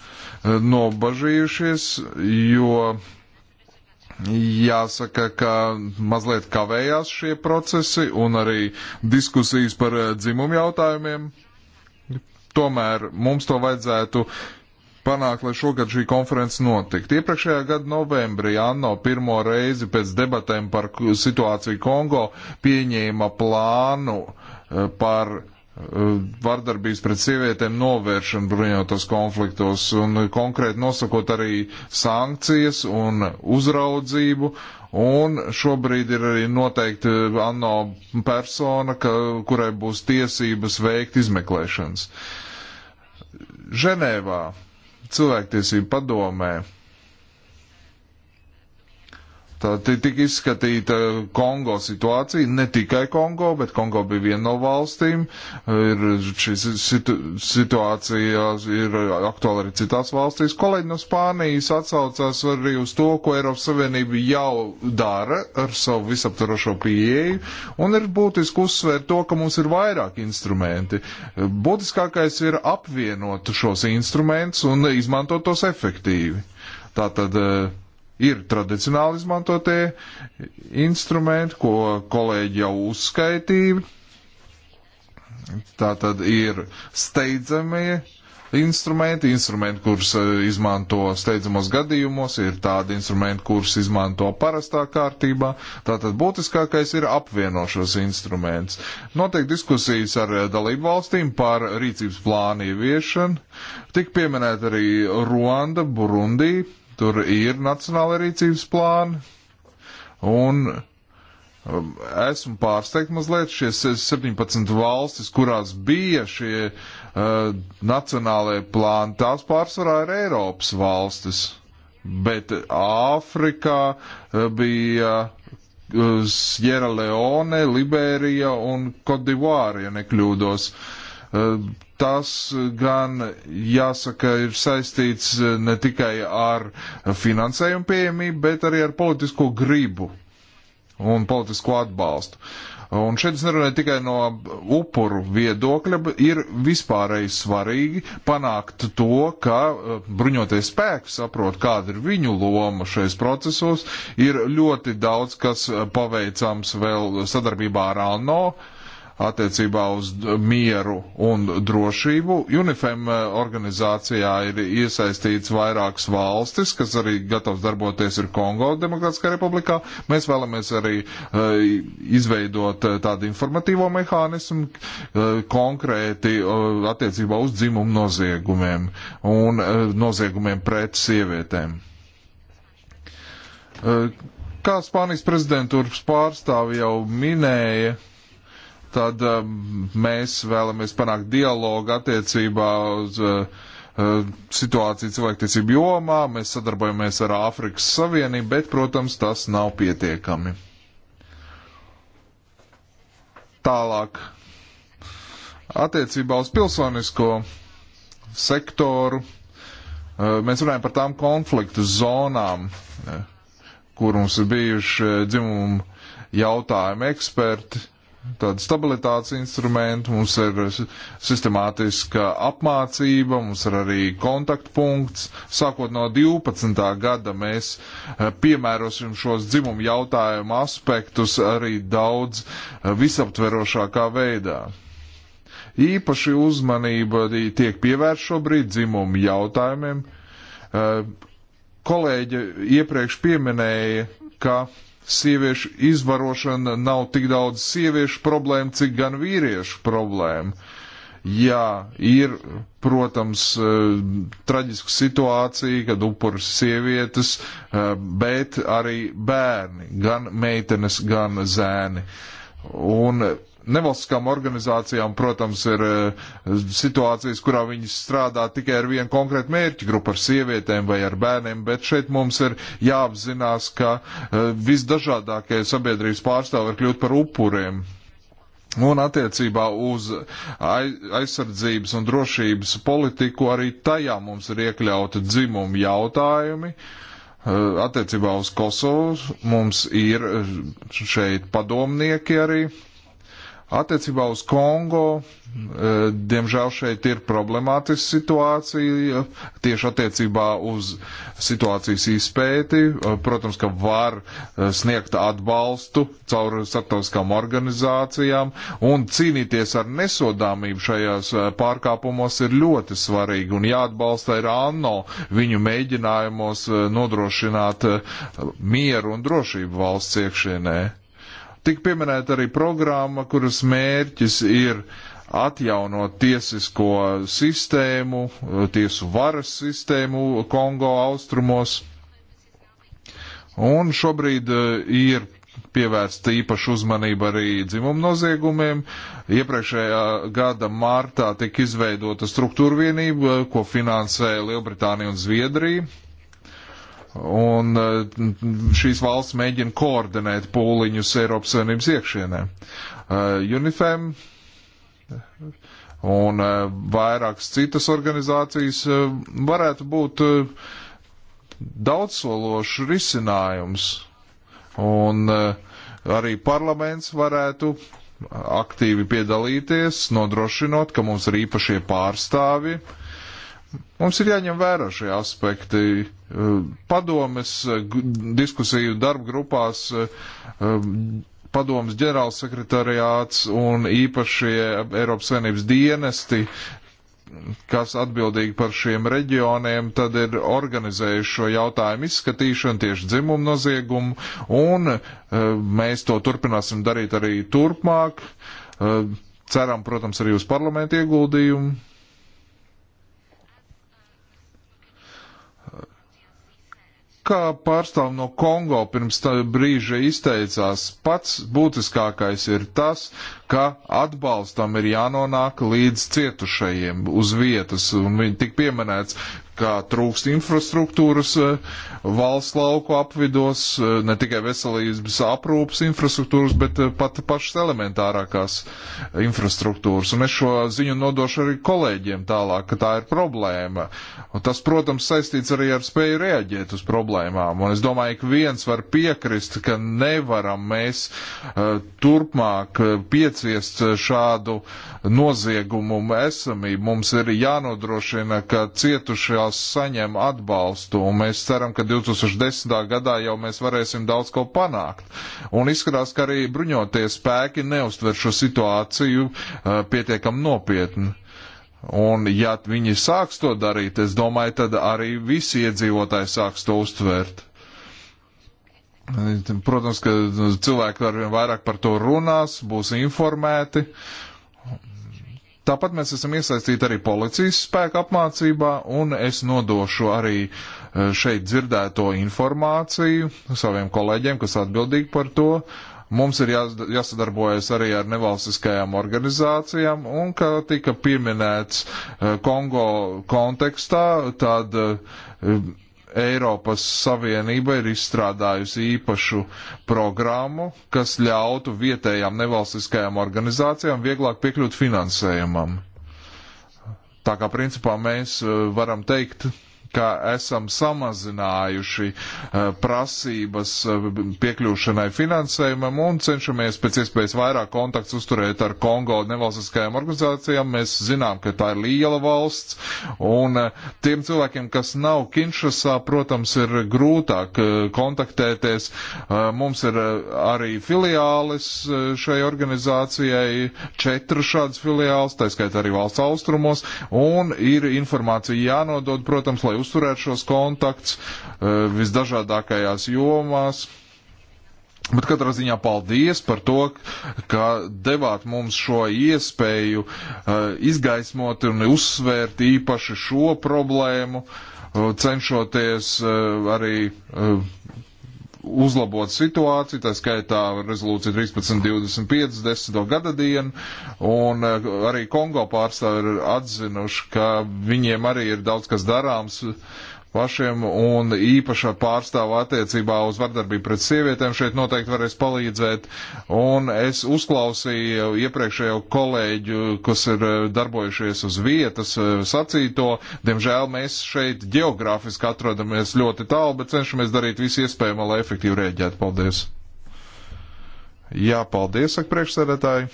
nobažījušies, jo Jāsaka, ka mazliet kavējās šie procesi un arī diskusijas par eh, dzimumu jautājumiem. Tomēr mums to vajadzētu panākt, lai šogad šī konference notiktu. Iepriekšējā gada novembrī Anno pirmo reizi pēc debatēm par situāciju Kongo pieņēma plānu eh, par vardarbības pret sievietēm novēršana bruņotos konfliktos un konkrēti nosakot arī sankcijas un uzraudzību. Un šobrīd ir arī noteikti ANO persona, ka, kurai būs tiesības veikt izmeklēšanas. Ženēvā cilvēktiesību padomē Tā tika izskatīta Kongo situācija, ne tikai Kongo, bet Kongo bija viena no valstīm. Ir, šī situ, situācija ir aktuāla arī citās valstīs. Kolēģi no Spānijas atsaucās arī uz to, ko Eiropas Savienība jau dara ar savu visaptarošo pieeju, un ir būtiski uzsvērt to, ka mums ir vairāk instrumenti. Būtiskākais ir apvienot šos instrumentus un izmantot tos efektīvi. Tātad, uh, ir tradicionāli izmantotie instrumenti, ko kolēģi jau uzskaitīja. Tā tad ir steidzamie instrumenti, instrumenti, kurus e, izmanto steidzamos gadījumos, ir tādi instrumenti, kurus izmanto parastā kārtībā. Tātad būtiskākais ir apvienošos instruments. Notiek diskusijas ar e, dalību valstīm par rīcības plānu ieviešanu. Tik pieminēta arī Ruanda, Burundija Tur ir nacionāla rīcības plāni, un um, esmu pārsteigts mazliet šīs 17 valstis, kurās bija šie uh, nacionālajie plāni, tās pārsvarā ir Eiropas valstis. Bet Āfrikā uh, bija uh, Sierra Leone, Liberija un Kodivāra, ja nekļūdos. Uh, tas gan jāsaka ir saistīts eh, ne tikai ar finansējumu pieejamību, bet arī ar politisko gribu un politisko atbalstu. Un šeit es nerunāju tikai no upuru viedokļa, bet ir vispārēji svarīgi panākt to, ka eh, bruņoties spēki saprot, kāda ir viņu loma šais procesos. Ir ļoti daudz, kas eh, paveicams vēl sadarbībā ar ANO. Uh, attiecībā uz mieru un drošību. UNIFEM eh, organizācijā ir iesaistīts vairākas valstis, kas arī gatavs darboties ir Kongo Demokrātiskā republikā. Mēs vēlamies arī uh, izveidot eh, tādu informatīvo mehānismu uh, konkrēti uh, attiecībā uz dzimumu noziegumiem un noziegumiem pret sievietēm. Kā Spānijas prezidentūras pārstāvi jau minēja, tad eh, mēs vēlamies panākt dialogu attiecībā uz eh, eh, situāciju cilvēktiesību jomā, mēs sadarbojamies ar Āfrikas Savienību, bet, protams, tas nav pietiekami. Tālāk. Attiecībā uz pilsonisko sektoru mēs runājam par tām konfliktu zonām, kur mums ir bijuši dzimumu jautājumu eksperti, tādu stabilitātes instrumentu, mums ir sistemātiska apmācība, mums ir arī kontaktpunkts. Sākot no 12. gada mēs eh, piemērosim šos dzimumu jautājumu aspektus arī daudz eh, visaptverošākā veidā. Īpaši uzmanība tiek pievērsta šobrīd dzimumu jautājumiem. Eh, kolēģi iepriekš pieminēja, ka sieviešu izvarošana nav tik daudz sieviešu problēma, cik gan vīriešu problēma. Jā, ir, protams, e, traģiska situācija, kad upuris sievietes, e, bet arī bērni, gan meitenes, gan zēni. Un Nevalstiskām organizācijām, protams, ir eh, situācijas, kurā viņas strādā tikai ar vienu konkrētu mērķu grupu, ar sievietēm vai ar bērniem, bet šeit mums ir jāapzinās, ka eh, visdažādākie sabiedrības pārstāvi var kļūt par upuriem. Un attiecībā uz aizsardzības un drošības politiku arī tajā mums ir iekļauti dzimumu jautājumi. Eh, attiecībā uz Kosovu mums ir šeit padomnieki arī Attiecībā uz Kongo, eh, diemžēl šeit ir problemātiska situācija eh, tieši attiecībā uz situācijas izpēti. Eh, protams, ka var sniegt atbalstu caur starptautiskām organizācijām un cīnīties ar nesodāmību šajās pārkāpumos ir ļoti svarīgi un jāatbalsta ir ANO viņu mēģinājumos nodrošināt mieru un drošību valsts iekšienē. Tik pieminēta arī programma, kuras mērķis ir atjaunot tiesisko sistēmu, tiesu varas sistēmu Kongo austrumos. Un šobrīd eh, ir pievērsta īpaša uzmanība arī dzimumu noziegumiem. Iepriekšējā gada martā tika izveidota struktūra vienība, ko finansē Lielbritānija un Zviedrija un eh, šīs valsts mēģina koordinēt pūliņus Eiropas Savienības iekšienē. Eh, UNIFEM un eh, vairākas citas organizācijas varētu būt daudzsološs risinājums, un arī parlaments varētu aktīvi piedalīties, nodrošinot, ka mums ir īpašie pārstāvi, uh, Mums ir jāņem vērā šie aspekti. Eh, padomes eh, diskusiju darba grupās, eh, padomes ģenerālsekretariāts un īpašie Eiropas Savienības dienesti, kas atbildīgi par šiem reģioniem, tad ir organizējuši šo jautājumu izskatīšanu tieši dzimumu noziegumu, un mēs to turpināsim darīt arī turpmāk. Ceram, protams, arī uz parlamentu ieguldījumu kā pārstāv no Kongo pirms brīža izteicās, pats būtiskākais ir tas, ka atbalstam ir jānonāk līdz cietušajiem uz vietas, un viņi tik pieminēts, ka trūkst infrastruktūras e, valsts lauku apvidos, e, ne tikai veselības aprūpas infrastruktūras, bet e, pat pašas elementārākās infrastruktūras. Un es šo ziņu nodošu arī kolēģiem tālāk, ka tā ir problēma. Un tas, protams, saistīts arī ar spēju reaģēt uz problēmām. Un es domāju, ka viens var piekrist, ka nevaram mēs turpmāk pieciest šādu noziegumu esamību. Mums ir jānodrošina, ka cietušās sarunās saņem atbalstu, un mēs ceram, ka 2010. gadā jau mēs varēsim daudz ko panākt. Un izskatās, ka arī bruņotie spēki neuztver šo situāciju uh, pietiekam nopietni. Un ja viņi sāks to darīt, es domāju, tad arī visi iedzīvotāji sāks to uztvert. Protams, ka cilvēki arvien vairāk par to runās, būs informēti. Uh, Tāpat mēs esam iesaistīti arī policijas spēku apmācībā, un es nodošu arī e, šeit dzirdēto informāciju saviem kolēģiem, kas atbildīgi par to. Mums ir jā, jāsadarbojas arī ar nevalstiskajām organizācijām, un kā tika pieminēts e, Kongo kontekstā, tad e, Eiropas Savienība ir izstrādājusi īpašu programmu, kas ļautu vietējām nevalstiskajām organizācijām vieglāk piekļūt finansējumam. Tā kā principā mēs eh, varam teikt, ka esam samazinājuši eh, prasības eh, piekļūšanai finansējumam un cenšamies pēc iespējas vairāk kontakts uzturēt ar Kongo nevalstiskajām organizācijām. Mēs zinām, ka tā ir liela valsts un eh, tiem cilvēkiem, kas nav Kinšasā, protams, ir grūtāk kontaktēties. Mums ir arī filiālis šai organizācijai, četri šādas filiālis, tā skaitā arī valsts austrumos, un ir informācija jānodod, protams, lai uzturētu šos kontakts eh, visdažādākajās jomās. Bet katrā ziņā paldies par to, ka devāt mums šo iespēju eh, izgaismot un uzsvērt īpaši šo problēmu, eh, cenšoties arī uzlabot situāciju, tā skaitā rezolūcija 1325, 10. gada diena, un eh, arī Kongo pārstāvi ir atzinuši, ka viņiem arī ir daudz kas darāms pašiem un īpašā pārstāva attiecībā uz vardarbību pret sievietēm šeit noteikti varēs palīdzēt. Un es uzklausīju iepriekšējo kolēģu, kas ir eh, darbojušies uz vietas, eh, sacīto. Diemžēl mēs šeit geogrāfiski atrodamies ļoti tālu, bet cenšamies darīt visu iespējamo, lai efektīvi rēģētu. Paldies! Jā, paldies, saka priekšsēdētāji!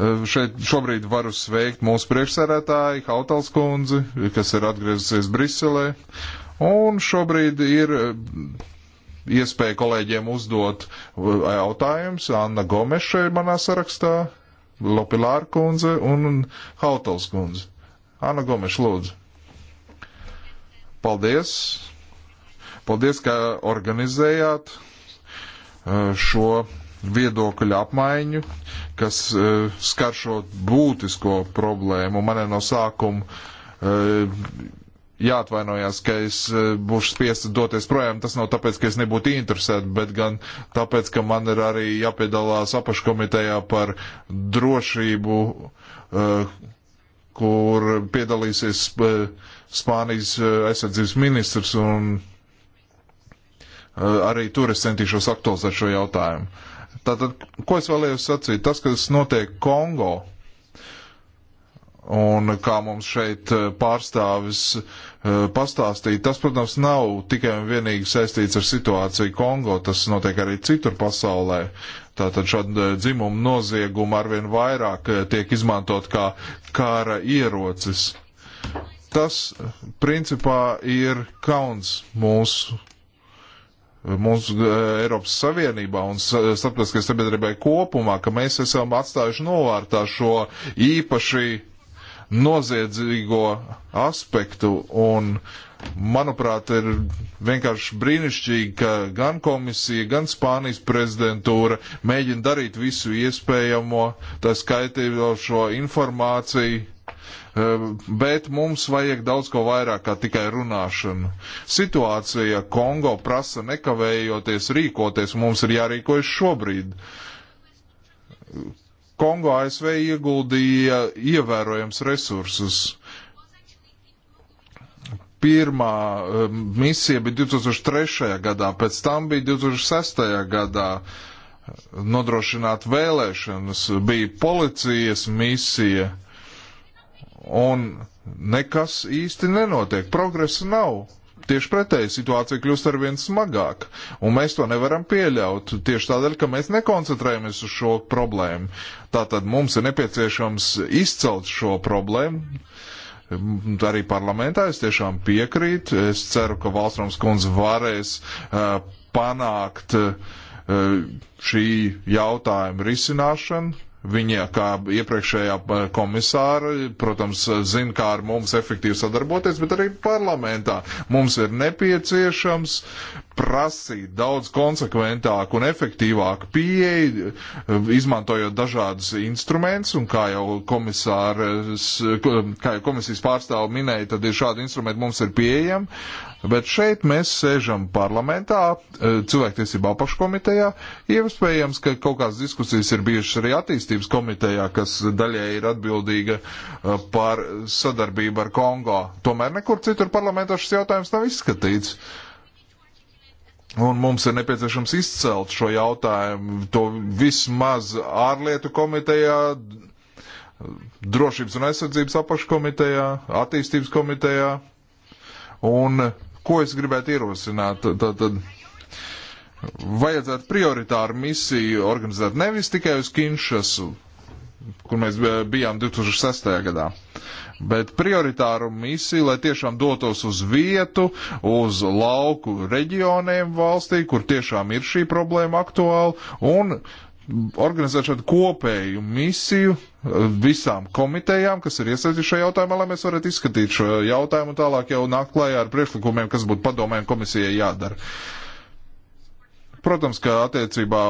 Eh, šeit šobrīd varu sveikt mūsu priekšsēdētāju Hautals kundzi, kas ir atgriezusies Briselē. Un šobrīd ir eh, iespēja kolēģiem uzdot eh, jautājumus Anna Gomeša manā sarakstā, Lopilāra kundze un Hautals kundze. Anna Gomeša, lūdzu. Paldies! Paldies, ka organizējāt šo viedokļu apmaiņu, kas uh, skar šo būtisko problēmu. Man no sākuma uh, jāatvainojās, ka es uh, būšu spiests doties projām. Tas nav tāpēc, ka es nebūtu interesēts, bet gan tāpēc, ka man ir arī jāpiedalās apaškomitejā par drošību, uh, kur piedalīsies uh, Spānijas uh, aizsardzības ministrs un uh, arī tur es centīšos aktualizēt šo jautājumu. Tātad, ko es vēlējos sacīt? Tas, kas notiek Kongo un kā mums šeit eh, pārstāvis eh, pastāstīja, tas, protams, nav tikai un vienīgi saistīts ar situāciju Kongo, tas notiek arī citur pasaulē. Tātad šāda eh, dzimuma nozieguma arvien vairāk tiek izmantot kā kara ierocis. Tas, principā, ir kauns mūsu mums e, Eiropas Savienībā un starptautiskajai sabiedrībai kopumā, ka mēs esam atstājuši novārtā šo īpaši noziedzīgo aspektu un manuprāt ir vienkārši brīnišķīgi, ka gan komisija, gan Spānijas prezidentūra mēģina darīt visu iespējamo, tā skaitījošo informāciju Eh, bet mums vajag daudz ko vairāk kā tikai runāšanu. Situācija Kongo prasa nekavējoties rīkoties, mums ir jārīkojas šobrīd. Kongo ASV ieguldīja ievērojams resursus pirmā eh, misija bija 2003. gadā, pēc tam bija 2006. gadā nodrošināt vēlēšanas, bija policijas misija. Un nekas īsti nenotiek, progresa nav. Tieši pretēji situācija kļūst ar vien smagāk, un mēs to nevaram pieļaut tieši tādēļ, ka mēs nekoncentrējamies uz šo problēmu. Tātad mums ir nepieciešams izcelt šo problēmu, arī parlamentā es tiešām piekrītu. Es ceru, ka Valstroms kundze varēs uh, panākt uh, šī jautājuma risināšanu. Viņa, kā iepriekšējā komisāra, protams, zina, kā ar mums efektīvi sadarboties, bet arī parlamentā mums ir nepieciešams prasīt daudz konsekventāku un efektīvāku pieeju, izmantojot dažādus instrumentus, un kā jau, kā jau komisijas pārstāvi minēja, tad ir šādi instrumenti mums ir pieejami, Bet šeit mēs sēžam parlamentā, e, cilvēktiesība apakškomitejā. Iespējams, ka kaut kādas diskusijas ir bijušas arī attīstības komitejā, kas daļai ir atbildīga e, par sadarbību ar Kongo. Tomēr nekur citur parlamentā šis jautājums nav izskatīts. Un mums ir nepieciešams izcelt šo jautājumu, to vismaz ārlietu komitejā, drošības un aizsardzības apakškomitejā, attīstības komitejā. Un Ko es gribētu ierosināt? Tātad vajadzētu prioritāru misiju organizēt nevis tikai uz Kinšasu, kur mēs bijām 2006. gadā, bet prioritāru misiju, lai tiešām dotos uz vietu, uz lauku reģioniem valstī, kur tiešām ir šī problēma aktuāla, un organizēt šādu kopēju misiju eh, visām komitejām, kas ir iesaistīti šajā jautājumā, lai mēs varētu izskatīt šo jautājumu un tālāk jau nākt klājā ar priekšlikumiem, kas būtu padomēm komisijai jādara. Uh, Protams, ka attiecībā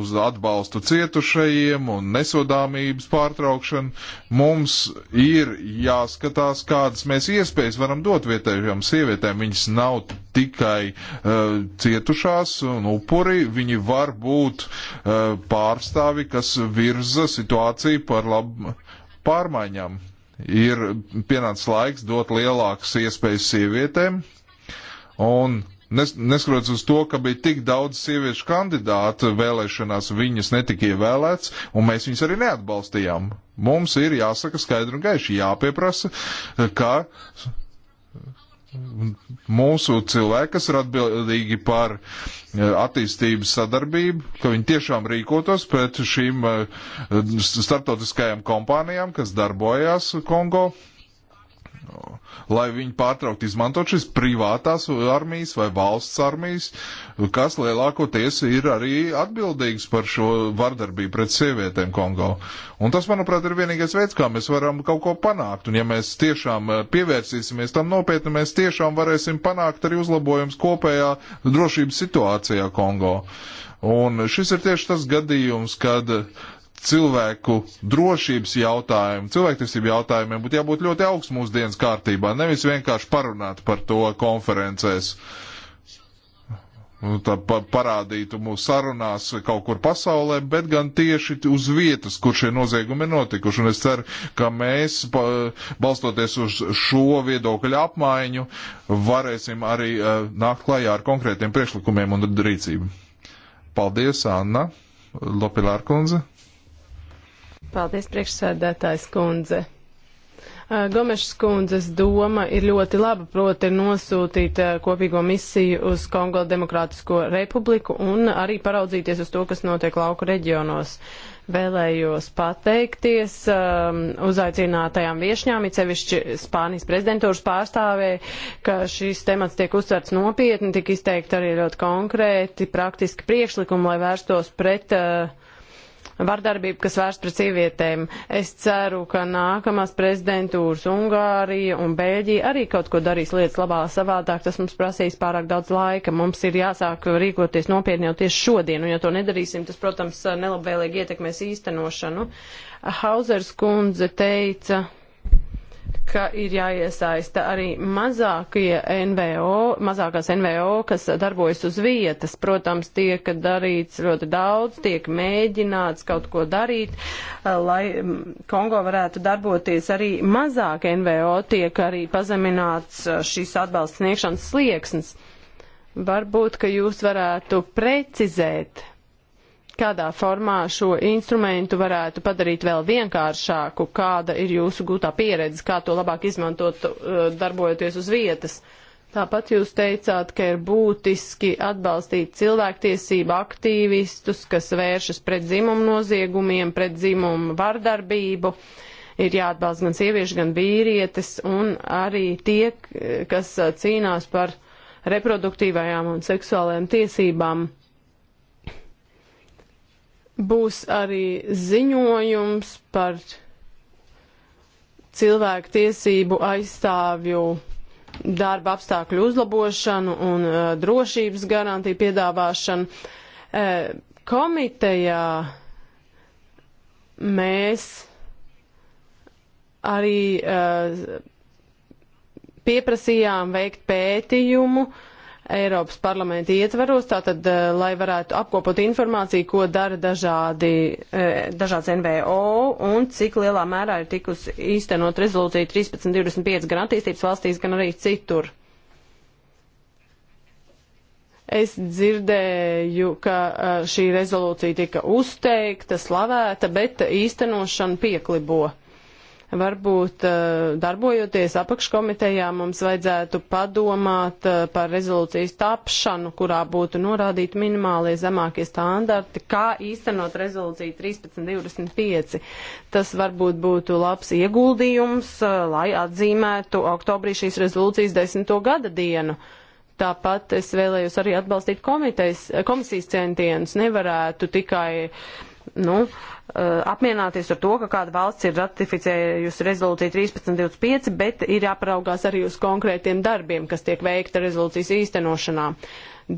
uz atbalstu cietušajiem un nesodāmības pārtraukšanu mums ir jāskatās, kādas mēs iespējas varam dot vietējām sievietēm. Viņas nav tikai uh, cietušās un upuri, viņi var būt uh, pārstāvi, kas virza situāciju par labu pārmaiņām. Ir pienācis laiks dot lielākas iespējas sievietēm. Un Nes, neskatoties uz to, ka bija tik daudz sieviešu kandidātu vēlēšanās, viņas netika ievēlēts, un mēs viņas arī neatbalstījām. Mums ir jāsaka skaidri un gaiši, jāpieprasa, ka mūsu cilvēki, kas ir atbildīgi par eh, attīstības sadarbību, ka viņi tiešām rīkotos pret šīm eh, starptautiskajām kompānijām, kas darbojās Kongo lai viņi pārtrauktu izmantot šīs privātās armijas vai valsts armijas, kas lielākoties ir arī atbildīgs par šo vardarbību pret sievietēm Kongo. Un tas, manuprāt, ir vienīgais veids, kā mēs varam kaut ko panākt. Un ja mēs tiešām eh, pievērsīsimies tam nopietni, mēs tiešām varēsim panākt arī uzlabojums kopējā drošības situācijā Kongo. Un šis ir tieši tas gadījums, kad uh, cilvēku drošības jautājumu, cilvēktiesību jautājumiem būtu jābūt ļoti augsts mūsu dienas kārtībā, nevis vienkārši parunāt par to konferencēs. Nu, tā pa parādītu mūsu sarunās kaut kur pasaulē, bet gan tieši uz vietas, kur šie noziegumi ir notikuši. Un es ceru, ka mēs, pa, balstoties uz šo viedokļu apmaiņu, varēsim arī uh, nākt klajā ar konkrētiem priekšlikumiem un rīcību. Paldies, Anna Lopilārkundze! Paldies, priekšsēdētājs kundze. Gomešas kundzes doma ir ļoti laba, proti nosūtīt kopīgo misiju uz Kongo Demokrātisko republiku un arī paraudzīties uz to, kas notiek lauku reģionos. Vēlējos pateikties um, uzaicinātajām viešņām, it sevišķi Spānijas prezidentūras pārstāvē, ka šīs temats tiek uzsverts nopietni, tik izteikti arī ļoti konkrēti, praktiski priekšlikumi, lai vērstos pret uh, vardarbību, kas vērst pret sievietēm. Es ceru, ka nākamās prezidentūras Ungārija un Bēļģija arī kaut ko darīs lietas labā savādāk. Tas mums prasīs pārāk daudz laika. Mums ir jāsāk rīkoties nopietni jau tieši šodien, un ja to nedarīsim, tas, protams, nelabvēlīgi ietekmēs īstenošanu. Hauzers kundze teica, ka ir jāiesaista arī mazākie NVO, mazākās NVO, kas darbojas uz vietas. Protams, tiek darīts ļoti daudz, tiek mēģināts kaut ko darīt, eh, lai mm, Kongo varētu darboties arī mazāk NVO, tiek arī pazemināts eh, šīs atbalsts sniegšanas slieksnes. Varbūt, ka jūs varētu precizēt kādā formā šo instrumentu varētu padarīt vēl vienkāršāku, kāda ir jūsu gūtā pieredze, kā to labāk izmantot uh, darbojoties uz vietas. Tāpat jūs teicāt, ka ir būtiski atbalstīt cilvēktiesību aktīvistus, kas vēršas pret dzimumu noziegumiem, pret dzimumu vardarbību. Ir jāatbalsta gan sieviešu, gan vīrietes, un arī tie, kas uh, cīnās par reproduktīvajām un seksuālajām tiesībām būs arī ziņojums par cilvēku tiesību aizstāvju darba apstākļu uzlabošanu un uh, drošības garantiju piedāvāšanu. Uh, komitejā mēs arī uh, pieprasījām veikt pētījumu uh, Eiropas parlamenta ietveros, tātad, eh, lai varētu apkopot informāciju, ko dara dažādi, eh, dažādas NVO un cik lielā mērā ir tikusi īstenot rezolūcija 1325 gan attīstības valstīs, gan arī citur. Es dzirdēju, ka eh, šī rezolūcija tika uzteikta, slavēta, bet īstenošana pieklibo. Varbūt eh, darbojoties apakškomitejā mums vajadzētu padomāt eh, par rezolūcijas tapšanu, kurā būtu norādīti minimālie zemākie standarti, kā īstenot rezolūciju 1325. Tas varbūt būtu labs ieguldījums, eh, lai atzīmētu oktobrī šīs rezolūcijas desmito gada dienu. Tāpat es vēlējos arī atbalstīt komitejas, komisijas centienus. Nevarētu tikai nu, Uh, apmierināties ar to, ka kāda valsts ir ratificējusi rezolūciju 1325, bet ir jāparaugās arī uz konkrētiem darbiem, kas tiek veikta rezolūcijas īstenošanā.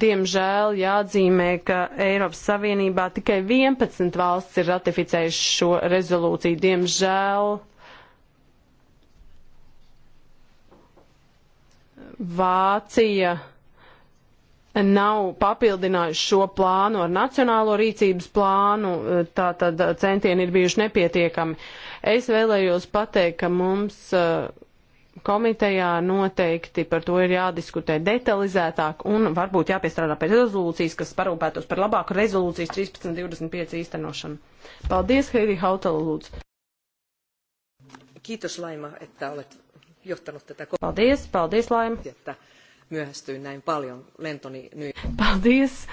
Diemžēl jāatzīmē, ka Eiropas Savienībā tikai 11 valsts ir ratificējuši šo rezolūciju. Diemžēl Vācija nav papildinājuši šo plānu ar nacionālo rīcības plānu, eh, tā tad eh, centieni ir bijuši nepietiekami. Es vēlējos pateikt, ka mums eh, komitejā noteikti par to ir jādiskutē detalizētāk un varbūt jāpiestrādā pēc rezolūcijas, kas parūpētos par labāku rezolūcijas 1325 īstenošanu. Paldies, Heidi Hautala, lūdzu. Kiitos Laima, että olet johtanut tätä. Paldies, paldies Laima myöhästyin näin paljon lentoni nyt. Paldies!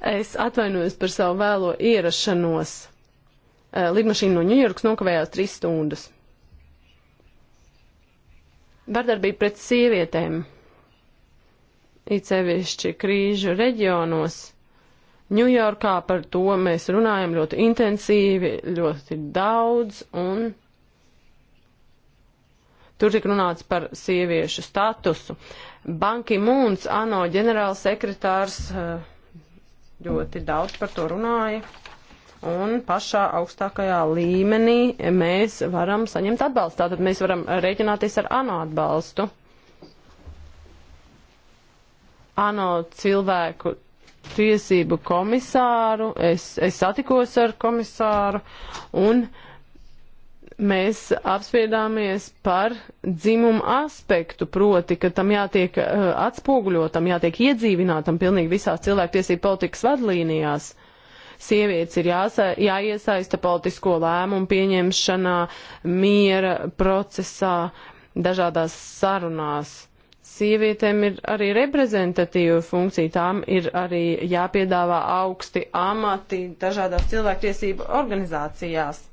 Es atvainojos par savu vēlo ierašanos. Eh, Lidmašīna no Ņujorkas nokavējās trīs stundas. Vardarbība pret sievietēm, it sevišķi krīžu reģionos. Ņujorkā par to mēs runājam ļoti intensīvi, ļoti daudz, un tur tik runāts par sieviešu statusu. Uh, Banki Mūns, ANO ģenerālsekretārs, eh, ļoti daudz par to runāja. Un pašā augstākajā līmenī mēs varam saņemt atbalstu. Tātad mēs varam rēķināties ar ANO atbalstu. ANO cilvēku tiesību komisāru, es, es satikos ar komisāru, un mēs apspriedāmies par dzimumu aspektu, proti, ka tam jātiek uh, eh, atspoguļotam, jātiek iedzīvinātam pilnīgi visās cilvēktiesību politikas vadlīnijās. Sievietes ir jāsa, jāiesaista politisko lēmumu pieņemšanā, miera procesā, dažādās sarunās. Sievietēm ir arī reprezentatīva funkcija, tām ir arī jāpiedāvā augsti amati dažādās cilvēktiesību organizācijās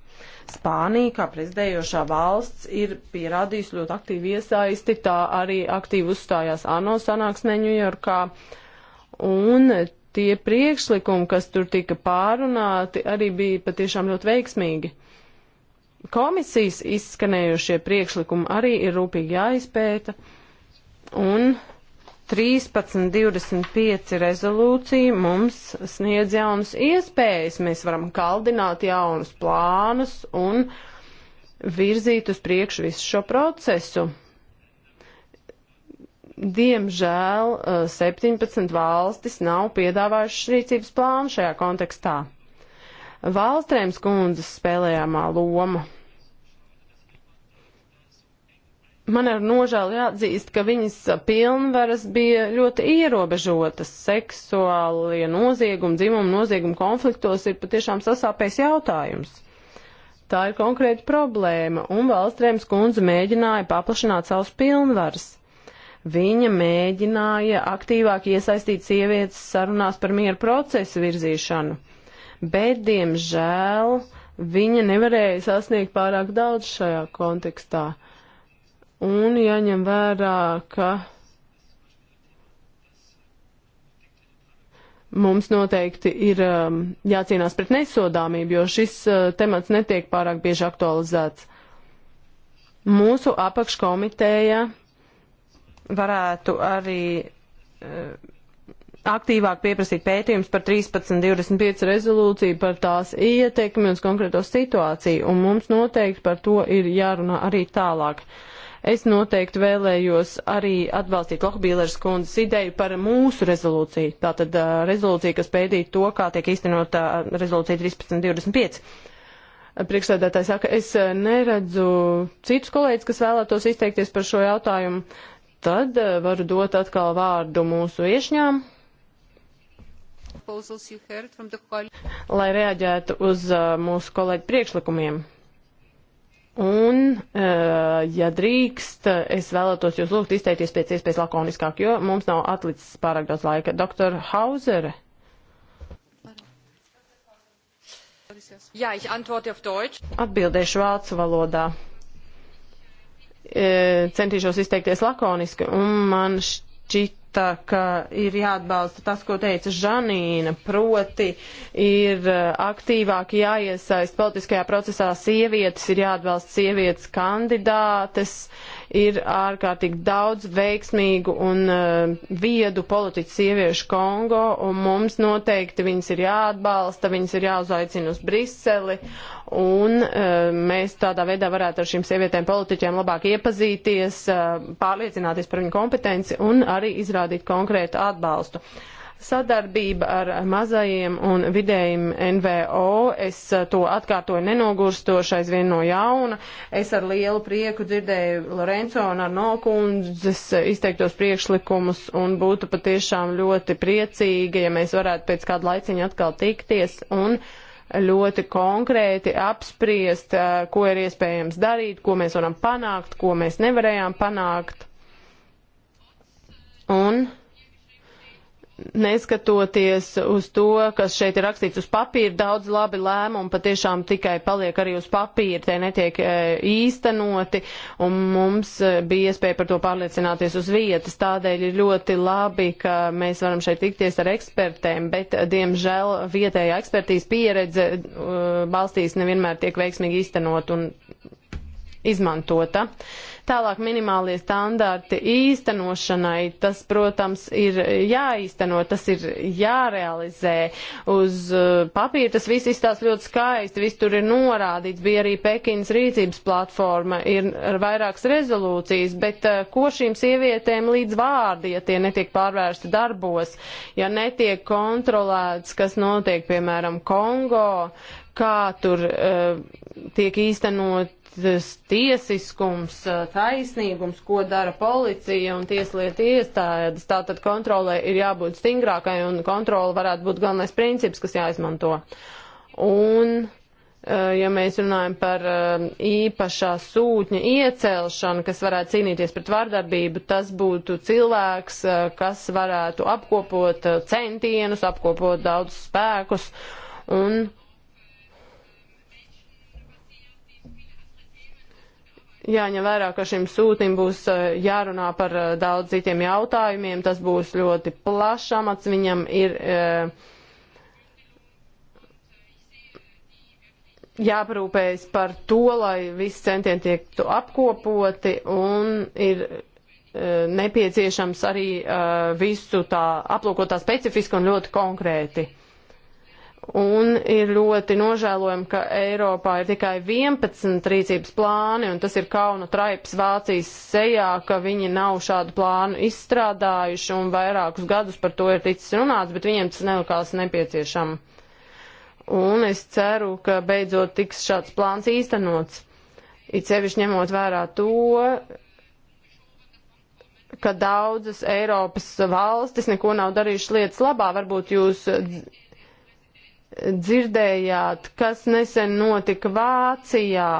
Spānija, kā prezidējošā valsts, ir pierādījusi ļoti aktīvu iesaisti, tā arī aktīvi uzstājās ANO sanāksmē Ņujorkā. Un tie priekšlikumi, kas tur tika pārunāti, arī bija patiešām ļoti veiksmīgi. Komisijas izskanējušie priekšlikumi arī ir rūpīgi jāizpēta, un 1325 rezolūcija mums sniedz jaunas iespējas, mēs varam kaldināt jaunus plānus un virzīt uz priekšu visu šo procesu diemžēl 17 eh, valstis nav piedāvājušas rīcības plānu šajā kontekstā. Valstrēms kundzes spēlējāmā loma Man ar nožēlu jāatzīst, ka viņas pilnvaras bija ļoti ierobežotas. Seksuālie noziegumi, dzimuma noziegumi konfliktos ir patiešām sasāpējis jautājums. Tā ir konkrēta problēma, un Valstrēms kundze mēģināja paplašināt savus pilnvaras. Viņa mēģināja aktīvāk iesaistīt sievietes sarunās par mieru procesu virzīšanu, bet, diemžēl, viņa nevarēja sasniegt pārāk daudz šajā kontekstā. Uh, Un jāņem vērā, ka mums noteikti ir um, jācīnās pret nesodāmību, jo šis uh, temats netiek pārāk bieži aktualizēts. Mūsu apakškomiteja varētu arī uh, aktīvāk pieprasīt pētījums par 1325 rezolūciju, par tās ietekmi uz konkrēto situāciju, un mums noteikti par to ir jārunā arī tālāk. Uh, Es noteikti vēlējos arī atbalstīt Lohbīleres kundzes ideju par mūsu rezolūciju. Tātad rezolūcija, kas pēdīja to, kā tiek īstenota rezolūcija 1325. Priekšsēdētājs saka, es neredzu citus kolēģus, kas vēlētos izteikties par šo jautājumu. Tad varu dot atkal vārdu mūsu iešņām lai reaģētu uz uh, mūsu kolēģu priekšlikumiem. Un, eh, ja drīkst, es vēlētos jūs lūgt izteikties pēc iespējas lakoniskāk, jo mums nav atlicis pārāk daudz laika. Doktor Hausere. Jā, ich antworte auf Deutsch. Atbildēšu vācu valodā. E, centīšos izteikties lakoniski, un man šķiet, uzskata, ka ir jāatbalsta tas, ko teica Žanīna, proti ir eh, aktīvāk jāiesaist politiskajā procesā sievietes, ir jāatbalsta sievietes kandidātes, ir ārkārtīgi daudz veiksmīgu un uh, viedu politiķu sieviešu Kongo, un mums noteikti viņas ir jāatbalsta, viņas ir jāuzaicina uz Briseli, un eh, mēs tādā veidā varētu ar šīm sievietēm politiķiem labāk iepazīties, eh, pārliecināties par viņu kompetenci un arī izrādīt konkrētu atbalstu sadarbība ar mazajiem un vidējiem NVO. Es eh, to atkārtoju nenogurstošais vien no jauna. Es ar lielu prieku dzirdēju Lorenzo un Arno kundzes izteiktos priekšlikumus un būtu patiešām ļoti priecīga, ja mēs varētu pēc kāda laiciņa atkal tikties un uh, ļoti konkrēti apspriest, ko ir iespējams darīt, ko mēs varam panākt, ko mēs nevarējām panākt. Un neskatoties uz to, kas šeit ir rakstīts uz papīra, daudz labi lēmumi patiešām tikai paliek arī uz papīra, tie netiek e, īstenoti, un mums e, bija iespēja par to pārliecināties uz vietas. Tādēļ ir ļoti labi, ka mēs varam šeit tikties ar ekspertēm, bet, e, diemžēl, vietējā ekspertīzes pieredze valstīs nevienmēr tiek veiksmīgi īstenot un izmantota. Uh, Tālāk minimālie standarti īstenošanai, tas, protams, ir jāīsteno, tas ir jārealizē. Uz eh, papīra tas viss izstās ļoti skaisti, viss tur ir norādīts, bija arī Pekinas rīcības platforma, ir vairākas rezolūcijas, bet eh, ko šīm sievietēm līdz vārdi, ja tie netiek pārvērsti darbos, ja netiek kontrolēts, kas notiek, piemēram, Kongo, kā tur uh, tiek īstenot tiesiskums, taisnīgums, ko dara policija un tieslietu iestādes. Tātad kontrolē ir jābūt stingrākai un kontrola varētu būt galvenais princips, kas jāizmanto. Un, ja mēs runājam par īpašā sūtņa iecelšanu, kas varētu cīnīties pret vardarbību, tas būtu cilvēks, kas varētu apkopot centienus, apkopot daudz spēkus un jāņem vērā, ka šim sūtim būs eh, jārunā par eh, daudz citiem jautājumiem, tas būs ļoti plašs amats, viņam ir eh, jāparūpējas par to, lai visi centieni tiektu apkopoti un ir nepieciešams arī visu tā aplūkot tā specifiski un ļoti konkrēti. Un ir ļoti nožēlojami, ka Eiropā ir tikai 11 rīcības plāni, un tas ir kauna traips Vācijas sejā, ka viņi nav šādu plānu izstrādājuši, un vairākus gadus par to ir ticis runāts, bet viņiem tas nelikās nepieciešama. Un es ceru, ka beidzot tiks šāds plāns īstenots. It sevišķi ņemot vērā to, ka daudzas Eiropas valstis neko nav darījušas lietas labā. Varbūt jūs dzirdējāt, kas nesen notika Vācijā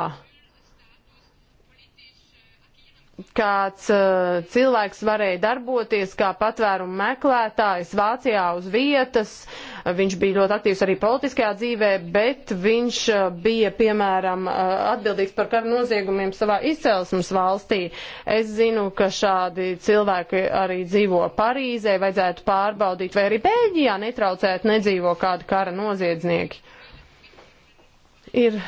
kāds uh, cilvēks varēja darboties kā patvērumu meklētājs Vācijā uz vietas. Viņš bija ļoti aktīvs arī politiskajā dzīvē, bet viņš uh, bija, piemēram, uh, atbildīgs par karu noziegumiem savā izcelsmes valstī. Es zinu, ka šādi cilvēki arī dzīvo Parīzē, vajadzētu pārbaudīt, vai arī Bēļģijā netraucēt nedzīvo kādi kara noziedznieki. Ir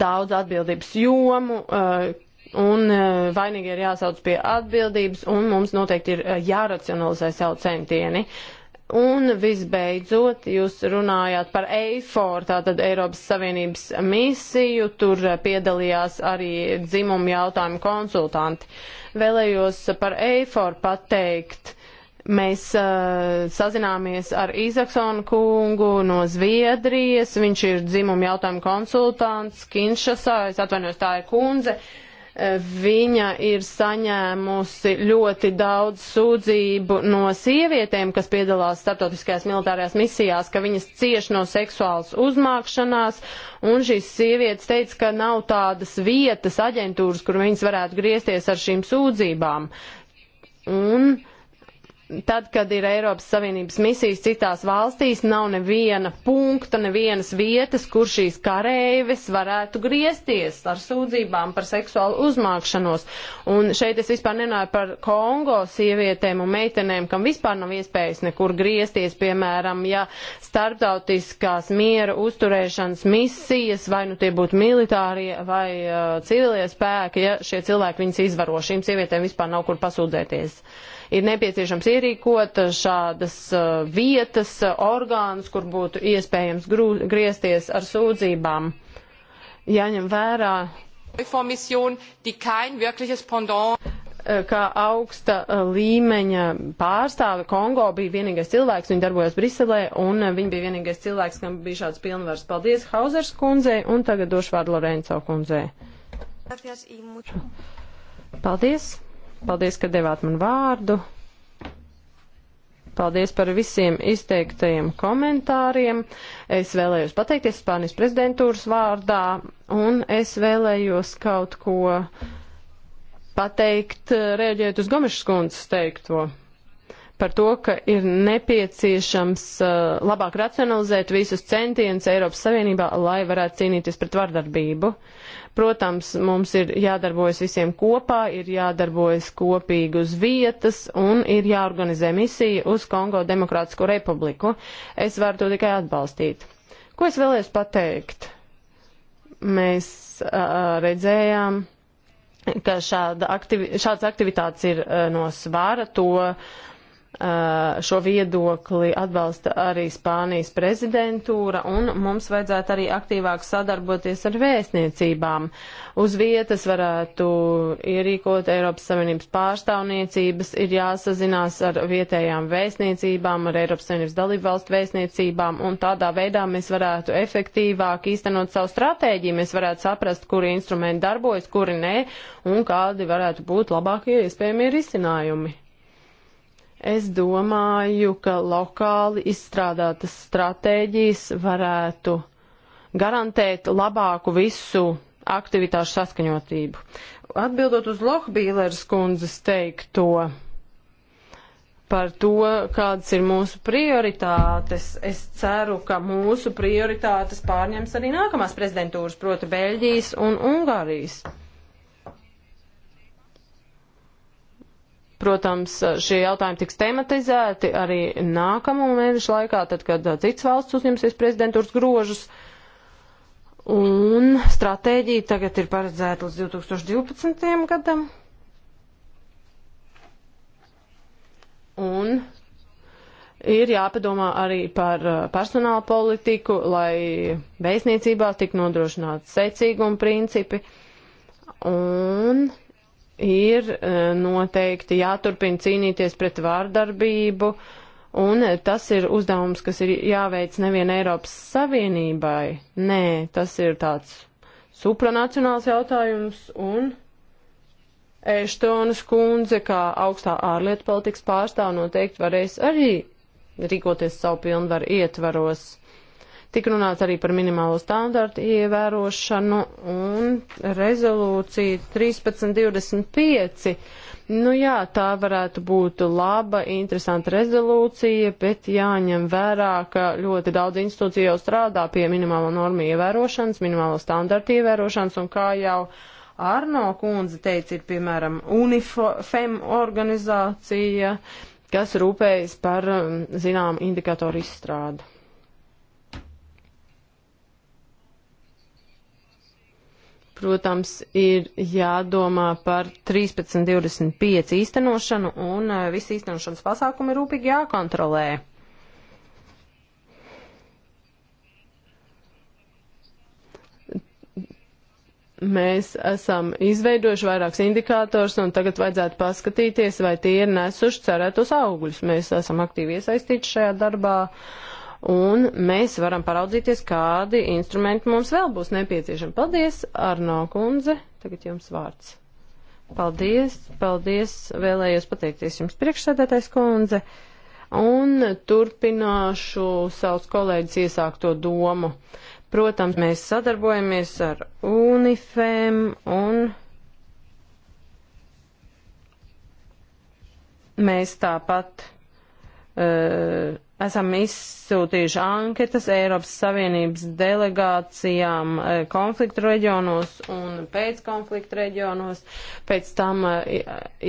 daudz atbildības jomu, uh, un eh, vainīgi ir jāsauc pie atbildības, un mums noteikti ir eh, jāracionalizē savu centieni. Un visbeidzot, jūs runājāt par EIFOR, tātad Eiropas Savienības misiju, tur eh, piedalījās arī dzimumu jautājumu konsultanti. Vēlējos par EIFOR pateikt, mēs uh, sazināmies ar Izaksonu kungu no Zviedrijas, viņš ir dzimumu jautājumu konsultants Kinšasā, es atvainojos, tā ir kundze. Uh, Viņa ir saņēmusi ļoti daudz sūdzību no sievietēm, kas piedalās starptautiskajās militārajās misijās, ka viņas cieš no seksuālas uzmākšanās, un šīs sievietes teica, ka nav tādas vietas aģentūras, kur viņas varētu griezties ar šīm sūdzībām. Un, uh, tad, kad ir Eiropas Savienības misijas citās valstīs, nav neviena punkta, nevienas vietas, kur šīs kareivis varētu griezties ar sūdzībām par seksuālu uzmākšanos. Un šeit es vispār nenāju par Kongo sievietēm un meitenēm, kam vispār nav iespējas nekur griezties, piemēram, ja starptautiskās miera uzturēšanas misijas, vai nu tie būtu militārie vai uh, civilie spēki, ja šie cilvēki viņas izvaro, šīm sievietēm vispār nav kur pasūdzēties. Uh, ir nepieciešams ierīkot šādas uh, vietas, orgānus, kur būtu iespējams grū, griezties ar sūdzībām. Jāņem vērā. Reformmission, die kein wirkliches Pendant uh, kā augsta uh, līmeņa pārstāve Kongo bija vienīgais cilvēks, viņa darbojās Briselē, un viņa bija vienīgais cilvēks, kam bija šāds pilnvars. Paldies Hauzers kundzei, un tagad došu vārdu Lorenco kundzei. Paldies! Paldies, ka devāt man vārdu. Paldies par visiem izteiktajiem komentāriem. Es vēlējos pateikties Spānijas prezidentūras vārdā, un es vēlējos kaut ko pateikt, reaģēt uz Gomešas kundzes teikto par to, ka ir nepieciešams uh, labāk racionalizēt visus centienus Eiropas Savienībā, lai varētu cīnīties pret vardarbību. Uh, Protams, mums ir jādarbojas visiem kopā, ir jādarbojas kopīgi uz vietas un ir jāorganizē misija uz Kongo Demokrātisko republiku. Es varu to tikai atbalstīt. Ko es vēlējos pateikt? Mēs uh, redzējām, ka šāda aktivi šāds aktivitāts ir uh, no svāra to. Uh, šo viedokli atbalsta arī Spānijas prezidentūra, un mums vajadzētu arī aktīvāk sadarboties ar vēstniecībām. Uz vietas varētu ierīkot Eiropas Savienības pārstāvniecības, ir jāsazinās ar vietējām vēstniecībām, ar Eiropas Savienības dalību valstu vēstniecībām, un tādā veidā mēs varētu efektīvāk īstenot savu stratēģiju, mēs varētu saprast, kuri instrumenti darbojas, kuri nē, un kādi varētu būt labākie iespējamie risinājumi. Es domāju, ka lokāli izstrādātas stratēģijas varētu garantēt labāku visu aktivitāšu saskaņotību. Atbildot uz Lohbīleres kundzes teikto par to, kādas ir mūsu prioritātes, es ceru, ka mūsu prioritātes pārņems arī nākamās prezidentūras, proti Beļģijas un Ungārijas. Protams, šie jautājumi tiks tematizēti arī nākamo mēnešu laikā, tad, kad cits valsts uzņemsies prezidentūras grožus. Un stratēģija tagad ir paredzēta līdz 2012. gadam. Un ir jāpadomā arī par uh, personāla politiku, lai vēstniecībās tik nodrošināts secīguma principi. Un ir e, noteikti jāturpina cīnīties pret vārdarbību, un tas ir uzdevums, kas ir jāveic nevien Eiropas Savienībai. Nē, tas ir tāds supranacionāls jautājums, un Eštonas kundze, kā augstā ārlietu politikas pārstāv, noteikti varēs arī rīkoties savu pilnvaru ietvaros. Tik runāts arī par minimālo standartu ievērošanu un rezolūciju 1325. Nu jā, tā varētu būt laba, interesanta rezolūcija, bet jāņem vērā, ka ļoti daudz institūciju jau strādā pie minimālo normu ievērošanas, minimālo standartu ievērošanas un kā jau. Arno kundze teica, ir piemēram UNIFEM organizācija, kas rūpējas par um, zinām indikatoru izstrādu. Protams, ir jādomā par 13.25 īstenošanu un eh, visi īstenošanas pasākumi rūpīgi jākontrolē. mēs esam izveidojuši vairākus indikātors, un tagad vajadzētu paskatīties, vai tie ir nesuši cerētos augļus. Mēs esam aktīvi iesaistīti šajā darbā, un mēs varam paraudzīties, kādi instrumenti mums vēl būs nepieciešami. Paldies, Arno kundze, tagad jums vārds. Paldies, paldies, vēlējos pateikties jums priekšsēdētais kundze, un turpināšu savus kolēģis iesākto domu. Protams, mēs sadarbojamies ar UNIFEM un mēs tāpat uh, esam izsūtījuši anketas Eiropas Savienības delegācijām e, konfliktu reģionos un pēc konfliktu reģionos. Pēc tam e,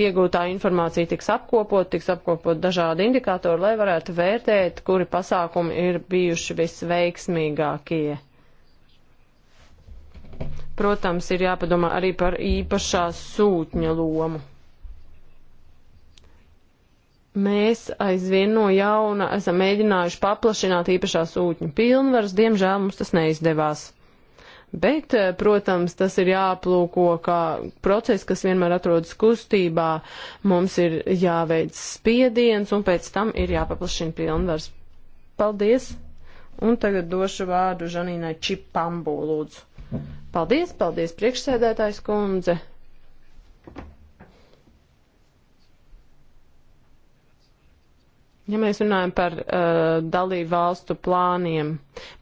iegūtā informācija tiks apkopot, tiks apkopot dažādi indikātori, lai varētu vērtēt, kuri pasākumi ir bijuši visveiksmīgākie. Protams, ir jāpadomā arī par īpašā sūtņa lomu. Mēs aizvien no jauna esam mēģinājuši paplašināt īpašās ūķņu pilnvaras, diemžēl mums tas neizdevās. Bet, eh, protams, tas ir jāaplūko kā process, kas vienmēr atrodas kustībā. Mums ir jāveic spiediens un pēc tam ir jāpaplašina pilnvars. Paldies! Un tagad došu vārdu Žanīnai Čipambū, lūdzu. Paldies, paldies, priekšsēdētājs kundze! Ja mēs runājam par uh, dalību valstu plāniem,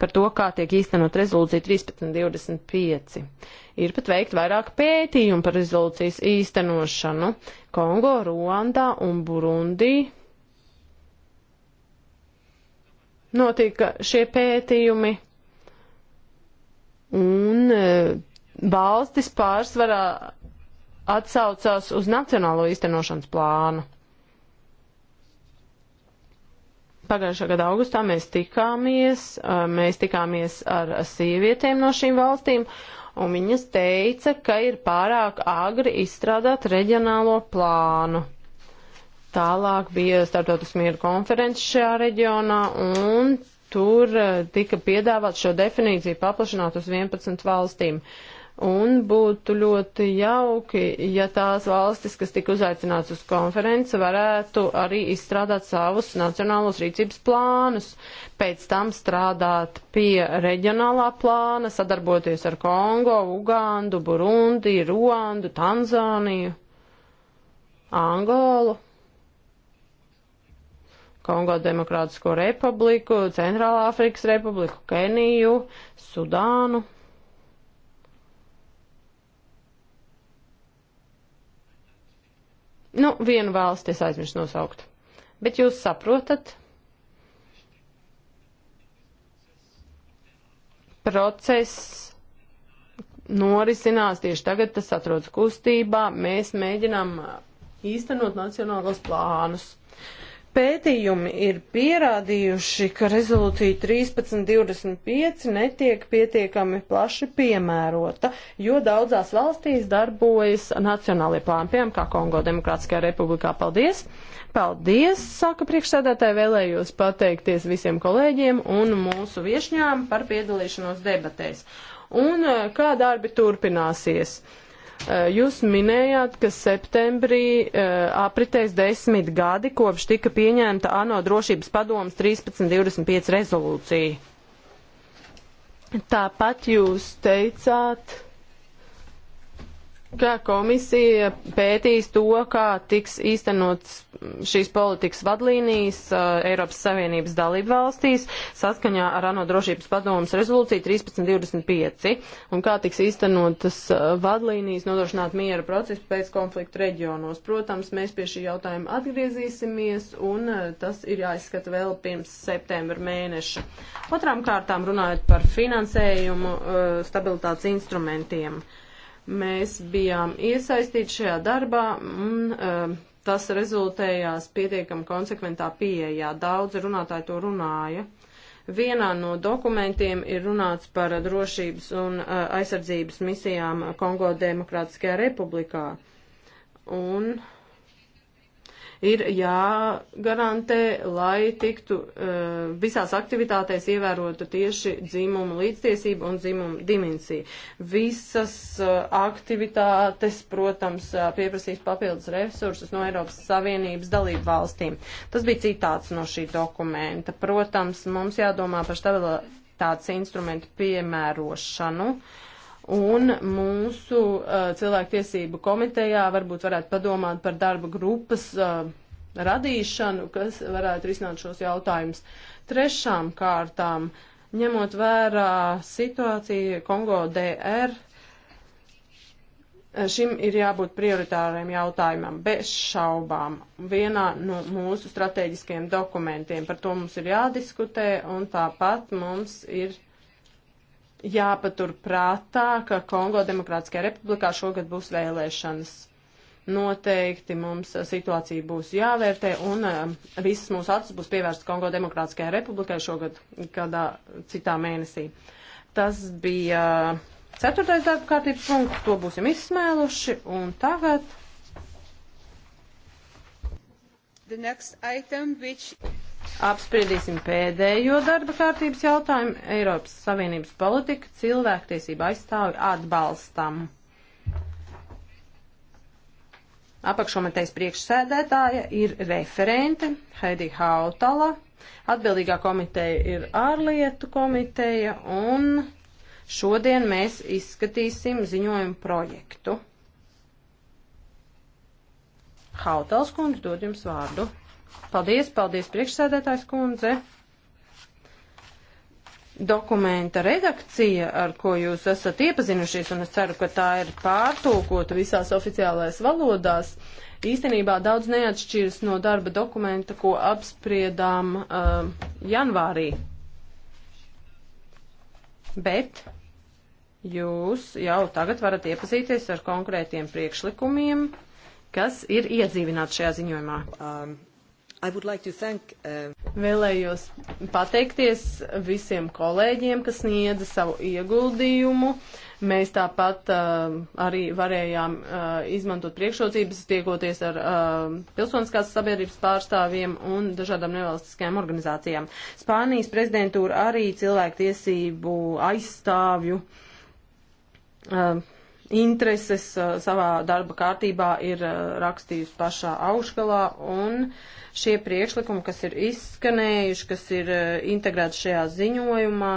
par to, kā tiek īstenot rezolūcija 1325, ir pat veikt vairāk pētījumu par rezolūcijas īstenošanu Kongo, Ruandā un Burundī. Notika šie pētījumi un uh, valstis pārsvarā atsaucās uz nacionālo īstenošanas plānu. Pagājušā gada augustā mēs tikāmies, mēs tikāmies ar sievietēm no šīm valstīm, un viņas teica, ka ir pārāk agri izstrādāt reģionālo plānu. Tālāk bija startotas mieru konferences šajā reģionā, un tur tika piedāvāt šo definīciju paplašināt uz 11 valstīm. Uh, Un būtu ļoti jauki, ja tās valstis, kas tika uzaicināts uz konferenci, varētu arī izstrādāt savus nacionālos rīcības plānus, pēc tam strādāt pie reģionālā plāna, sadarboties ar Kongo, Ugandu, Burundi, Ruandu, Tanzāniju, Angolu. Kongo Demokrātisko republiku, Centrālā Afrikas republiku, Keniju, Sudānu. Nu, vienu valsti es aizmirsu nosaukt. Bet jūs saprotat process norisinās tieši tagad, tas atrodas kustībā, mēs mēģinām īstenot nacionālos plānus. Pētījumi ir pierādījuši, ka rezolūcija 1325 netiek pietiekami plaši piemērota, jo daudzās valstīs darbojas nacionālie plāni, piemēram, kā Kongo Demokrātiskajā republikā. Paldies! Paldies, saka priekšsēdētāji, vēlējos pateikties visiem kolēģiem un mūsu viešņām par piedalīšanos debatēs. Un eh, kā darbi turpināsies? Eh, jūs minējāt, ka septembrī eh, apritēs desmit gadi, kopš tika pieņemta ANO drošības padomas 1325 rezolūcija. Tāpat jūs teicāt, ka komisija pētīs to, kā tiks īstenots šīs politikas vadlīnijas uh, Eiropas Savienības dalību valstīs saskaņā ar ANO drošības padomas rezolūciju 1325 un kā tiks īstenotas uh, vadlīnijas nodrošināt miera procesu pēc konfliktu reģionos. Protams, mēs pie šī jautājuma atgriezīsimies un uh, tas ir jāizskata vēl pirms septembra mēneša. Otrām kārtām runājot par finansējumu uh, stabilitātes instrumentiem. Uh, Mēs bijām iesaistīti šajā darbā un uh, tas rezultējās pietiekami konsekventā pieejā. Daudz runātāji to runāja. Vienā no dokumentiem ir runāts par drošības un uh, aizsardzības misijām Kongo Demokrātiskajā republikā. Un uh, ir jāgarantē, lai tiktu e, visās aktivitātēs ievērota tieši dzimuma līdztiesība un dzimuma dimensija. Visas e, aktivitātes, protams, e, pieprasīs papildus resursus no Eiropas Savienības dalību valstīm. Tas bija citāts no šī dokumenta. Protams, mums jādomā par stabilitātes instrumentu piemērošanu. Uh, Un mūsu uh, cilvēktiesību komitejā varbūt varētu padomāt par darba grupas uh, radīšanu, kas varētu risināt šos jautājumus. Trešām kārtām, ņemot vērā situāciju Kongo DR, Šim ir jābūt prioritāriem jautājumam, bez šaubām. Vienā no mūsu strateģiskajiem dokumentiem par to mums ir jādiskutē, un tāpat mums ir jāpatur prātā, ka Kongo Demokrātiskajā republikā šogad būs vēlēšanas. Noteikti mums eh, situācija būs jāvērtē un eh, visas mūsu acis būs pievērstas Kongo Demokrātiskajā republikai šogad kādā citā mēnesī. Tas bija eh, ceturtais darba kārtības punkts, to būsim izsmēluši un tagad. The next item which Apspriedīsim pēdējo darba kārtības jautājumu. Eiropas Savienības politika cilvēktiesība aizstāvi atbalstam. Apakšomitejas priekšsēdētāja ir referente Heidi Hautala. Atbildīgā komiteja ir ārlietu komiteja un šodien mēs izskatīsim ziņojumu projektu. Hautals kundze dod jums vārdu. Paldies, paldies priekšsēdētājs kundze. Dokumenta redakcija, ar ko jūs esat iepazinušies, un es ceru, ka tā ir pārtulkota visās oficiālais valodās, īstenībā daudz neatšķiras no darba dokumenta, ko apspriedām uh, janvārī. Bet jūs jau tagad varat iepazīties ar konkrētiem priekšlikumiem, kas ir iedzīvināti šajā ziņojumā. Um. Like thank, uh... Vēlējos pateikties visiem kolēģiem, kas sniedza savu ieguldījumu. Mēs tāpat uh, arī varējām uh, izmantot priekšrocības, tiekoties ar uh, pilsoniskās sabiedrības pārstāvjiem un dažādām nevalstiskajām organizācijām. Spānijas prezidentūra arī cilvēktiesību aizstāvju. Uh, intereses uh, savā darba kārtībā ir uh, rakstījusi pašā augšgalā, un šie priekšlikumi, kas ir izskanējuši, kas ir uh, integrēti šajā ziņojumā,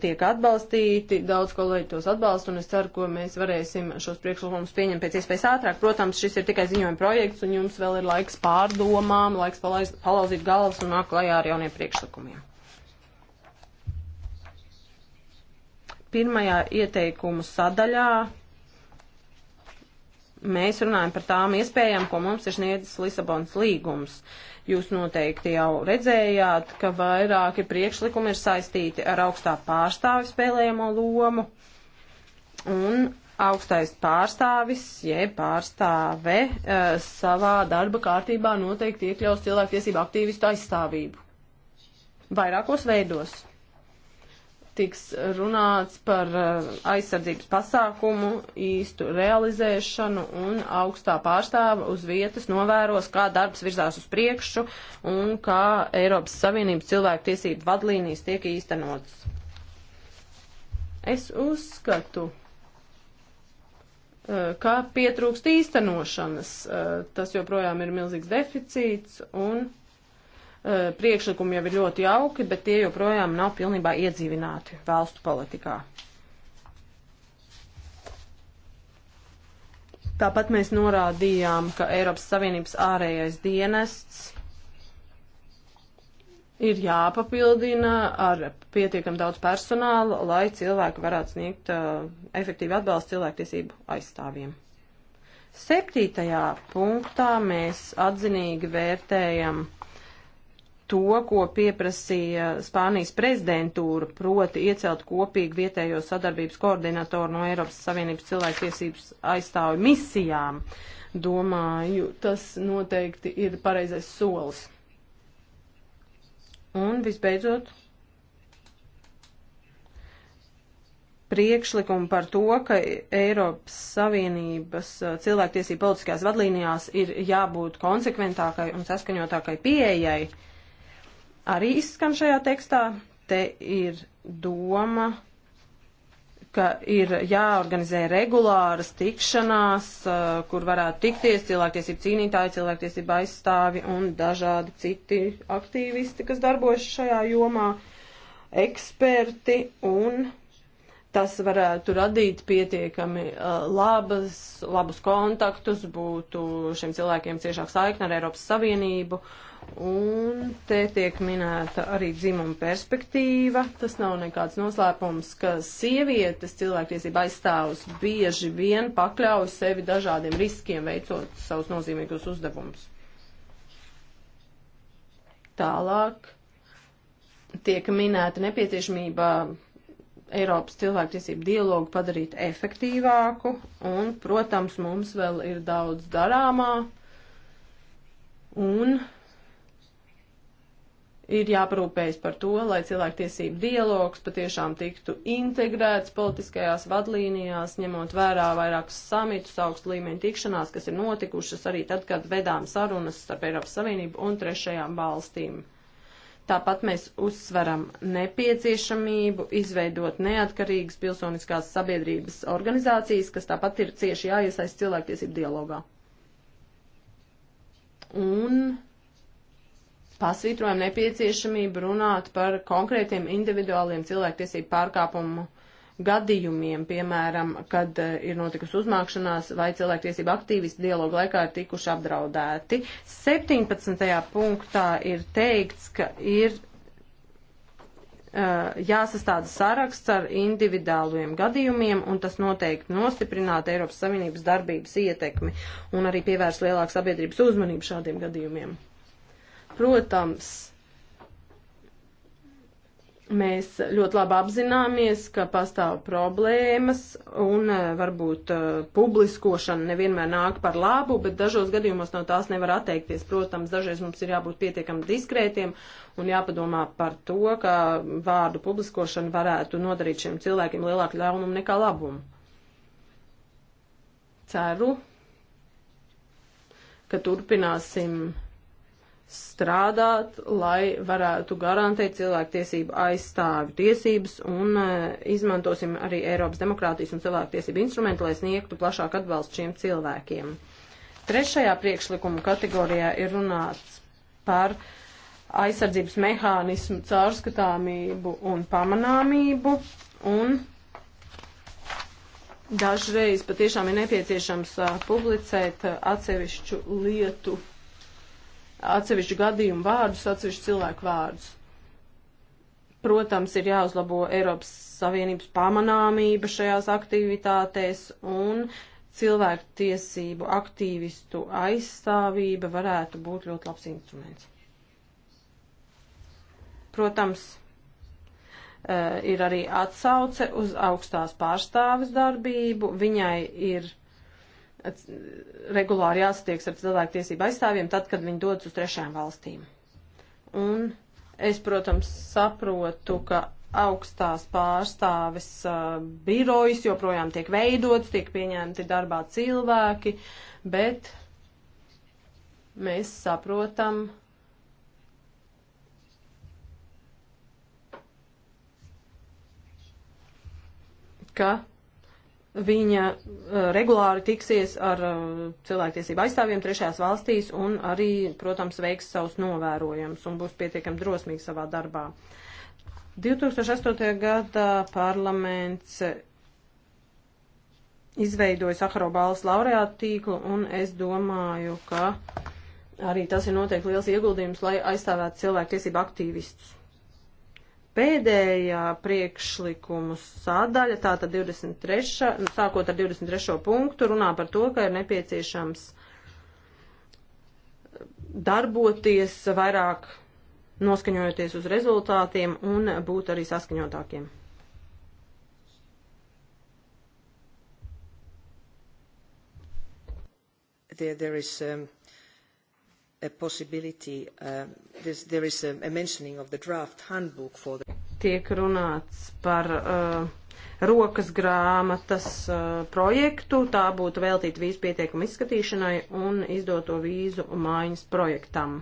tiek atbalstīti, daudz kolēģi tos atbalsta, un es ceru, ka mēs varēsim šos priekšlikumus pieņemt pēc iespējas ātrāk. Protams, šis ir tikai ziņojuma projekts, un jums vēl ir laiks pārdomām, laiks palauz, palauzīt galvas un nāk klajā ar jauniem priekšlikumiem. Pirmajā ieteikumu sadaļā mēs runājam par tām iespējām, ko mums ir sniedzis Lisabonas līgums. Jūs noteikti jau redzējāt, ka vairāki priekšlikumi ir saistīti ar augstā pārstāvi spēlējamo lomu. Un augstais pārstāvis, jeb pārstāve, eh, savā darba kārtībā noteikti iekļaus cilvēktiesību aktīvistu aizstāvību. Vairākos veidos tiks runāts par eh, aizsardzības pasākumu īstu realizēšanu un augstā pārstāva uz vietas novēros, kā darbs virzās uz priekšu un kā Eiropas Savienības cilvēku tiesību vadlīnijas tiek īstenotas. Es uzskatu, eh, ka pietrūkst īstenošanas. Eh, tas joprojām ir milzīgs deficīts un Eh, priekšlikumi jau ir ļoti jauki, bet tie joprojām nav pilnībā iedzīvināti valstu politikā. Tāpat mēs norādījām, ka Eiropas Savienības ārējais dienests ir jāpapildina ar pietiekam daudz personāla, lai cilvēki varētu sniegt uh, efektīvu atbalstu cilvēktiesību aizstāvjiem. Septītajā punktā mēs atzinīgi vērtējam uh, to, ko pieprasīja Spānijas prezidentūra, proti iecelt kopīgi vietējo sadarbības koordinatoru no Eiropas Savienības cilvēktiesības aizstāvju misijām. Domāju, tas noteikti ir pareizais solis. Un visbeidzot, priekšlikumu par to, ka Eiropas Savienības uh, cilvēktiesība politiskajās vadlīnijās ir jābūt konsekventākai un saskaņotākai pieejai arī izskan šajā tekstā. Te ir doma ka ir jāorganizē regulāras tikšanās, eh, kur varētu tikties cilvēktiesību cīnītāji, cilvēktiesību aizstāvi un dažādi citi aktīvisti, kas darbojas šajā jomā, eksperti un tas varētu radīt pietiekami uh, labas, labus kontaktus, būtu šiem cilvēkiem ciešāk saikne ar Eiropas Savienību. Un te tiek minēta arī dzimuma perspektīva. Tas nav nekāds noslēpums, ka sievietes cilvēktiesība aizstāvus bieži vien pakļauj sevi dažādiem riskiem, veicot savus nozīmīgus uzdevumus. Tālāk tiek minēta nepieciešamība Eiropas cilvēktiesību dialogu padarīt efektīvāku, un, protams, mums vēl ir daudz darāmā, un ir jāparūpējas par to, lai cilvēktiesību dialogs patiešām tiktu integrēts politiskajās vadlīnijās, ņemot vērā vairākus samitus, augstu līmeņu tikšanās, kas ir notikušas arī tad, kad vedām sarunas starp Eiropas Savienību un trešajām valstīm. Tāpat mēs uzsveram nepieciešamību izveidot neatkarīgas pilsoniskās sabiedrības organizācijas, kas tāpat ir cieši jāiesaist cilvēktiesību dialogā. Un pasvītrojam nepieciešamību runāt par konkrētiem individuāliem cilvēktiesību pārkāpumu uh, gadījumiem, piemēram, kad eh, ir notikusi uzmākšanās vai cilvēktiesība aktīvisti dialogu laikā ir tikuši apdraudēti. 17. punktā ir teikts, ka ir uh, jāsastāda saraksts ar individuāliem gadījumiem, un tas noteikti nostiprinātu Eiropas Savienības darbības ietekmi un arī pievērst lielāku sabiedrības uzmanību šādiem gadījumiem. Protams, mēs ļoti labi apzināmies, ka pastāv problēmas un eh, varbūt eh, publiskošana nevienmēr nāk par labu, bet dažos gadījumos no tās nevar atteikties. Protams, dažreiz mums ir jābūt pietiekami diskrētiem un jāpadomā par to, ka vārdu publiskošana varētu nodarīt šiem cilvēkiem lielāku ļaunumu nekā labumu. Ceru, ka turpināsim strādāt, lai varētu garantēt cilvēktiesību aizstāvi tiesības un uh, izmantosim arī Eiropas demokrātijas un cilvēktiesību instrumentu, lai sniegtu plašāku atbalstu šiem cilvēkiem. Trešajā priekšlikuma kategorijā ir runāts par aizsardzības mehānismu caurskatāmību un pamanāmību un dažreiz patiešām ir nepieciešams uh, publicēt uh, atsevišķu lietu atsevišķu gadījumu vārdus, atsevišķu cilvēku vārdus. Protams, ir jāuzlabo Eiropas Savienības pamanāmība šajās aktivitātēs un cilvēku tiesību aktīvistu aizstāvība varētu būt ļoti labs instruments. Protams, eh, ir arī atsauce uz augstās pārstāvis darbību. Viņai ir regulāri jāsatieks ar cilvēktiesību aizstāvjiem, tad, kad viņi dodas uz trešām valstīm. Un es, protams, saprotu, ka augstās pārstāves uh, birojas joprojām tiek veidots, tiek pieņemti darbā cilvēki, bet mēs saprotam, ka Viņa uh, regulāri tiksies ar uh, cilvēktiesību aizstāvjiem trešajās valstīs un arī, protams, veiks savus novērojumus un būs pietiekami drosmīgi savā darbā. 2008. gadā parlaments izveidoja Sakaro balvas laureātu tīklu un es domāju, ka arī tas ir noteikti liels ieguldījums, lai aizstāvētu cilvēktiesību aktīvistus pēdējā priekšlikumu sadaļa, tātad 23, sākot ar 23. punktu, runā par to, ka ir nepieciešams darboties vairāk noskaņojoties uz rezultātiem un būt arī saskaņotākiem. There, there is, um, a possibility, uh, this, there is a, a mentioning of the draft handbook for the... Tiek runāts par uh, rokas grāmatas uh, projektu, tā būtu veltīta vīzu pieteikuma izskatīšanai un izdoto vīzu mājas projektam.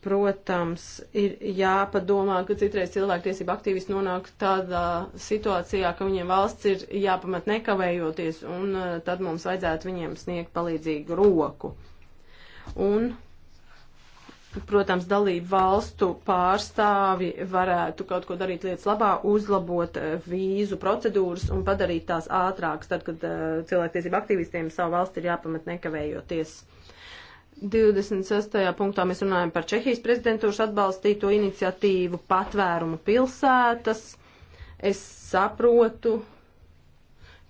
Protams, ir jāpadomā, ka citreiz cilvēktiesība aktīvisti nonāk tādā situācijā, ka viņiem valsts ir jāpamat nekavējoties, un uh, tad mums vajadzētu viņiem sniegt palīdzīgu roku. Un protams, dalību valstu pārstāvi varētu kaut ko darīt lietas labā, uzlabot eh, vīzu procedūras un padarīt tās ātrākas, tad, kad uh, eh, cilvēktiesību aktīvistiem savu valsti ir jāpamat nekavējoties. 26. punktā mēs runājam par Čehijas prezidentūras atbalstīto iniciatīvu patvērumu pilsētas. Es saprotu,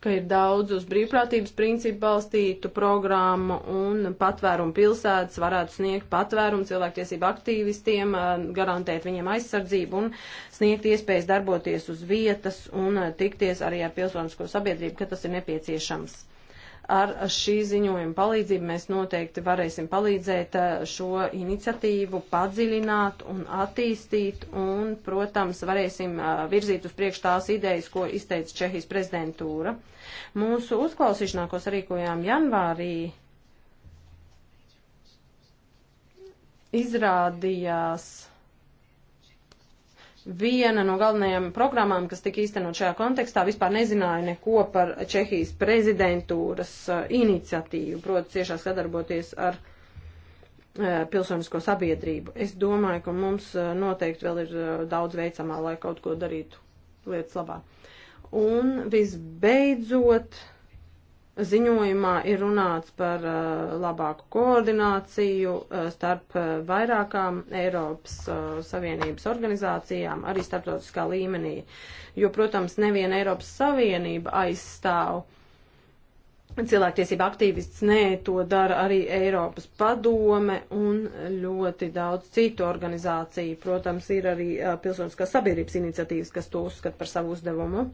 ka ir daudz uz brīvprātības principu balstītu programmu un patvērumu pilsētas varētu sniegt patvērumu cilvēktiesību aktīvistiem, eh, garantēt viņiem aizsardzību un sniegt iespējas darboties uz vietas un eh, tikties arī ar pilsonisko sabiedrību, ka tas ir nepieciešams. Ar šī ziņojuma palīdzību mēs noteikti varēsim palīdzēt eh, šo iniciatīvu padziļināt un attīstīt un, protams, varēsim eh, virzīt uz priekš tās idejas, ko izteica Čehijas prezidentūra. Mūsu uzklausīšanā, ko sarīkojām janvārī, izrādījās viena no galvenajām programmām, kas tika īstenot šajā kontekstā, vispār nezināja neko par Čehijas prezidentūras eh, iniciatīvu, proti ciešās sadarboties ar eh, pilsonisko sabiedrību. Es domāju, ka mums eh, noteikti vēl ir daudz veicamā, lai kaut ko darītu lietas labā. Un visbeidzot, Ziņojumā ir runāts par uh, labāku koordināciju uh, starp uh, vairākām Eiropas uh, Savienības organizācijām, arī starptautiskā līmenī, jo, protams, neviena Eiropas Savienība aizstāv Cilvēktiesība aktīvists nē, to dara arī Eiropas padome un ļoti daudz citu organizāciju. Protams, ir arī pilsoniskās sabiedrības iniciatīvas, kas to uzskata par savu uzdevumu.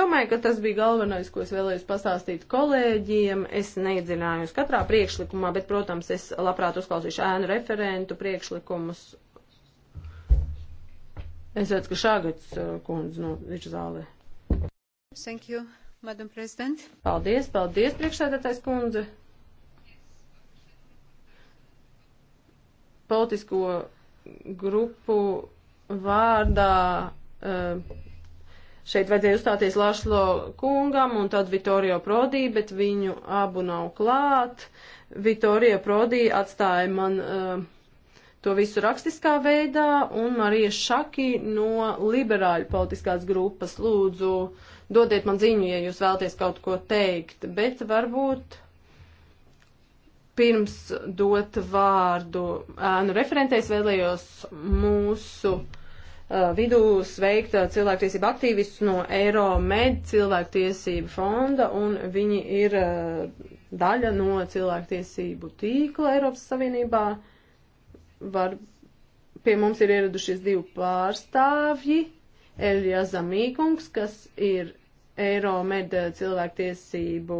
Domāju, ka tas bija galvenais, ko es vēlējos pastāstīt kolēģiem. Es neiedziļinājos katrā priekšlikumā, bet, protams, es labprāt uzklausīšu ēnu referentu priekšlikumus. Es redzu, ka šāgats kundze no nu, viņš zālē. Thank you. Madam President. Paldies, paldies, priekšsēdētājs kundze. Politisko grupu vārdā eh, šeit vajadzēja uzstāties Lašlo kungam un tad Vittorio Prodī, bet viņu abu nav klāt. Vittorio Prodī atstāja man eh, to visu rakstiskā veidā un Marija Šaki no liberāļu politiskās grupas lūdzu uh, dodiet man ziņu, ja jūs vēlaties kaut ko teikt, bet varbūt pirms dot vārdu ēnu referentēs vēlējos mūsu uh, vidū sveikt cilvēktiesību aktīvistus no Euromed cilvēktiesību fonda, un viņi ir uh, daļa no cilvēktiesību tīkla Eiropas Savienībā. Var, pie mums ir ieradušies divi pārstāvji Elja Zamīkungs, kas ir Euromed cilvēktiesību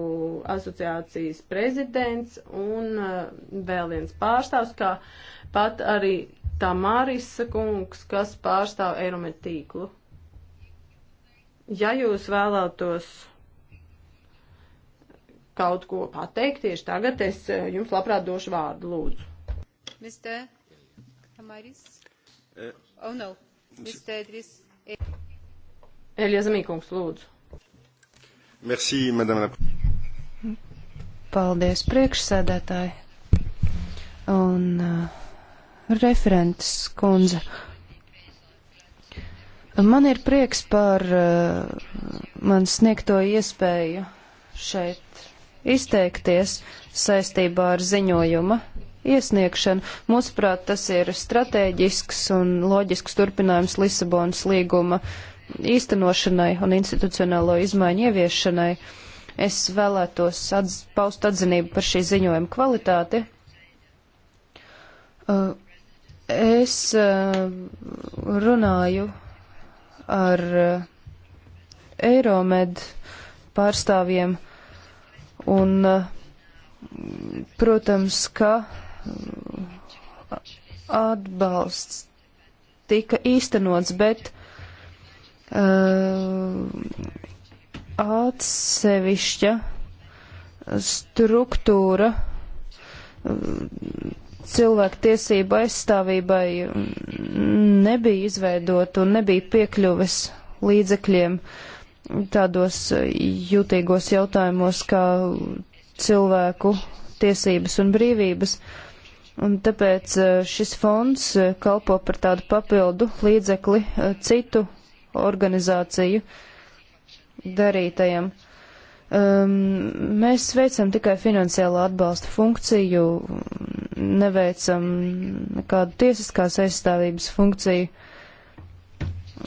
asociācijas prezidents un uh, vēl viens pārstāvs, kā pat arī Tamāris kungs, kas pārstāv Euromed tīklu. Ja jūs vēlētos kaut ko pateikt tieši tagad, es uh, jums labprāt došu vārdu, lūdzu. Mr. Tamaris? Uh, oh, no. Mr. Idris. Elija Zamīkungs, lūdzu. Merci, madame. Paldies, priekšsēdētāji. Un uh, referents kundze. Man ir prieks par uh, man sniegto iespēju šeit izteikties saistībā ar ziņojuma iesniegšanu. Mūsuprāt, tas ir strateģisks un loģisks turpinājums Lisabonas līguma īstenošanai un institucionālo izmaiņu ieviešanai. Es vēlētos atz paust atzinību par šī ziņojuma kvalitāti. Uh, es uh, runāju ar uh, Eiromed pārstāvjiem un, protams, ka atbalsts tika īstenots, bet uh, atsevišķa struktūra eh, cilvēku tiesību aizstāvībai nebija izveidota un nebija piekļuves līdzekļiem tādos jūtīgos jautājumos kā cilvēku tiesības un brīvības. Uh, Un tāpēc eh, šis fonds eh, kalpo par tādu papildu līdzekli eh, citu organizāciju darītajam. Um, mēs veicam tikai finansiālu atbalstu funkciju, neveicam nekādu tiesiskās aizstāvības funkciju.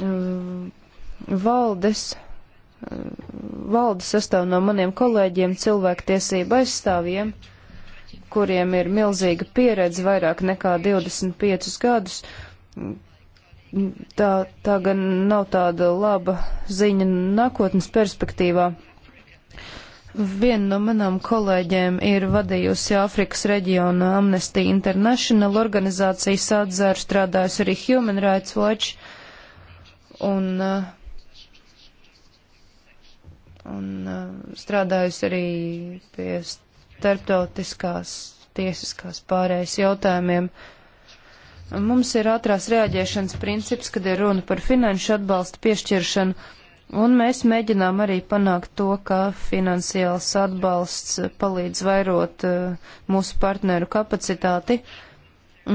Um, valdes, valdes sastāv no maniem kolēģiem, cilvēktiesība aizstāvjiem. Uh, kuriem ir milzīga pieredze vairāk nekā 25 gadus. Tā, tā gan nav tāda laba ziņa nākotnes perspektīvā. Viena no manām kolēģiem ir vadījusi Āfrikas reģiona Amnesty International organizācijas atzēru, strādājusi arī Human Rights Watch. Un, uh, un uh, strādājusi arī pie starptautiskās tiesiskās pārējas jautājumiem. Mums ir ātrās reaģēšanas princips, kad ir runa par finanšu atbalstu piešķiršanu, un mēs mēģinām arī panākt to, ka finansiāls atbalsts palīdz vairot uh, mūsu partneru kapacitāti.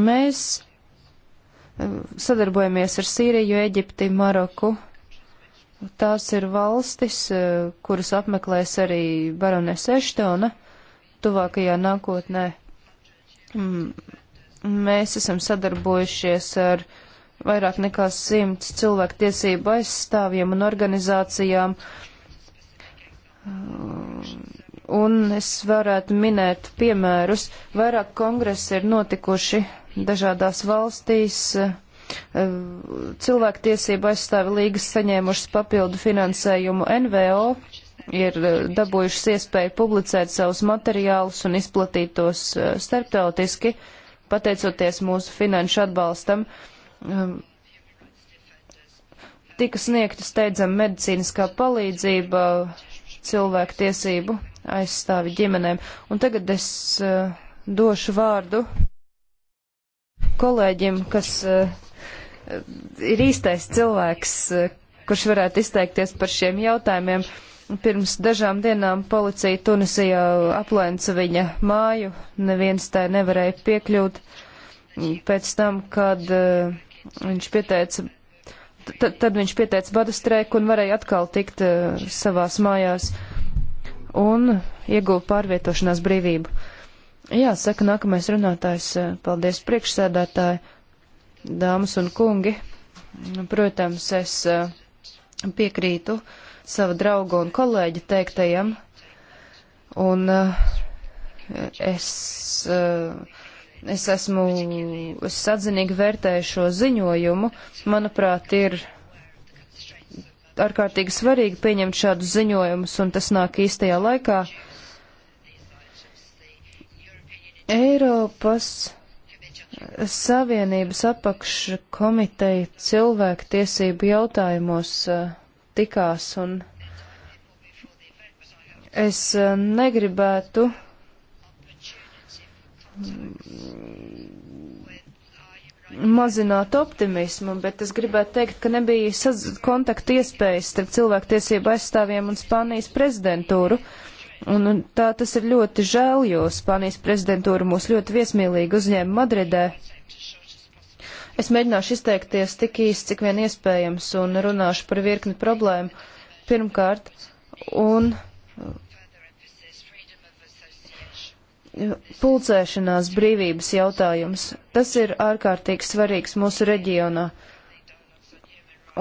Mēs uh, sadarbojamies ar Sīriju, Eģipti, Maroku, Tās ir valstis, eh, kuras apmeklēs arī baronese Eštona tuvākajā nākotnē. Mm, mēs esam sadarbojušies ar vairāk nekā simts cilvēku tiesību aizstāvjiem un organizācijām. Un es varētu minēt piemērus. Vairāk kongresi ir notikuši dažādās valstīs. Cilvēktiesība aizstāvi līgas saņēmušas papildu finansējumu NVO ir eh, dabūjušas iespēju publicēt savus materiālus un izplatīt tos eh, starptautiski, pateicoties mūsu finanšu atbalstam. Ehm, tika sniegta steidzama medicīniskā palīdzība cilvēku tiesību aizstāvi ģimenēm. Un tagad es uh, došu vārdu kolēģim, kas uh, ir īstais cilvēks, uh, kurš varētu izteikties par šiem jautājumiem. Uh, Pirms dažām dienām policija Tunisijā aplēca viņa māju, neviens tai nevarēja piekļūt. Pēc tam, kad uh, viņš pieteica, tad viņš pieteica bada streiku un varēja atkal tikt uh, savās mājās un ieguva pārvietošanās brīvību. Jā, saka nākamais runātājs, eh, paldies priekšsēdētāji, dāmas un kungi. Protams, es piekrītu uh, sava drauga un kolēģa teiktajam, un eh, es, eh, es esmu, es atzinīgi vērtēju šo ziņojumu, manuprāt, ir ārkārtīgi svarīgi pieņemt šādus ziņojumus, un tas nāk īstajā laikā. Eiropas Savienības apakškomiteja cilvēktiesību jautājumos uh, tikās, un es eh, negribētu mm, mazināt optimismu, bet es gribētu teikt, ka nebija kontakta iespējas starp cilvēktiesību aizstāvjiem un Spānijas prezidentūru. Un tā tas ir ļoti žēl, jo Spānijas prezidentūra mūs ļoti viesmīlīgi uzņēma Madridē. Es mēģināšu izteikties tik īsti, cik vien iespējams, un runāšu par virkni problēmu. Pirmkārt, un uh, pulcēšanās brīvības jautājums. Tas ir ārkārtīgi svarīgs mūsu reģionā.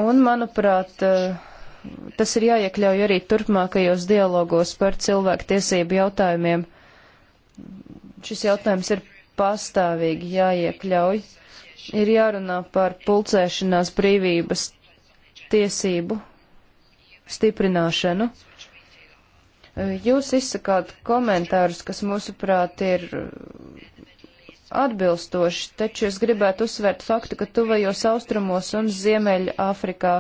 Un, manuprāt, uh, tas ir jāiekļauj arī turpmākajos dialogos par cilvēku tiesību jautājumiem. Šis jautājums ir pastāvīgi jāiekļauj. Uh, ir jārunā par pulcēšanās brīvības tiesību stiprināšanu. Jūs izsakāt komentārus, kas mūsuprāt ir atbilstoši, taču es gribētu uzsvērt faktu, ka tuvajos austrumos un Ziemeļa Afrikā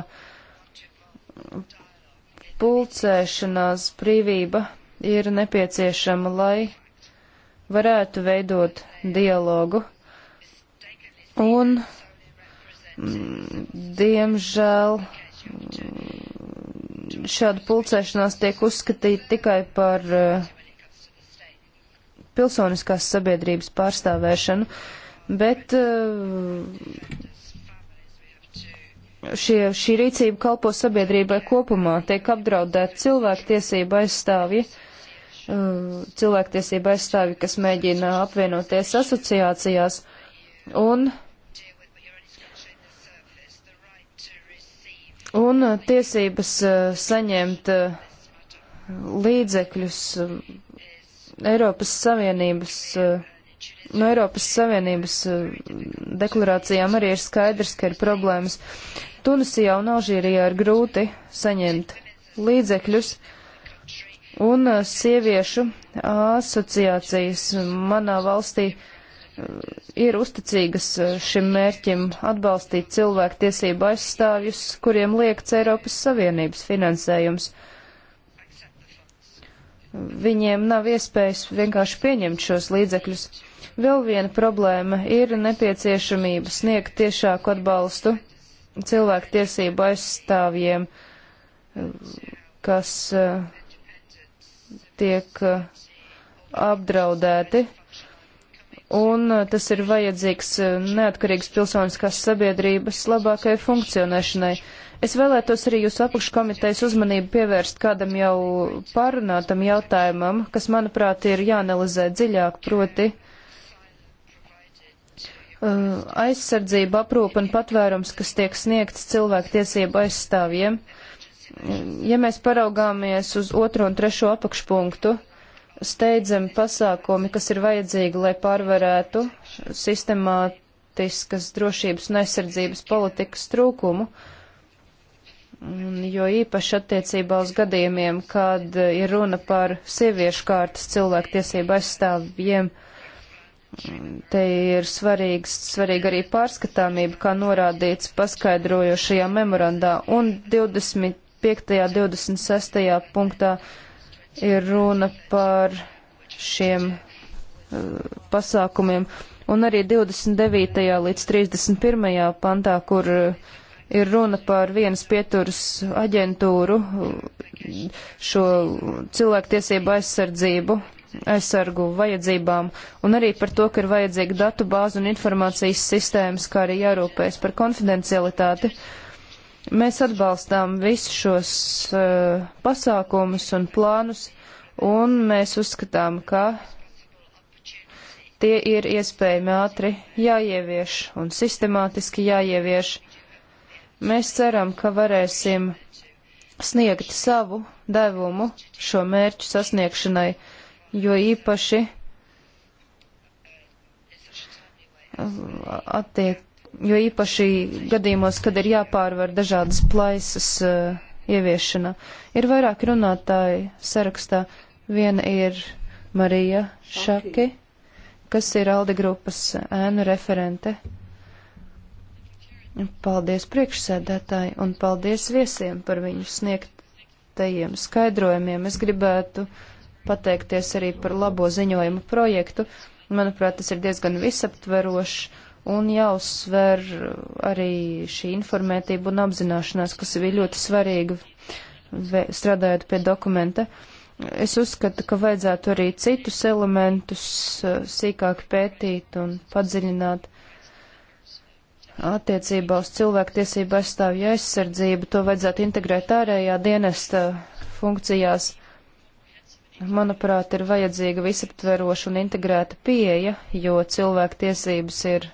pulcēšanās brīvība ir nepieciešama, lai varētu veidot dialogu Un, mm, diemžēl, mm, šāda pulcēšanās tiek uzskatīta tikai par eh, pilsoniskās sabiedrības pārstāvēšanu, bet eh, šie, šī rīcība kalpo sabiedrībai kopumā, tiek apdraudēta cilvēktiesība aizstāvja, eh, cilvēktiesība aizstāvja, kas mēģina apvienoties asociācijās, un un uh, tiesības uh, saņemt uh, līdzekļus um, Eiropas Savienības, no Eiropas Savienības deklarācijām arī ir skaidrs, ka ir problēmas. Tunisijā un Alžīrijā ir grūti saņemt līdzekļus, un sieviešu asociācijas manā valstī uh, ir uzticīgas eh, šim mērķim atbalstīt cilvēku tiesību aizstāvjus, kuriem liekts Eiropas Savienības finansējums. Viņiem nav iespējas vienkārši pieņemt šos līdzekļus. Vēl viena problēma ir nepieciešamība sniegt tiešāku atbalstu cilvēku tiesību aizstāvjiem, kas eh, tiek eh, apdraudēti un eh, tas ir vajadzīgs eh, neatkarīgas pilsoniskās sabiedrības labākai funkcionēšanai. Es vēlētos arī jūsu apakškomitejas uzmanību pievērst kādam jau pārunātam jautājumam, kas, manuprāt, ir jāanalizē dziļāk, proti uh, aizsardzība, aprūpa un patvērums, kas tiek sniegts cilvēktiesību aizstāvjiem. Ja mēs paraugāmies uz otro un trešo apakšpunktu, uh, steidzami pasākumi, kas ir vajadzīgi, lai pārvarētu sistemātiskas drošības un aizsardzības politikas trūkumu, jo īpaši attiecībā uz gadījumiem, kad ir runa par sieviešu kārtas cilvēktiesību aizstāvjiem, te ir svarīgs, svarīga arī pārskatāmība, kā norādīts paskaidrojošajā memorandā un 25. 26. punktā ir runa par šiem uh, pasākumiem. Un arī 29. līdz 31. pantā, kur uh, ir runa par vienas pieturas aģentūru, eh, šo cilvēktiesību aizsardzību, aizsargu vajadzībām, un arī par to, ka ir vajadzīga datu bāzu un informācijas sistēmas, kā arī jārūpējas par konfidencialitāti. Uh, Mēs atbalstām visus šos uh, pasākumus un plānus, un mēs uzskatām, ka tie ir iespējami ātri jāievieš un sistemātiski jāievieš. Mēs ceram, ka varēsim sniegt savu devumu šo mērķu sasniegšanai, jo īpaši attiekt jo īpaši gadījumos, kad ir jāpārvar dažādas plaisas uh, ieviešana. Ir vairāk runātāji sarakstā. Viena ir Marija Šaki, kas ir Alde grupas ēnu referente. Paldies priekšsēdētāji un paldies viesiem par viņu sniegtajiem skaidrojumiem. Es gribētu pateikties arī par labo ziņojumu projektu. Manuprāt, tas ir diezgan visaptverošs un jāuzsver arī šī informētība un apzināšanās, kas ir ļoti svarīga strādājot pie dokumenta. Es uzskatu, ka vajadzētu arī citus elementus uh, sīkāk pētīt un padziļināt attiecībā uz cilvēktiesību aizstāvju aizsardzību. To vajadzētu integrēt ārējā dienesta funkcijās. Manuprāt, ir vajadzīga visaptveroša un integrēta pieeja, jo cilvēktiesības ir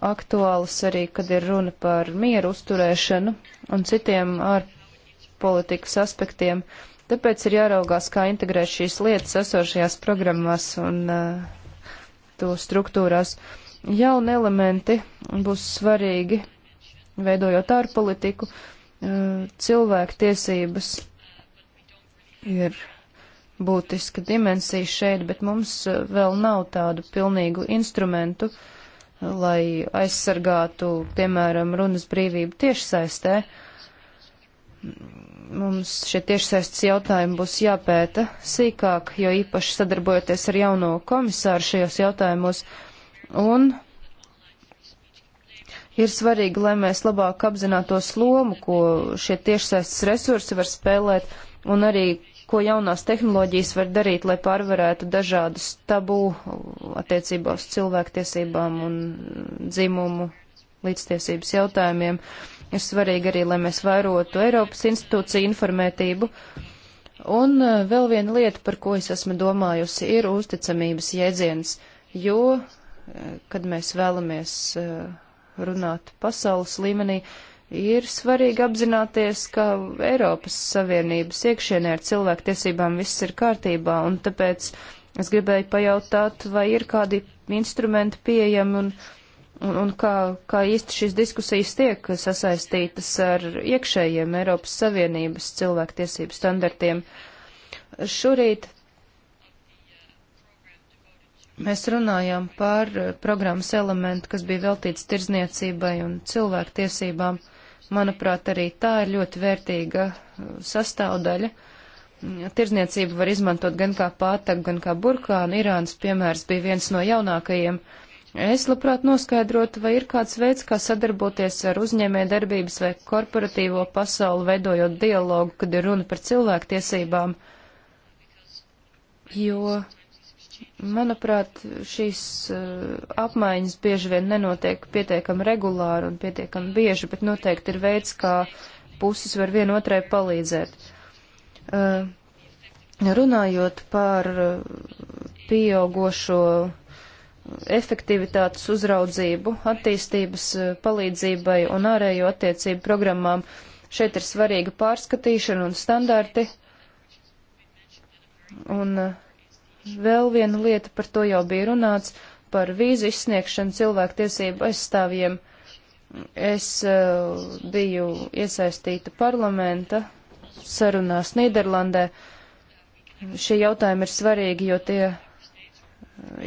aktuāls arī, kad ir runa par mieru uzturēšanu un citiem ārpolitikas aspektiem. Tāpēc ir jāraugās, kā integrēt šīs lietas esošajās programmās un uh, to struktūrās. Jauni elementi būs svarīgi, veidojot ārpolitiku, uh, cilvēku tiesības ir būtiska dimensija šeit, bet mums uh, vēl nav tādu pilnīgu instrumentu, uh, lai aizsargātu, piemēram, runas brīvību tiešsaistē. Mums šie tiešsaistes jautājumi būs jāpēta sīkāk, jo īpaši sadarbojoties ar jauno komisāru šajos jautājumos. Un ir svarīgi, lai mēs labāk apzinātos lomu, ko šie tiešsaistes resursi var spēlēt, un arī ko jaunās tehnoloģijas var darīt, lai pārvarētu dažādas tabu attiecībā uz cilvēktiesībām un dzimumu līdztiesības jautājumiem. Ir svarīgi arī, lai mēs vairotu Eiropas institūciju informētību. Un eh, vēl viena lieta, par ko es esmu domājusi, ir uzticamības jēdziens, jo, eh, kad mēs vēlamies eh, runāt pasaules līmenī, uh, Ir svarīgi apzināties, ka Eiropas Savienības iekšienē ar cilvēktiesībām viss ir kārtībā, un tāpēc es gribēju pajautāt, vai ir kādi instrumenti pieejami un, un, un kā, kā īsti šīs diskusijas tiek sasaistītas ar iekšējiem Eiropas Savienības cilvēktiesību standartiem. Šorīt Mēs runājām par programmas elementu, kas bija veltīts tirzniecībai un cilvēktiesībām. Manuprāt, arī tā ir ļoti vērtīga uh, sastāvdaļa. Mm, tirzniecību var izmantot gan kā pātagu, gan kā burkānu. Irānas piemērs bija viens no jaunākajiem. Es labprāt noskaidrotu, vai ir kāds veids, kā sadarboties ar uzņēmē darbības vai korporatīvo pasauli, veidojot dialogu, kad ir runa par cilvēktiesībām, jo Manuprāt, šīs eh, apmaiņas bieži vien nenotiek pietiekami regulāri un pietiekami bieži, bet noteikti ir veids, kā puses var vienotrai palīdzēt. Eh, runājot par eh, pieaugošo efektivitātes uzraudzību, attīstības palīdzībai un ārējo attiecību programmām. Šeit ir svarīga pārskatīšana un standarti. Un vēl viena lieta, par to jau bija runāts, par vīzu izsniegšanu cilvēktiesību aizstāvjiem. Es uh, biju iesaistīta parlamenta sarunās Nīderlandē. Šie jautājumi ir svarīgi, jo tie eh,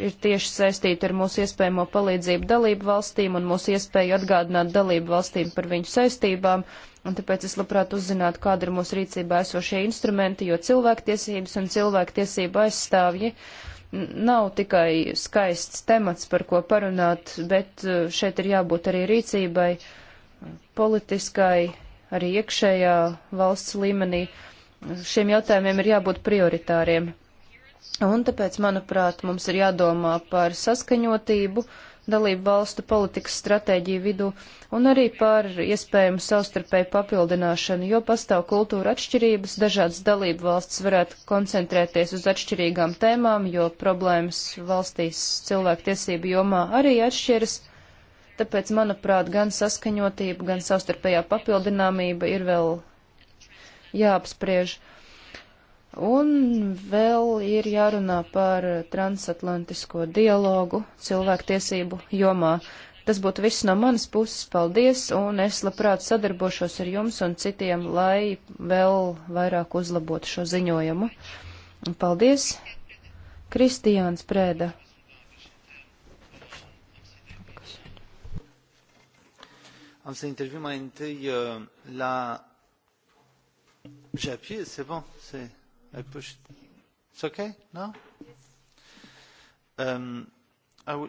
ir tieši saistīti ar mūsu iespējamo palīdzību dalību valstīm un mūsu iespēju atgādināt dalību valstīm par viņu saistībām. Uh, Un tāpēc es labprāt uzzinātu, kāda ir mūsu rīcībā esošie instrumenti, jo cilvēktiesības un cilvēktiesība aizstāvji nav tikai skaists temats, par ko parunāt, bet uh, šeit ir jābūt arī rīcībai, politiskai, arī iekšējā valsts līmenī. Šiem jautājumiem ir jābūt prioritāriem. Un tāpēc, manuprāt, mums ir jādomā par saskaņotību, uh, dalību valstu politikas stratēģiju vidū un arī par iespējamu savstarpēju papildināšanu, jo pastāv kultūra atšķirības, dažādas dalību valsts varētu koncentrēties uz atšķirīgām tēmām, jo problēmas valstīs cilvēktiesību jomā arī atšķiras. Tāpēc, manuprāt, gan saskaņotība, gan savstarpējā papildināmība ir vēl jāapspriež. Uh, Un vēl ir jārunā par transatlantisko dialogu cilvēktiesību jomā. Tas būtu viss no manas puses. Paldies, un es labprāt sadarbošos ar jums un citiem, lai vēl vairāk uzlabotu šo ziņojumu. Paldies, Kristiāns Prēda. Am să interviu mai întâi uh, la... J'ai appuyé, c'est bon, c'est... I pushed. It's okay? No? Um, uh,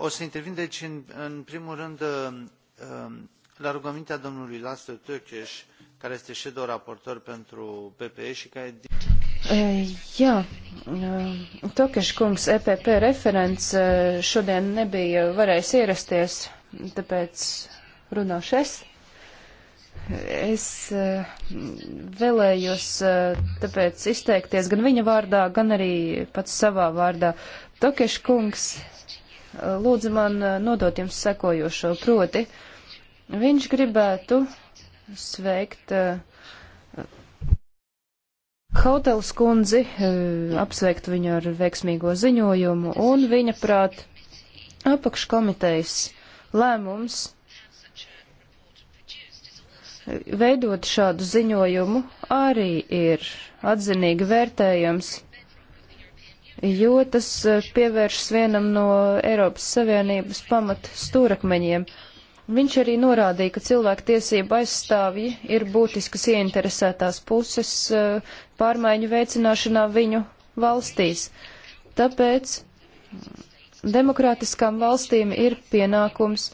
o să intervin deci în, în primul rând uh, la rugămintea domnului Laszlo Tökes, care este shadow raportor pentru PPE și care Jā, e uh, uh, Tokeš kungs, EPP referents, uh, šodien nebija varējis ierasties, tāpēc runāšu es. Es eh, vēlējos eh, tāpēc izteikties gan viņa vārdā, gan arī pats savā vārdā. Tokeš kungs, eh, lūdzu man nodot jums sekojošo proti. Viņš gribētu sveikt Hautels kundzi, apsveikt viņu ar veiksmīgo ziņojumu un viņa prāt apakškomitejas lēmums veidot šādu ziņojumu arī ir atzinīgi vērtējams, jo tas eh, pievēršas vienam no Eiropas Savienības pamat stūrakmeņiem. Viņš arī norādīja, ka cilvēku tiesība aizstāvji ir būtiskas ieinteresētās puses eh, pārmaiņu veicināšanā viņu valstīs. Tāpēc demokrātiskām valstīm ir pienākums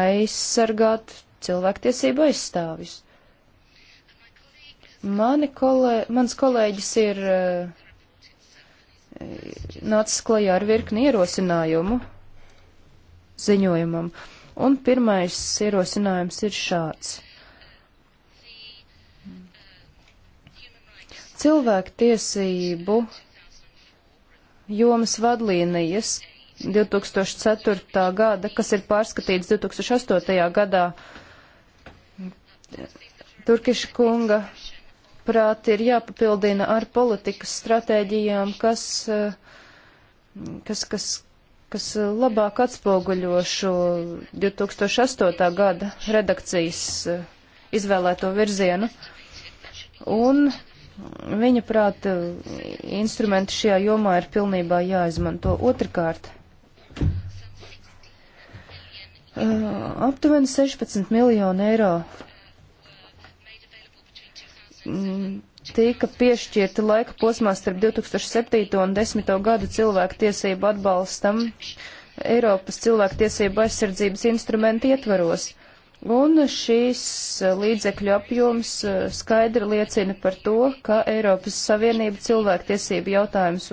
aizsargāt cilvēktiesību aizstāvis. Mani kolē, mans kolēģis ir eh, nācis klajā ar virkni ierosinājumu ziņojumam, un pirmais ierosinājums ir šāds. Cilvēktiesību jomas vadlīnijas 2004. gada, kas ir pārskatīts 2008. gadā, Turkiša kunga prāt ir jāpapildina ar politikas stratēģijām, kas, eh, kas, kas, kas labāk atspoguļo šo 2008. gada redakcijas eh, izvēlēto virzienu. Un viņa prāt eh, instrumenti šajā jomā ir pilnībā jāizmanto otrkārt. Aptuveni 16 miljonu eiro tika piešķirti laika posmā starp 2007. un 2010. gadu cilvēku tiesību atbalstam Eiropas cilvēku tiesību aizsardzības instrumentu ietvaros. Un šīs eh, līdzekļu apjoms eh, skaidri liecina par to, ka Eiropas Savienība cilvēktiesību jautājumus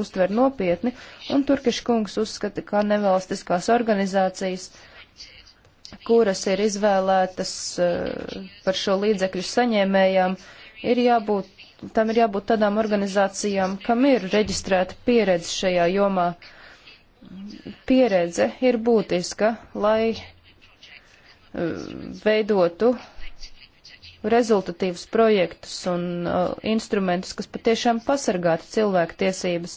uztver nopietni, un Turkiškungs uzskata, ka nevalstiskās organizācijas kuras ir izvēlētas eh, par šo līdzekļu saņēmējām, ir jābūt, tam ir jābūt tādām organizācijām, kam ir reģistrēta pieredze šajā jomā. Pieredze ir būtiska, lai uh, veidotu rezultatīvus projektus un uh, instrumentus, kas patiešām pasargātu cilvēku tiesības.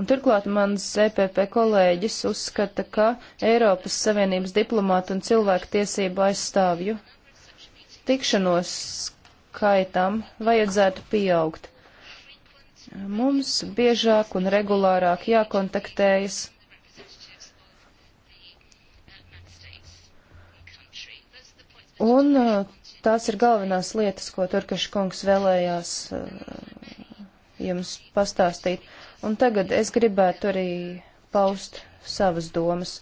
Un turklāt mans EPP kolēģis uzskata, ka Eiropas Savienības diplomātu un cilvēku tiesību aizstāvju tikšanos kaitam vajadzētu pieaugt. Mums biežāk un regulārāk jākontaktējas. Un uh, tās ir galvenās lietas, ko Turkaša kungs vēlējās uh, jums pastāstīt. Un tagad es gribētu arī paust savas domas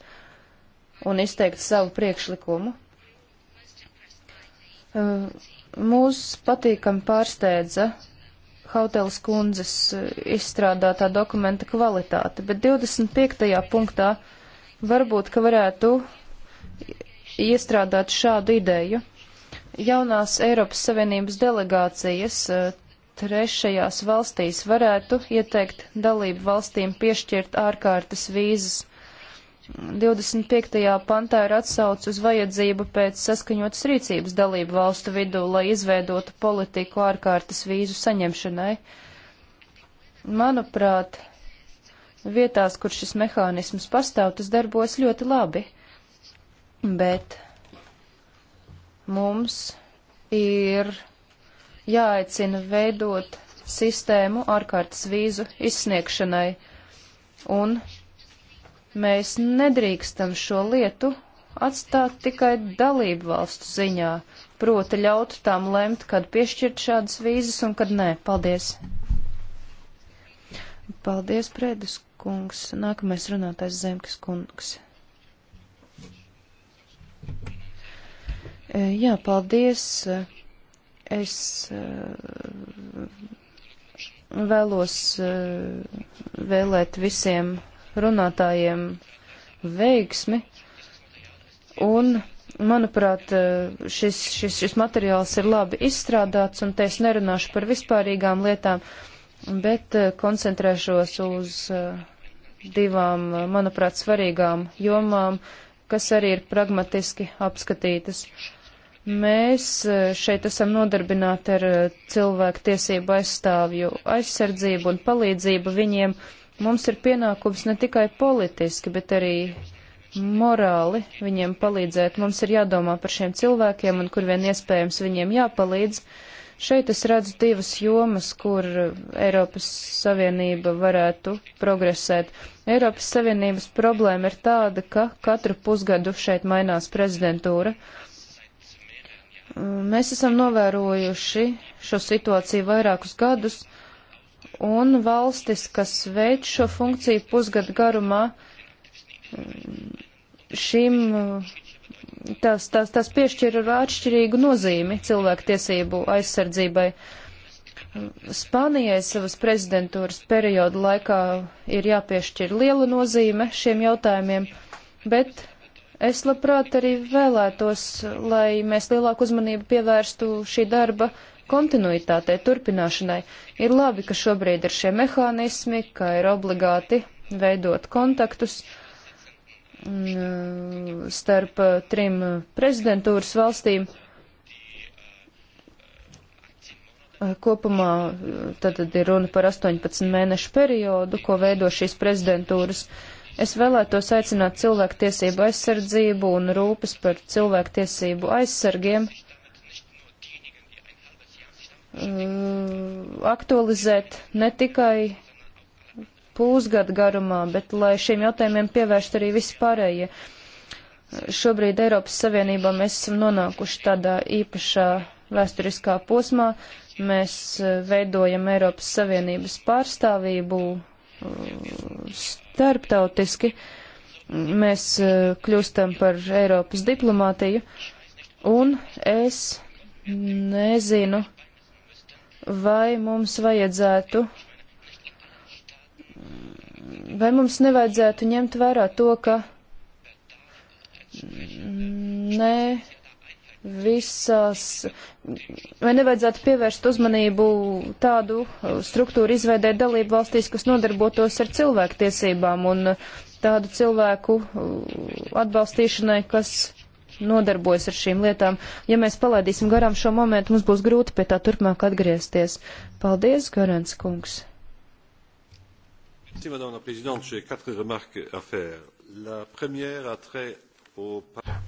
un izteikt savu priekšlikumu. Uh, Mūs patīkam pārsteidza Hautels kundzes e, izstrādātā dokumenta kvalitāte, bet 25. punktā varbūt, ka varētu iestrādāt šādu ideju. Jaunās Eiropas Savienības delegācijas e, trešajās valstīs varētu ieteikt dalību valstīm piešķirt ārkārtas vīzas 25. pantā ir atsauc uz vajadzību pēc saskaņotas rīcības dalību valstu vidū, lai izveidotu politiku ārkārtas vīzu saņemšanai. Manuprāt, vietās, kur šis mehānisms pastāv, tas darbojas ļoti labi, bet mums ir jāaicina veidot sistēmu ārkārtas vīzu izsniegšanai un Mēs nedrīkstam šo lietu atstāt tikai dalību valstu ziņā, proti ļaut tām lemt, kad piešķirt šādas vīzas un kad nē. Paldies! Paldies, Prēdis kungs. Nākamais runātais Zemkis kungs. E, jā, paldies. Es e, vēlos e, vēlēt visiem runātājiem veiksmi. Un, manuprāt, šis, šis, šis materiāls ir labi izstrādāts, un te es nerunāšu par vispārīgām lietām, bet eh, koncentrēšos uz eh, divām, eh, manuprāt, svarīgām jomām, kas arī ir pragmatiski apskatītas. Mēs šeit esam nodarbināti ar cilvēku tiesību aizstāvju aizsardzību un palīdzību viņiem. Uh, Mums ir pienākums ne tikai politiski, bet arī morāli viņiem palīdzēt. Mums ir jādomā par šiem cilvēkiem un kur vien iespējams viņiem jāpalīdz. Šeit es redzu divas jomas, kur Eiropas Savienība varētu progresēt. Eiropas Savienības problēma ir tāda, ka katru pusgadu šeit mainās prezidentūra. Mēs esam novērojuši šo situāciju vairākus gadus un valstis, kas veic šo funkciju pusgadu garumā, šīm tās, tās, tās piešķir atšķirīgu nozīmi cilvēktiesību aizsardzībai. Spānijai savas prezidentūras perioda laikā ir jāpiešķir liela nozīme šiem jautājumiem, bet es labprāt arī vēlētos, lai mēs lielāku uzmanību pievērstu šī darba kontinuitātei, turpināšanai. Ir labi, ka šobrīd ir šie mehānismi, ka ir obligāti veidot kontaktus mm, eh, starp eh, trim prezidentūras valstīm. Eh, kopumā tad ir runa par 18 mēnešu periodu, ko veido šīs prezidentūras. Es vēlētos aicināt cilvēktiesību aizsardzību un rūpes par cilvēktiesību aizsargiem. Uh, Uh, aktualizēt ne tikai pusgada garumā, bet lai šiem jautājumiem pievērst arī visi pārējie. Šobrīd Eiropas Savienībā mēs esam nonākuši tādā īpašā vēsturiskā posmā. Mēs uh, veidojam Eiropas Savienības pārstāvību uh, starptautiski. Mēs kļūstam par Eiropas diplomātiju. Un es nezinu, vai mums vajadzētu, vai mums nevajadzētu ņemt vērā to, ka ne visās, vai nevajadzētu pievērst uzmanību tādu struktūru izveidē dalību valstīs, kas nodarbotos ar cilvēktiesībām un tādu cilvēku atbalstīšanai, kas nodarbojas ar šīm lietām. Ja mēs palaidīsim garām šo momentu, mums būs grūti pie tā turpmāk atgriezties. Paldies, Garants kungs!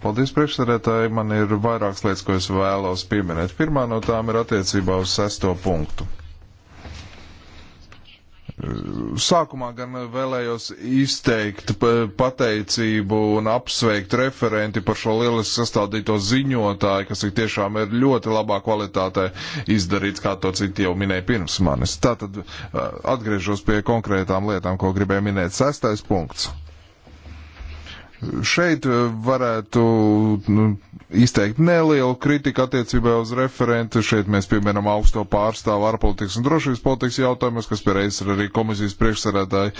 Paldies, priekšsarētāji. Man ir vairākas lietas, ko es vēlos pieminēt. Pirmā no tām ir attiecībā uz sesto punktu. Sākumā gan vēlējos izteikt pateicību un apsveikt referenti par šo lieliski sastādīto ziņotāju, kas ir tiešām ir ļoti labā kvalitātē izdarīts, kā to citi jau minēja pirms manis. Tātad uh, atgriežos pie konkrētām lietām, ko gribēju minēt. Sestais punkts. Šeit eh, varētu nu, izteikt nelielu kritiku attiecībā uz referentu. Šeit mēs pieminam augsto pārstāvu ārpolitikas un drošības politikas jautājumus, kas pēreiz ir arī komisijas priekšsarētāja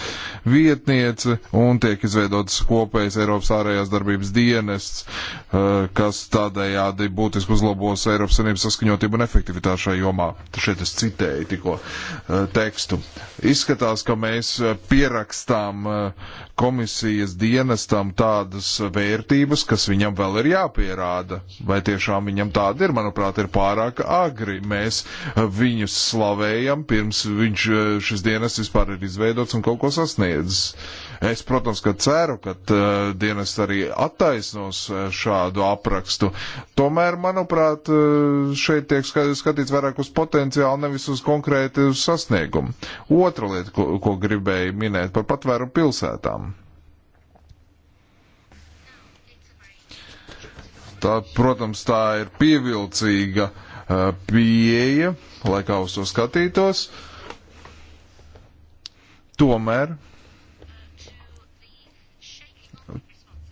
vietniece un tiek izveidotas kopējas Eiropas ārējās darbības dienests, eh, kas tādējādi būtiski uzlabos Eiropas Savienības saskaņotību un efektivitāti šajā jomā. Šeit es citēju tikko eh, tekstu. Izskatās, ka mēs pierakstām komisijas dienestam tā tādas vērtības, kas viņam vēl ir jāpierāda. Vai tiešām viņam tāda ir, manuprāt, ir pārāk agri. Mēs viņus slavējam, pirms viņš eh, šis dienas vispār ir izveidots un kaut ko sasniedzis. Es, protams, ka ceru, ka uh, eh, dienas arī attaisnos eh, šādu aprakstu. Tomēr, manuprāt, šeit tiek skatīts vairāk uz potenciālu, nevis uz konkrētu sasniegumu. Otra lieta, ko, ko gribēju minēt par patvērumu pilsētām. Tā, protams, tā ir pievilcīga pieeja, lai kā uz to skatītos. Tomēr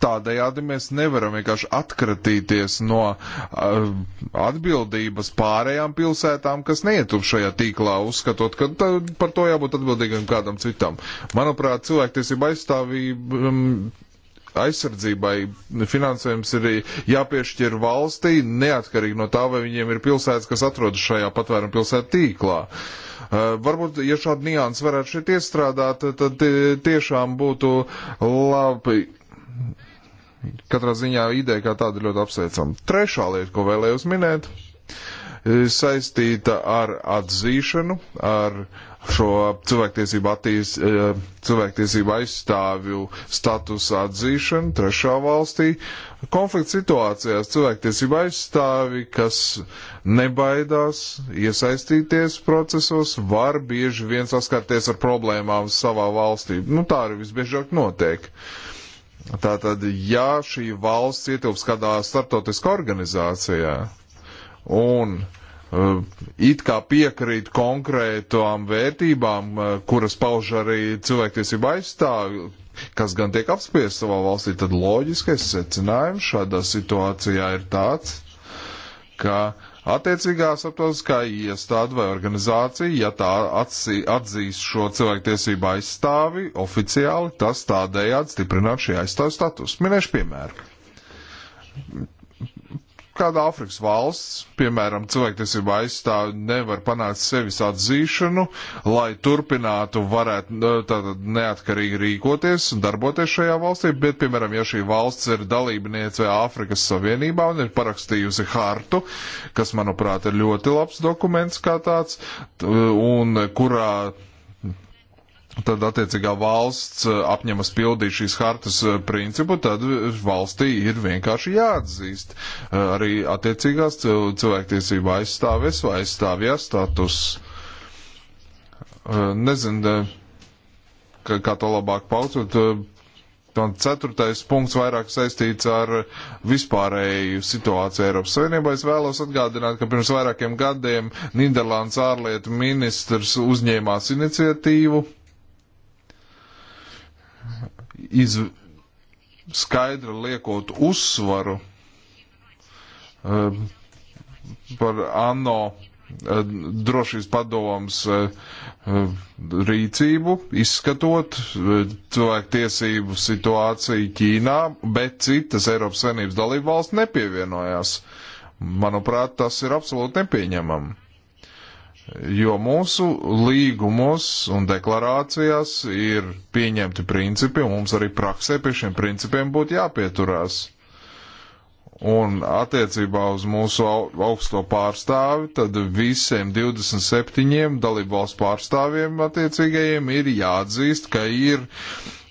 Tādējādi mēs nevaram vienkārši atkratīties no uh, atbildības pārējām pilsētām, kas neietup šajā tīklā, uzskatot, ka tā, par to jābūt atbildīgam kādam citam. Manuprāt, cilvēktiesība aizstāvība. Um, aizsardzībai finansējums ir jāpiešķir valstī, neatkarīgi no tā, vai viņiem ir pilsētas, kas atrodas šajā patvērumu pilsētu tīklā. Uh, varbūt, ja šādi nianses varētu šeit iestrādāt, tad tiešām būtu labi. Katrā ziņā ideja kā tāda ļoti apsveicama. Trešā lieta, ko vēlējos minēt, saistīta ar atzīšanu, ar uh, šo cilvēktiesību, attīst, eh, cilvēktiesību aizstāvju statusu atzīšanu trešā valstī. Konflikts situācijās cilvēktiesību aizstāvi, kas nebaidās iesaistīties procesos, var bieži vien saskarties ar problēmām savā valstī. Nu, tā arī visbiežāk notiek. Tātad, ja šī valsts ietilps kādā starptautiskā organizācijā un uh, Uh, it kā piekrīt konkrētām vērtībām, uh, kuras pauž arī cilvēktiesība aizstāvi, kas gan tiek apspiesti savā valstī, tad loģiskais secinājums šādā situācijā ir tāds, ka attiecīgās aptautiskā iestāde vai organizācija, ja tā atzī, atzīs šo cilvēktiesību aizstāvi oficiāli, tas tādējādi stiprināt šī aizstāvi status. Minēšu piemēru kāda Āfrikas valsts, piemēram, cilvēktiesība aizstāvi nevar panākt sevis atzīšanu, lai turpinātu varētu nu, tātad neatkarīgi rīkoties un darboties šajā valstī, bet, piemēram, ja šī valsts ir dalībniece Āfrikas Savienībā un ir parakstījusi hartu, kas, manuprāt, ir ļoti labs dokuments kā tāds, un kurā tad attiecīgā valsts eh, apņemas pildīt šīs hartas eh, principu, tad valstī ir vienkārši jāatzīst eh, arī attiecīgās cilvēktiesība aizstāvies vai aizstāvjās status. Nezinu, kā to labāk paucot. Un ceturtais punkts vairāk saistīts ar vispārēju situāciju Eiropas Savienībā. Es vēlos atgādināt, ka pirms vairākiem gadiem Nīderlandes ārlietu ministrs uzņēmās iniciatīvu uh, iz, skaidri liekot uzsvaru um, par ANO eh, drošības padomas eh, rīcību, izskatot cilvēktiesību situāciju Ķīnā, bet citas Eiropas Savienības dalībvalsts nepievienojās. Manuprāt, tas ir absolūti nepieņemami jo mūsu līgumos un deklarācijās ir pieņemti principi, un mums arī praksē pie šiem principiem būtu jāpieturās. Un attiecībā uz mūsu augsto pārstāvi, tad visiem 27 dalību valstu pārstāvjiem attiecīgajiem ir jāatzīst, ka ir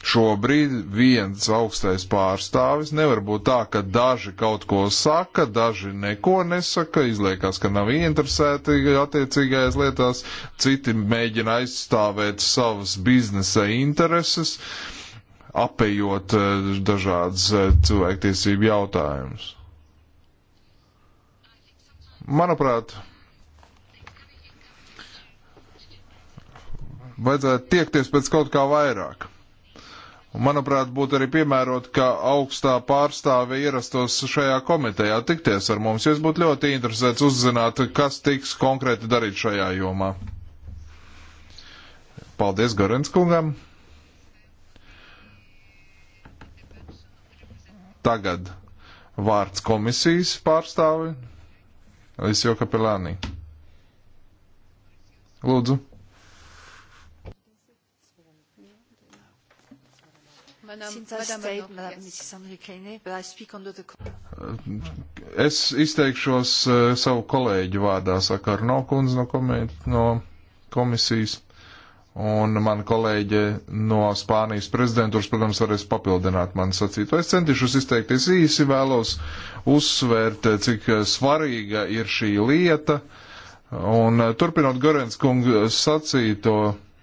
Šobrīd viens augstais pārstāvis nevar būt tā, ka daži kaut ko saka, daži neko nesaka, izliekās, ka nav interesēti attiecīgajās lietās, citi mēģina aizstāvēt savas biznesa intereses, apējot eh, dažādas eh, cilvēktiesību jautājumus. Manuprāt, vajadzētu tiekties pēc kaut kā vairāk. Un, manuprāt, būtu arī piemērot, ka augstā pārstāve ierastos šajā komitejā tikties ar mums, jo es būtu ļoti interesēts uzzināt, kas tiks konkrēti darīt šajā jomā. Paldies Gorens kungam. Tagad vārds komisijas pārstāvi Elisio Kapelāni. Lūdzu. Es izteikšos eh, savu kolēģu vārdā, saka Arno kundze no, komēt, no komisijas, un man kolēģe no Spānijas prezidentūras, protams, varēs papildināt man sacīto. Es centīšos izteikties īsi, vēlos uzsvērt, eh, cik eh, svarīga ir šī lieta, un turpinot Gorens kungu sacīto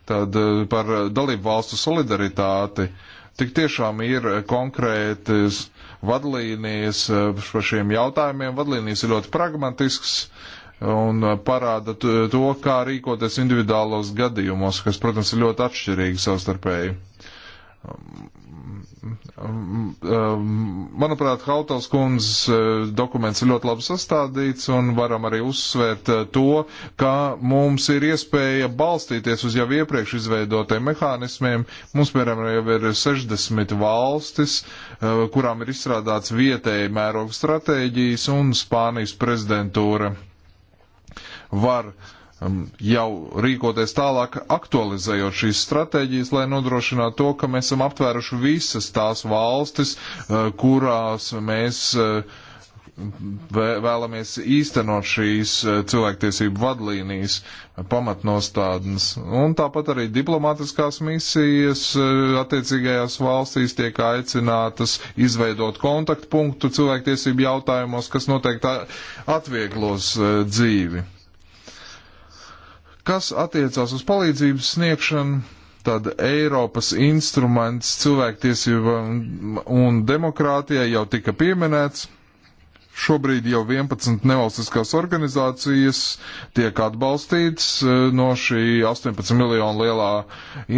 tad par dalību valstu solidaritāti. Uh, Tik tiešām ir eh, konkrētas vadlīnijas eh, par šiem jautājumiem. Vadlīnijas ir ļoti pragmatisks un eh, parāda to, kā rīkoties individuālos gadījumos, kas, protams, ir ļoti atšķirīgi savstarpēji. Um, Manuprāt, Hautals kundzes eh, dokuments ir ļoti labi sastādīts un varam arī uzsvērt eh, to, ka mums ir iespēja balstīties uz jau iepriekš izveidotiem mehānismiem. Mums, piemēram, jau ir 60 valstis, eh, kurām ir izstrādāts vietēji mērogu stratēģijas un Spānijas prezidentūra var uh, jau rīkoties tālāk, aktualizējot šīs stratēģijas, lai nodrošinātu to, ka mēs esam aptvēruši visas tās valstis, eh, kurās mēs eh, vēlamies īstenot šīs eh, cilvēktiesību vadlīnijas pamatnostādnes. Un tāpat arī diplomātiskās misijas attiecīgajās valstīs tiek aicinātas izveidot kontaktpunktu cilvēktiesību jautājumos, kas noteikti atvieglos dzīvi. Kas attiecās uz palīdzības sniegšanu, tad Eiropas instruments cilvēktiesībām un demokrātijai jau tika pieminēts. Šobrīd jau 11 nevalstiskās organizācijas tiek atbalstīts e, no šī 18 miljonu lielā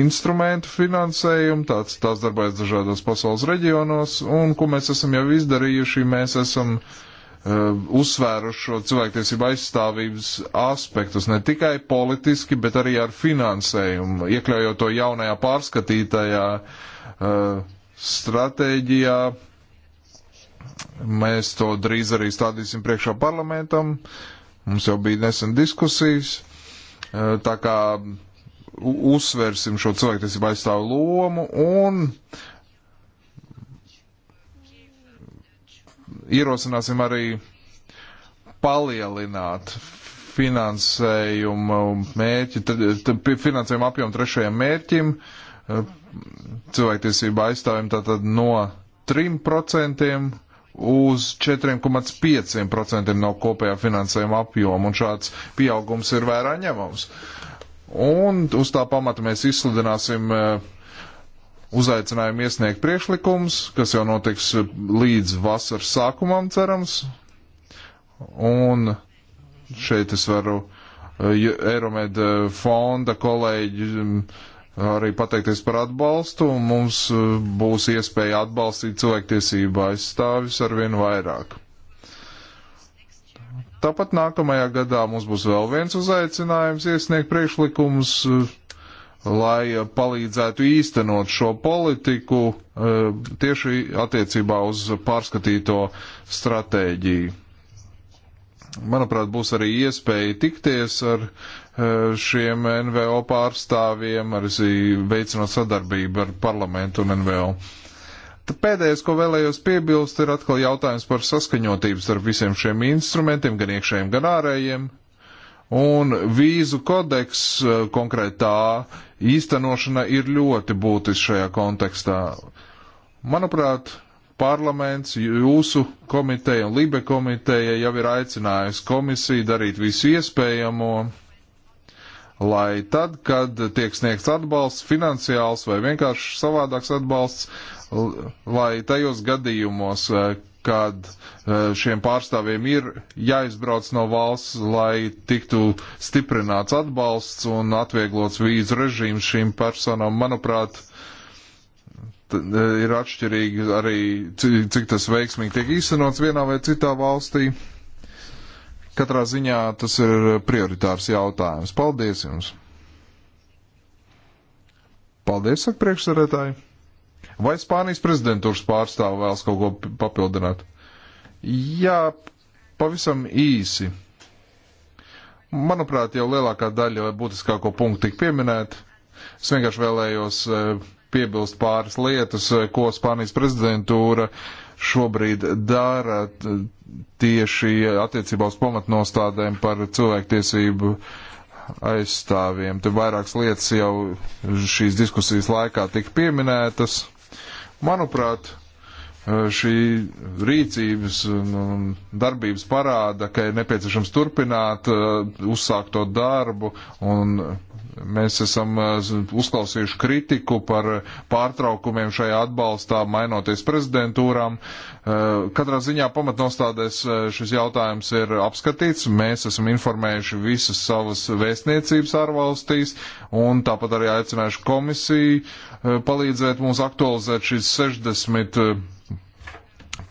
instrumentu finansējuma, tāds tās darbojas dažādos pasaules reģionos, un ko mēs esam jau izdarījuši, mēs esam uh, Um, uzsvēruši šo cilvēktiesību aizstāvības aspektus ne tikai politiski, bet arī ar finansējumu, iekļaujot to jaunajā pārskatītajā uh, stratēģijā. Mēs to drīz arī stādīsim priekšā parlamentam. Mums jau bija nesen diskusijas. Uh, tā kā uzsversim šo cilvēktiesību aizstāvu lomu un uh, ierosināsim arī palielināt finansējumu mērķi, finansējumu apjomu trešajam mērķim, eh, cilvēktiesību aizstāvjiem tātad no 3% uz 4,5% no kopējā finansējuma apjoma, un šāds pieaugums ir vērā ņemams. Un uz tā pamata mēs izsludināsim uh, uzaicinājumu iesniegt priekšlikumus, kas jau notiks līdz vasaras sākumam, cerams. Un šeit es varu eh, Eiromed eh, fonda kolēģi mm, arī pateikties par atbalstu, un mums eh, būs iespēja atbalstīt cilvēktiesību aizstāvis arvien vairāk. Tāpat nākamajā gadā mums būs vēl viens uzaicinājums iesniegt priekšlikumus lai palīdzētu īstenot šo politiku e, tieši attiecībā uz pārskatīto stratēģiju. Manuprāt, būs arī iespēja tikties ar e, šiem NVO pārstāvjiem, arī veicinot sadarbību ar parlamentu un NVO. Pēdējais, ko vēlējos piebilst, ir atkal jautājums par saskaņotību starp visiem šiem instrumentiem, gan iekšējiem, gan ārējiem. Un vīzu kodeks e, konkrētā īstenošana ir ļoti būtiska šajā kontekstā. Manuprāt, parlaments, jūsu komiteja un Libe komiteja jau ir aicinājusi komisiju darīt visu iespējamo, lai tad, kad tiek sniegts atbalsts, finansiāls vai vienkārši savādāks atbalsts, lai tajos gadījumos, kad eh, šiem pārstāvjiem ir jāizbrauc no valsts, lai tiktu stiprināts atbalsts un atvieglots vīzu režīms šīm personām. Manuprāt, eh, ir atšķirīgi arī, cik tas veiksmīgi tiek īstenots vienā vai citā valstī. Katrā ziņā tas ir prioritārs jautājums. Paldies jums! Paldies, saka priekšsarētāji! Vai Spānijas prezidentūras pārstāve vēlas kaut ko papildināt? Jā, pavisam īsi. Manuprāt, jau lielākā daļa būtiskāko punktu tik pieminēt. Es vienkārši vēlējos e, piebilst pāris lietas, e, ko Spānijas prezidentūra šobrīd dara tieši attiecībā uz pamatnostādēm par cilvēktiesību aizstāvjiem. Te vairākas lietas jau šīs diskusijas laikā tika pieminētas. Manuprāt, šī rīcības un darbības parāda, ka ir nepieciešams turpināt uzsākto darbu, un mēs esam uzklausījuši kritiku par pārtraukumiem šajā atbalstā, mainoties prezidentūrām. Katrā ziņā pamatnostādēs šis jautājums ir apskatīts, mēs esam informējuši visas savas vēstniecības ārvalstīs, un tāpat arī aicinājuši komisiju palīdzēt mums aktualizēt šīs 60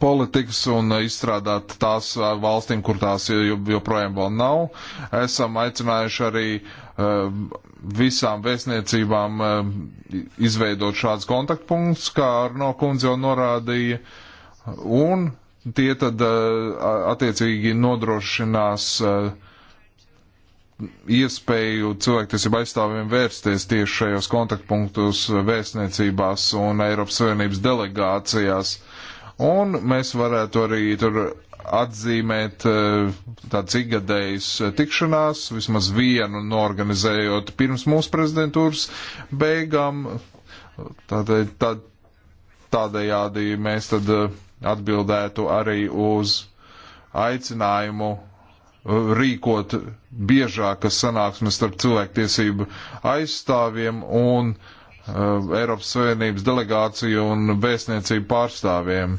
politikas un izstrādāt tās valstīm, kur tās joprojām vēl nav. Esam aicinājuši arī visām vēstniecībām izveidot šāds kontaktpunkts, kā Arno kundze jau norādīja, un tie tad attiecīgi nodrošinās iespēju cilvēktiesību aizstāvjiem vērsties tieši šajos kontaktpunktos vēstniecībās un Eiropas Savienības delegācijās Un mēs varētu arī tur atzīmēt eh, tāds ikgadējs tikšanās, vismaz vienu norganizējot pirms mūsu prezidentūras beigām. Tādēļ, tā, tādējādi mēs tad eh, atbildētu arī uz aicinājumu eh, rīkot biežākas sanāksmes starp cilvēktiesību aizstāvjiem un uh, Uh, Eiropas Savienības delegāciju un vēstniecību pārstāvjiem.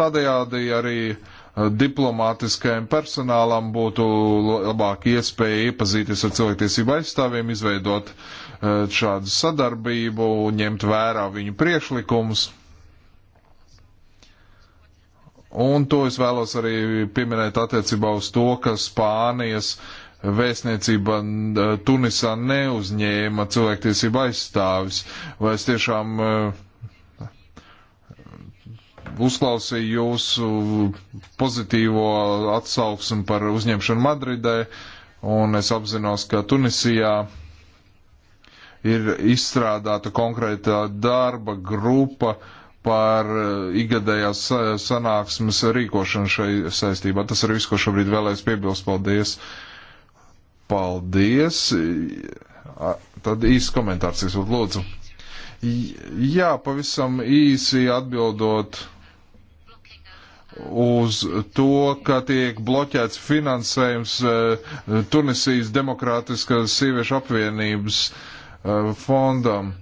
Tādējādi arī uh, diplomātiskajam personālam būtu labāka iespēja iepazīties ar cilvēktiesību aizstāvjiem, izveidot uh, šādu sadarbību, ņemt vērā viņu priekšlikumus. Un to es vēlos arī pieminēt attiecībā uz to, ka Spānijas uh, vēstniecība eh, Tunisā neuzņēma cilvēktiesību aizstāvis, vai es tiešām eh, uzklausīju jūsu pozitīvo atsauksmi par uzņemšanu Madridē, un es apzinos, ka Tunisijā ir izstrādāta konkrēta darba grupa par eh, igadējās sanāksmes rīkošanu šai saistībā. Tas ir viss, ko šobrīd vēlēs piebilst. Paldies! Uh, Paldies! Tad īsts komentārs, es būtu lūdzu. Jā, pavisam īsi atbildot uz to, ka tiek bloķēts finansējums e, Tunisijas Demokrātiskās sieviešu apvienības e, fondam.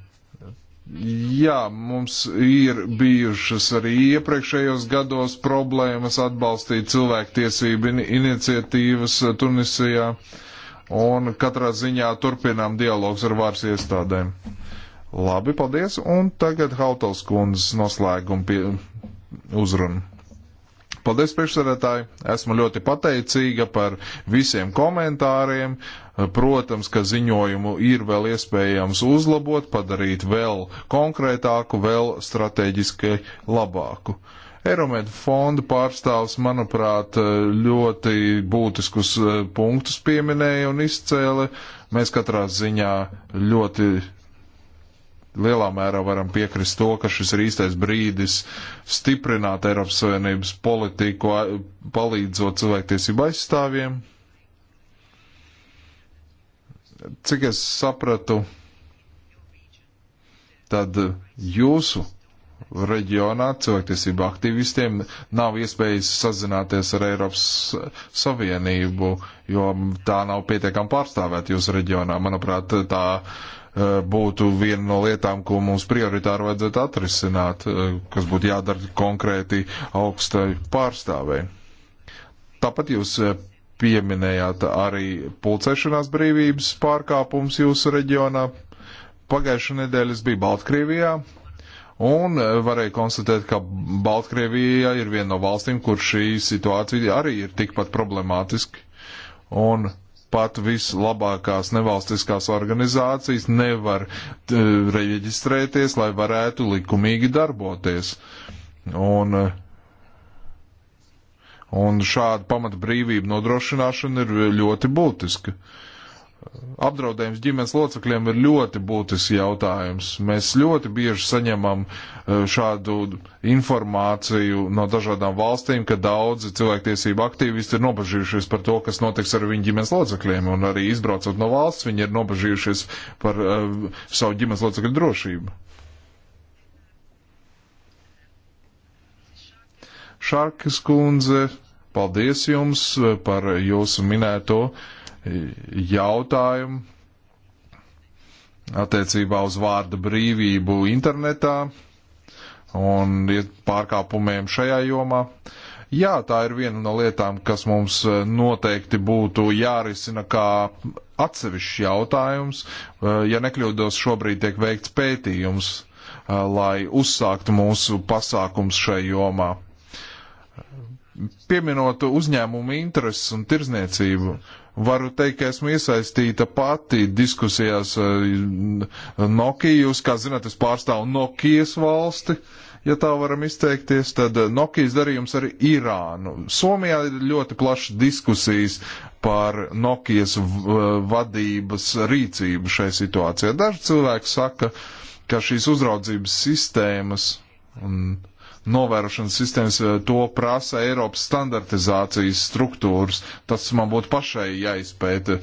Jā, mums ir bijušas arī iepriekšējos gados problēmas atbalstīt cilvēktiesību iniciatīvas Tunisijā. Uh, un katrā ziņā turpinām dialogs ar vārs iestādēm. Labi, paldies, un tagad Hautals kundzes noslēguma pie uzrunu. Paldies, priekšsēdētāji! Esmu ļoti pateicīga par visiem komentāriem. Protams, ka ziņojumu ir vēl iespējams uzlabot, padarīt vēl konkrētāku, vēl strateģiski labāku. Eiromed fonda pārstāvs, manuprāt, eh, ļoti būtiskus eh, punktus pieminēja un izcēla. Mēs katrā ziņā ļoti lielā mērā varam piekrist to, ka šis ir īstais brīdis stiprināt Eiropas Savienības politiku, palīdzot cilvēktiesību aizstāvjiem. Cik es sapratu, tad jūsu reģionā cilvēktiesību aktīvistiem nav iespējas sazināties ar Eiropas Savienību, jo tā nav pietiekami pārstāvēta jūsu reģionā. Manuprāt, tā e, būtu viena no lietām, ko mums prioritāri vajadzētu atrisināt, e, kas būtu jādara konkrēti augstai pārstāvēji. Tāpat jūs e, pieminējāt arī pulcēšanās brīvības pārkāpums jūsu reģionā. Pagājušā nedēļa es biju Baltkrievijā, Un e, varēja konstatēt, ka Baltkrievija ir viena no valstīm, kur šī situācija arī ir tikpat problemātiski. Un pat vislabākās nevalstiskās organizācijas nevar e, reģistrēties, lai varētu likumīgi darboties. Un, e, un šāda pamata brīvība nodrošināšana ir ļoti būtiska. Uh, apdraudējums ģimenes locekļiem ir ļoti būtisks jautājums. Mēs ļoti bieži saņemam e, šādu informāciju no dažādām valstīm, ka daudzi cilvēktiesību aktīvisti ir nobežījušies par to, kas notiks ar viņu ģimenes locekļiem, un arī izbraucot no valsts, viņi ir nobežījušies par uh, savu ģimenes locekļu drošību. Šarkas kundze, paldies jums e, par jūsu minēto. Uh, jautājumu attiecībā uz vārda brīvību internetā un pārkāpumiem šajā jomā. Jā, tā ir viena no lietām, kas mums eh, noteikti būtu jārisina kā atsevišķs jautājums. Eh, ja nekļūdos, šobrīd tiek veikts pētījums, eh, lai uzsāktu mūsu pasākums šai jomā. Pieminot uzņēmumu intereses un tirzniecību, uh, Varu teikt, ka esmu iesaistīta pati diskusijās eh, Nokia. Jūs, kā zināt, es pārstāvu Nokijas valsti. Ja tā varam izteikties, tad eh, Nokijas darījums ar Irānu. Somijā ir ļoti plašas diskusijas par Nokijas eh, vadības rīcību šai situācijā. Daži cilvēki saka, ka šīs uzraudzības sistēmas un novērošanas sistēmas, eh, to prasa Eiropas standartizācijas struktūras. Tas man būtu pašai jāizpēta.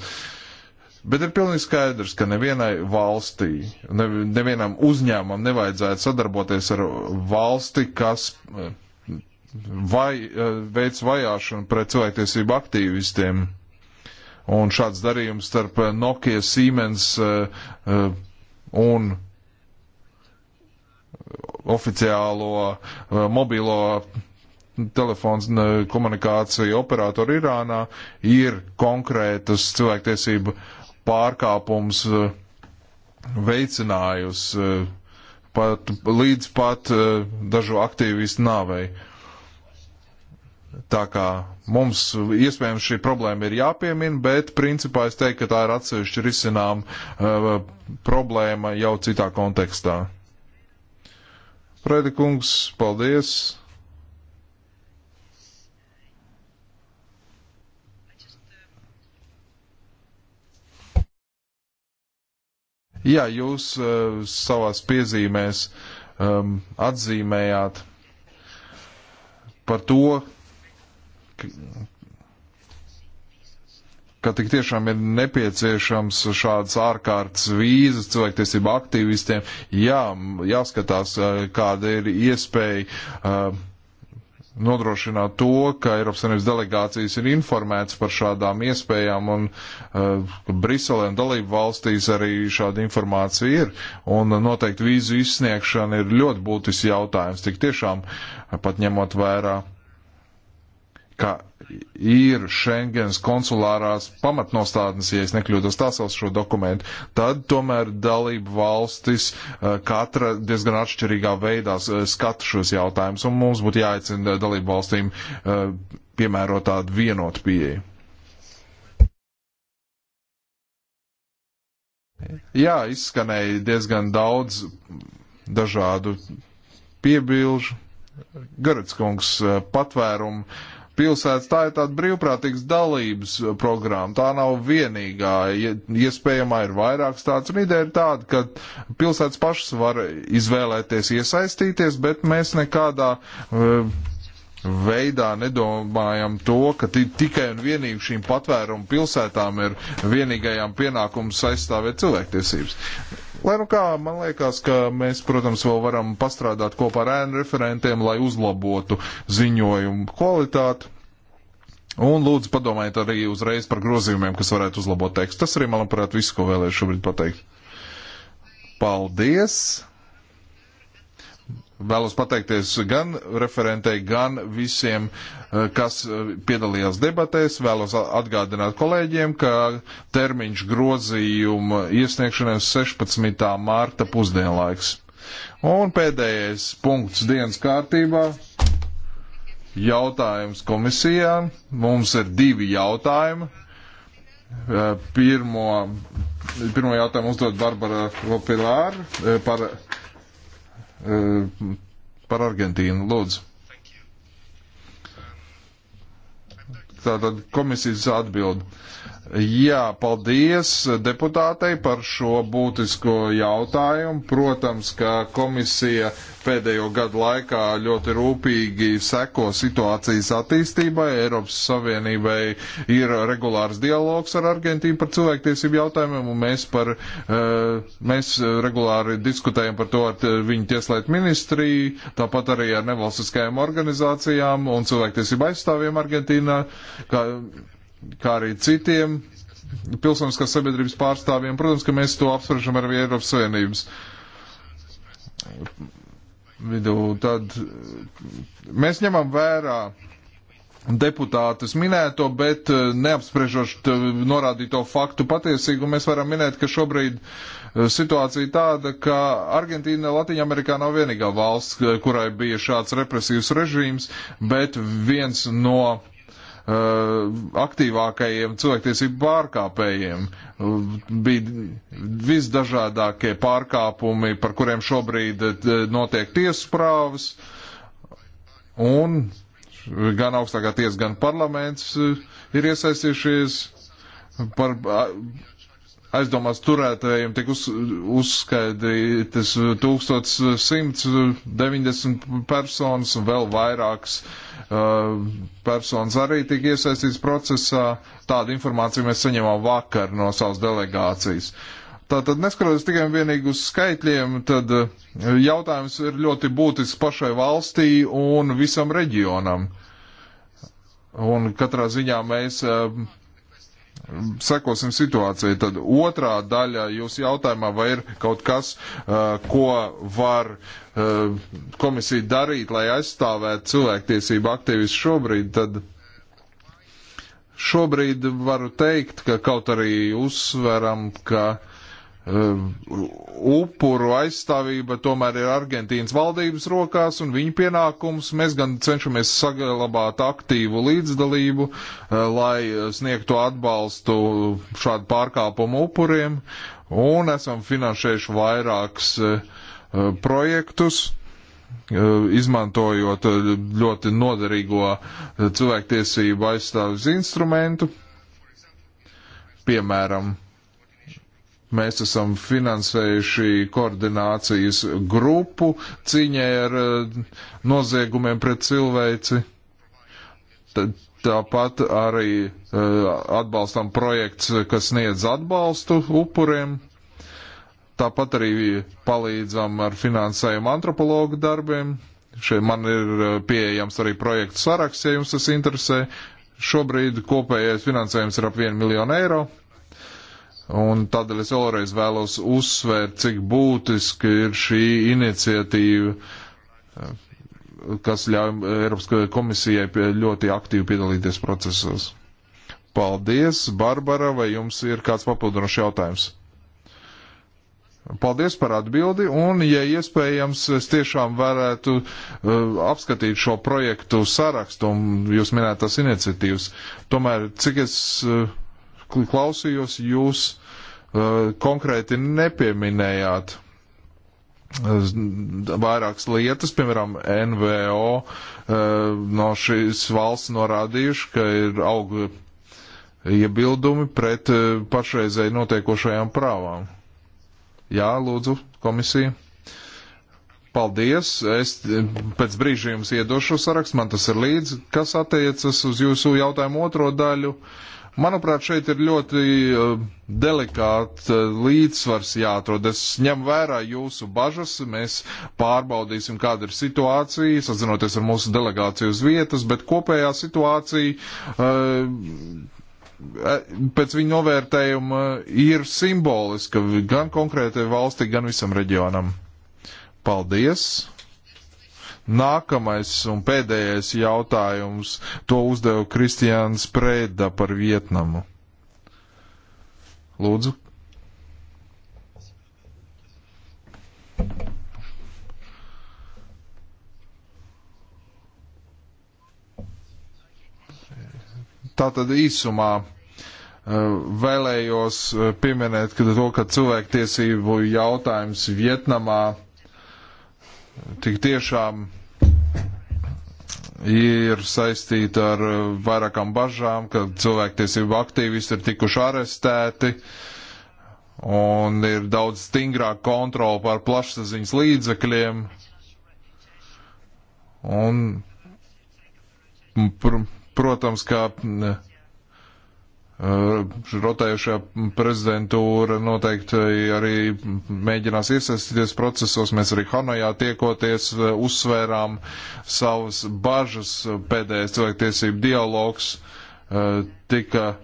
Bet ir pilnīgi skaidrs, ka nevienai valstī, ne, nevienam uzņēmumam nevajadzētu sadarboties ar valsti, kas eh, vai, eh, veids vajāšanu pret cilvēktiesību aktīvistiem. Un šāds darījums starp Nokia, Siemens un oficiālo eh, mobilo telefons komunikāciju operatoru Irānā ir konkrētas cilvēktiesību pārkāpums eh, veicinājusi eh, pat, līdz pat dažu aktīvistu nāvei. Tā kā mums iespējams šī problēma ir jāpiemina, bet principā es teiktu, ka tā ir atsevišķi risinām uh, problēma jau citā kontekstā. Predikungs, paldies! Jā, jūs uh, savās piezīmēs um, atzīmējāt par to, ka tik tiešām ir nepieciešams šāds ārkārtas vīzas cilvēktiesību aktīvistiem. Jā, jāskatās, kāda ir iespēja nodrošināt to, ka Eiropas Savienības delegācijas ir informētas par šādām iespējām, un uh, Briselē un dalību valstīs arī šāda informācija ir, un noteikti vīzu izsniegšana ir ļoti būtisks jautājums, tik tiešām pat ņemot vērā uh, ka ir Schengens konsulārās pamatnostādnes, ja es nekļūdos tā sauc šo dokumentu, tad tomēr dalību valstis eh, katra diezgan atšķirīgā veidā eh, skata šos jautājumus, un mums būtu jāicina dalību valstīm eh, piemērot tādu vienotu pieeju. Jā, izskanēja diezgan daudz dažādu piebilžu. Garats kungs patvērumu pilsētas. Tā ir tāda brīvprātīgas dalības uh, programma. Tā nav vienīgā. Iespējamā ir vairākas tādas. Un ideja ir tāda, ka pilsētas pašas var izvēlēties iesaistīties, bet mēs nekādā. Uh, veidā nedomājam to, ka tikai un vienīgi šīm patvērumu pilsētām ir vienīgajām pienākums aizstāvēt cilvēktiesības. Lai nu kā, man liekas, ka mēs, protams, vēl varam pastrādāt kopā ar ēnu referentiem, lai uzlabotu ziņojumu kvalitāti. Un lūdzu padomājiet arī uzreiz par grozījumiem, kas varētu uzlabot tekstu. Tas arī, manuprāt, viss, ko vēlēju šobrīd pateikt. Paldies! Vēlos pateikties gan referentei, gan visiem, eh, kas eh, piedalījās debatēs. Vēlos atgādināt kolēģiem, ka termiņš grozījuma iesniegšanai 16. mārta pusdienlaiks. Un pēdējais punkts dienas kārtībā - jautājums komisijām. Mums ir divi jautājumi. Eh, pirmo, pirmo jautājumu uzdod Barbara Lopilāra par Eh, par Argentīnu. Lūdzu. Tātad komisijas atbildi. Jā, paldies deputātei par šo būtisko jautājumu. Protams, ka komisija pēdējo gadu laikā ļoti rūpīgi seko situācijas attīstībai. Eiropas Savienībai ir regulārs dialogs ar Argentīnu par cilvēktiesību jautājumiem, un mēs, par, eh, mēs regulāri diskutējam par to ar viņu tieslietu ministriju, tāpat arī ar nevalstiskajām organizācijām un cilvēktiesību aizstāvjiem Argentīnā. Kā, kā arī citiem pilsoniskās sabiedrības pārstāvjiem. Protams, ka mēs to apspriežam ar Eiropas Savienības vidū. Tad mēs ņemam vērā deputātes minēto, bet eh, neapspriežot eh, norādīto faktu patiesīgu, mēs varam minēt, ka šobrīd eh, situācija tāda, ka Argentīna Latvijā Amerikā nav vienīgā valsts, kurai bija šāds represīvs režīms, bet viens no Uh, aktīvākajiem cilvēktiesību pārkāpējiem. Uh, bija visdažādākie pārkāpumi, par kuriem šobrīd uh, notiek tiesas prāvas, un gan augstākā tiesa, gan parlaments ir iesaistījušies par aizdomās turētājiem tiek uz, uzskaidrītas 1190 personas un vēl vairākas uh, personas arī tika iesaistīts procesā. Tādu informāciju mēs saņemām vakar no savas delegācijas. Tātad, neskatoties tikai un vienīgi uz skaitļiem, tad uh, jautājums ir ļoti būtisks pašai valstī un visam reģionam. Un katrā ziņā mēs uh, sekosim situācijai. Tad otrā daļa jūs jautājumā, vai ir kaut kas, ko var komisija darīt, lai aizstāvētu cilvēktiesību aktīvistu šobrīd, tad šobrīd varu teikt, ka kaut arī uzsveram, ka uh, Um, upuru aizstāvība tomēr ir Argentīnas valdības rokās un viņa pienākums. Mēs gan cenšamies saglabāt aktīvu līdzdalību, uh, lai sniegtu atbalstu šādu pārkāpumu upuriem, un esam finansējuši vairākus uh, uh, projektus, izmantojot ļoti noderīgo cilvēktiesību aizstāvis instrumentu, piemēram, Mēs esam finansējuši koordinācijas grupu cīņai ar eh, noziegumiem pret cilvēci. Tad Tāpat arī uh, atbalstam projekts, kas sniedz atbalstu upuriem. Tāpat arī palīdzam ar finansējumu antropologu darbiem. Šeit man ir eh, pieejams arī projektu saraksts, ja jums tas interesē. Šobrīd kopējais finansējums ir ap 1 miljonu eiro. Un tādēļ es vēlreiz vēlos uzsvērt, cik būtiski ir šī iniciatīva, kas ļauj Eiropas komisijai ļoti aktīvi piedalīties procesos. Paldies, Barbara, vai jums ir kāds papildinošs jautājums? Paldies par atbildi, un, ja iespējams, es tiešām varētu uh, apskatīt šo projektu sarakstu un jūs minētās iniciatīvas. Tomēr, cik es uh, klausījos, jūs uh, konkrēti nepieminējāt eh, vairākas lietas, piemēram, NVO eh, no šīs valsts norādījuši, ka ir auga iebildumi pret pašreizēji notiekošajām prāvām. Jā, lūdzu, komisija. Paldies. Es pēc brīža jums iedošu sarakstu, man tas ir līdzi. Kas attiecas uz jūsu jautājumu otro daļu? Uh, Manuprāt, šeit ir ļoti eh, delikāts eh, līdzsvars jāatrod. Es ņem vērā jūsu bažas, mēs pārbaudīsim, kāda ir situācija, sazinoties ar mūsu delegāciju uz vietas, bet kopējā situācija eh, pēc viņa novērtējuma ir simboliska gan konkrētai valsti, gan visam reģionam. Paldies! Nākamais un pēdējais jautājums to uzdeva Kristiāns Prēda par Vietnamu. Lūdzu. Tātad īsumā eh, vēlējos eh, pieminēt, ka to, ka cilvēktiesību jautājums Vietnamā tik tiešām ir saistīta ar vairākām bažām, ka cilvēktiesību aktīvisti ir tikuši arestēti un ir daudz stingrāk kontrola pār plašsaziņas līdzekļiem. Un, pr protams, ka rotējušā prezidentūra noteikti arī mēģinās iesaistīties procesos. Mēs arī Hanojā tiekoties uzsvērām savas bažas. Pēdējais cilvēktiesību dialogs tika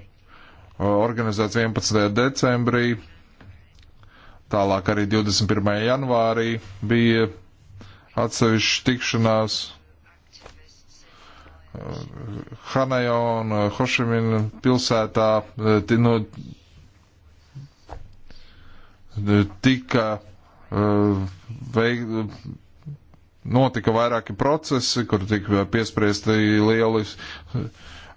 organizēts 11. decembrī. Tālāk arī 21. janvārī bija atsevišķi tikšanās Hanajo un Hošimina pilsētā eh, no, eh, tika eh, veik, notika vairāki procesi, kur tika piespriesti lieli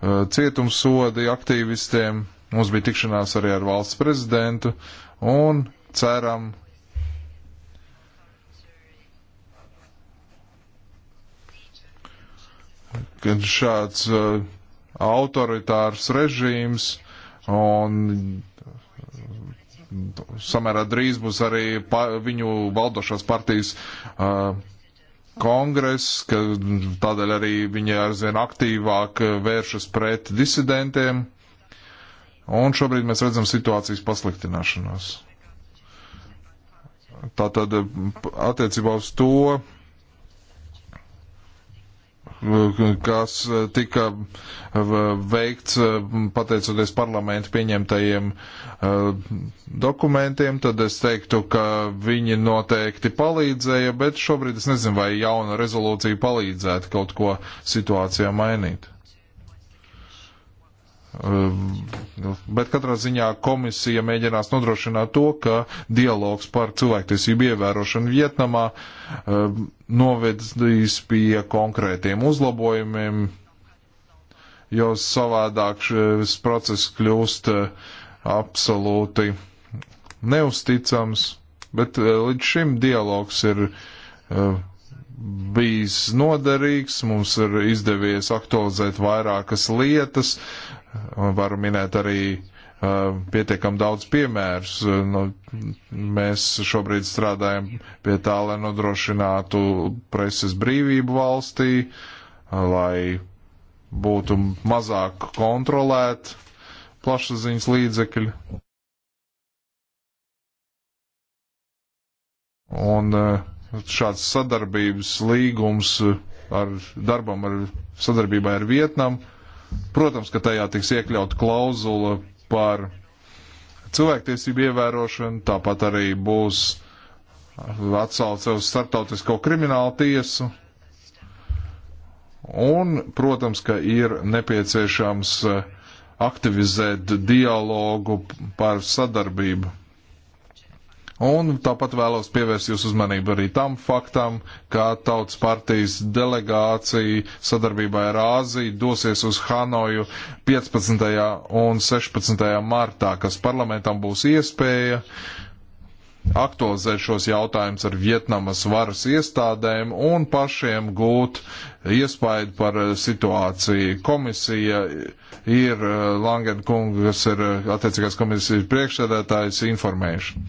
cietumsodi aktīvistiem. Mums bija tikšanās arī ar valsts prezidentu un ceram, ka šāds uh, autoritārs režīms un uh, samērā drīz būs arī pa, viņu valdošās partijas uh, kongress, ka tādēļ arī viņi aizvien aktīvāk uh, vēršas pret disidentiem. Un šobrīd mēs redzam situācijas pasliktināšanos. Tātad uh, attiecībā uz to kas eh, tika eh, veikts eh, pateicoties parlamentu pieņemtajiem dokumentiem, tad es teiktu, ka viņi noteikti palīdzēja, bet šobrīd es nezinu, vai jauna rezolūcija palīdzētu kaut ko situācijā mainīt. Um, nu, bet katrā ziņā komisija mēģinās nodrošināt to, ka dialogs par cilvēktiesību ievērošanu Vietnamā um, novedīs pie konkrētiem uzlabojumiem, jo savādāk šis process kļūst uh, absolūti neusticams. Bet uh, līdz šim dialogs ir uh, bijis noderīgs, mums ir izdevies aktualizēt vairākas lietas, Varu minēt arī pietiekam daudz piemērus. Nu, mēs šobrīd strādājam pie tā, lai nodrošinātu preses brīvību valstī, lai būtu mazāk kontrolēt plašsaziņas līdzekļi. Un šāds sadarbības līgums ar darbam ar sadarbībai ar Vietnamu Protams, ka tajā tiks iekļaut klauzula par cilvēktiesību ievērošanu, tāpat arī būs atsauce uz starptautisko kriminālu tiesu. Un, protams, ka ir nepieciešams aktivizēt dialogu par sadarbību Un tāpat vēlos pievērst jūsu uzmanību arī tam faktam, ka Tautas partijas delegācija sadarbībā ar Āziju dosies uz Hanoju 15. un 16. martā, kas parlamentam būs iespēja aktualizēt šos jautājumus ar Vietnamas varas iestādēm un pašiem gūt iespaidu par situāciju. Komisija ir Langenkungs, kas ir attiecīgās komisijas priekšsēdētājs, informējuši.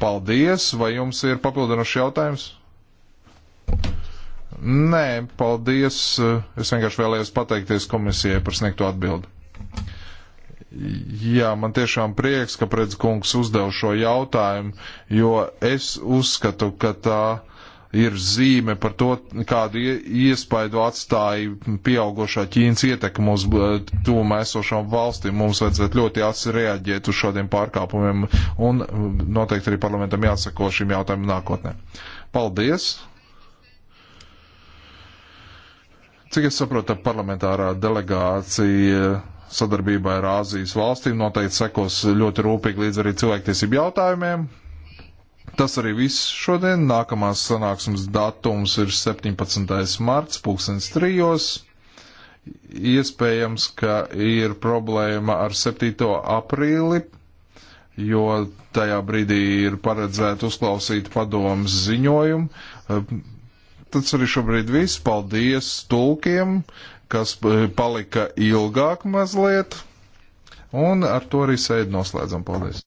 Paldies, vai jums ir papildinošs jautājums? Nē, paldies. Es vienkārši vēlējos pateikties komisijai par sniegto atbildi. Jā, man tiešām prieks, ka predz kungs uzdev šo jautājumu, jo es uzskatu, ka tā. Uh, ir zīme par to, kādu iespaidu atstāja pieaugušā Ķīnas ietekme uz tūmā esošām valstīm. Mums vajadzētu ļoti ātri reaģēt uz šādiem pārkāpumiem un noteikti arī parlamentam jāsako šim jautājumam nākotnē. Paldies! Cik es saprotu, parlamentārā delegācija sadarbībā ar Āzijas valstīm noteikti sekos ļoti rūpīgi līdz arī cilvēktiesību jautājumiem. Tas arī viss šodien. Nākamās sanāksmes datums ir 17. marts, pulkstens trijos. Iespējams, ka ir problēma ar 7. aprīli, jo tajā brīdī ir paredzēta uzklausīt padomas ziņojumu. Tas arī šobrīd viss. Paldies tulkiem, kas palika ilgāk mazliet. Un ar to arī sēdi noslēdzam. Paldies!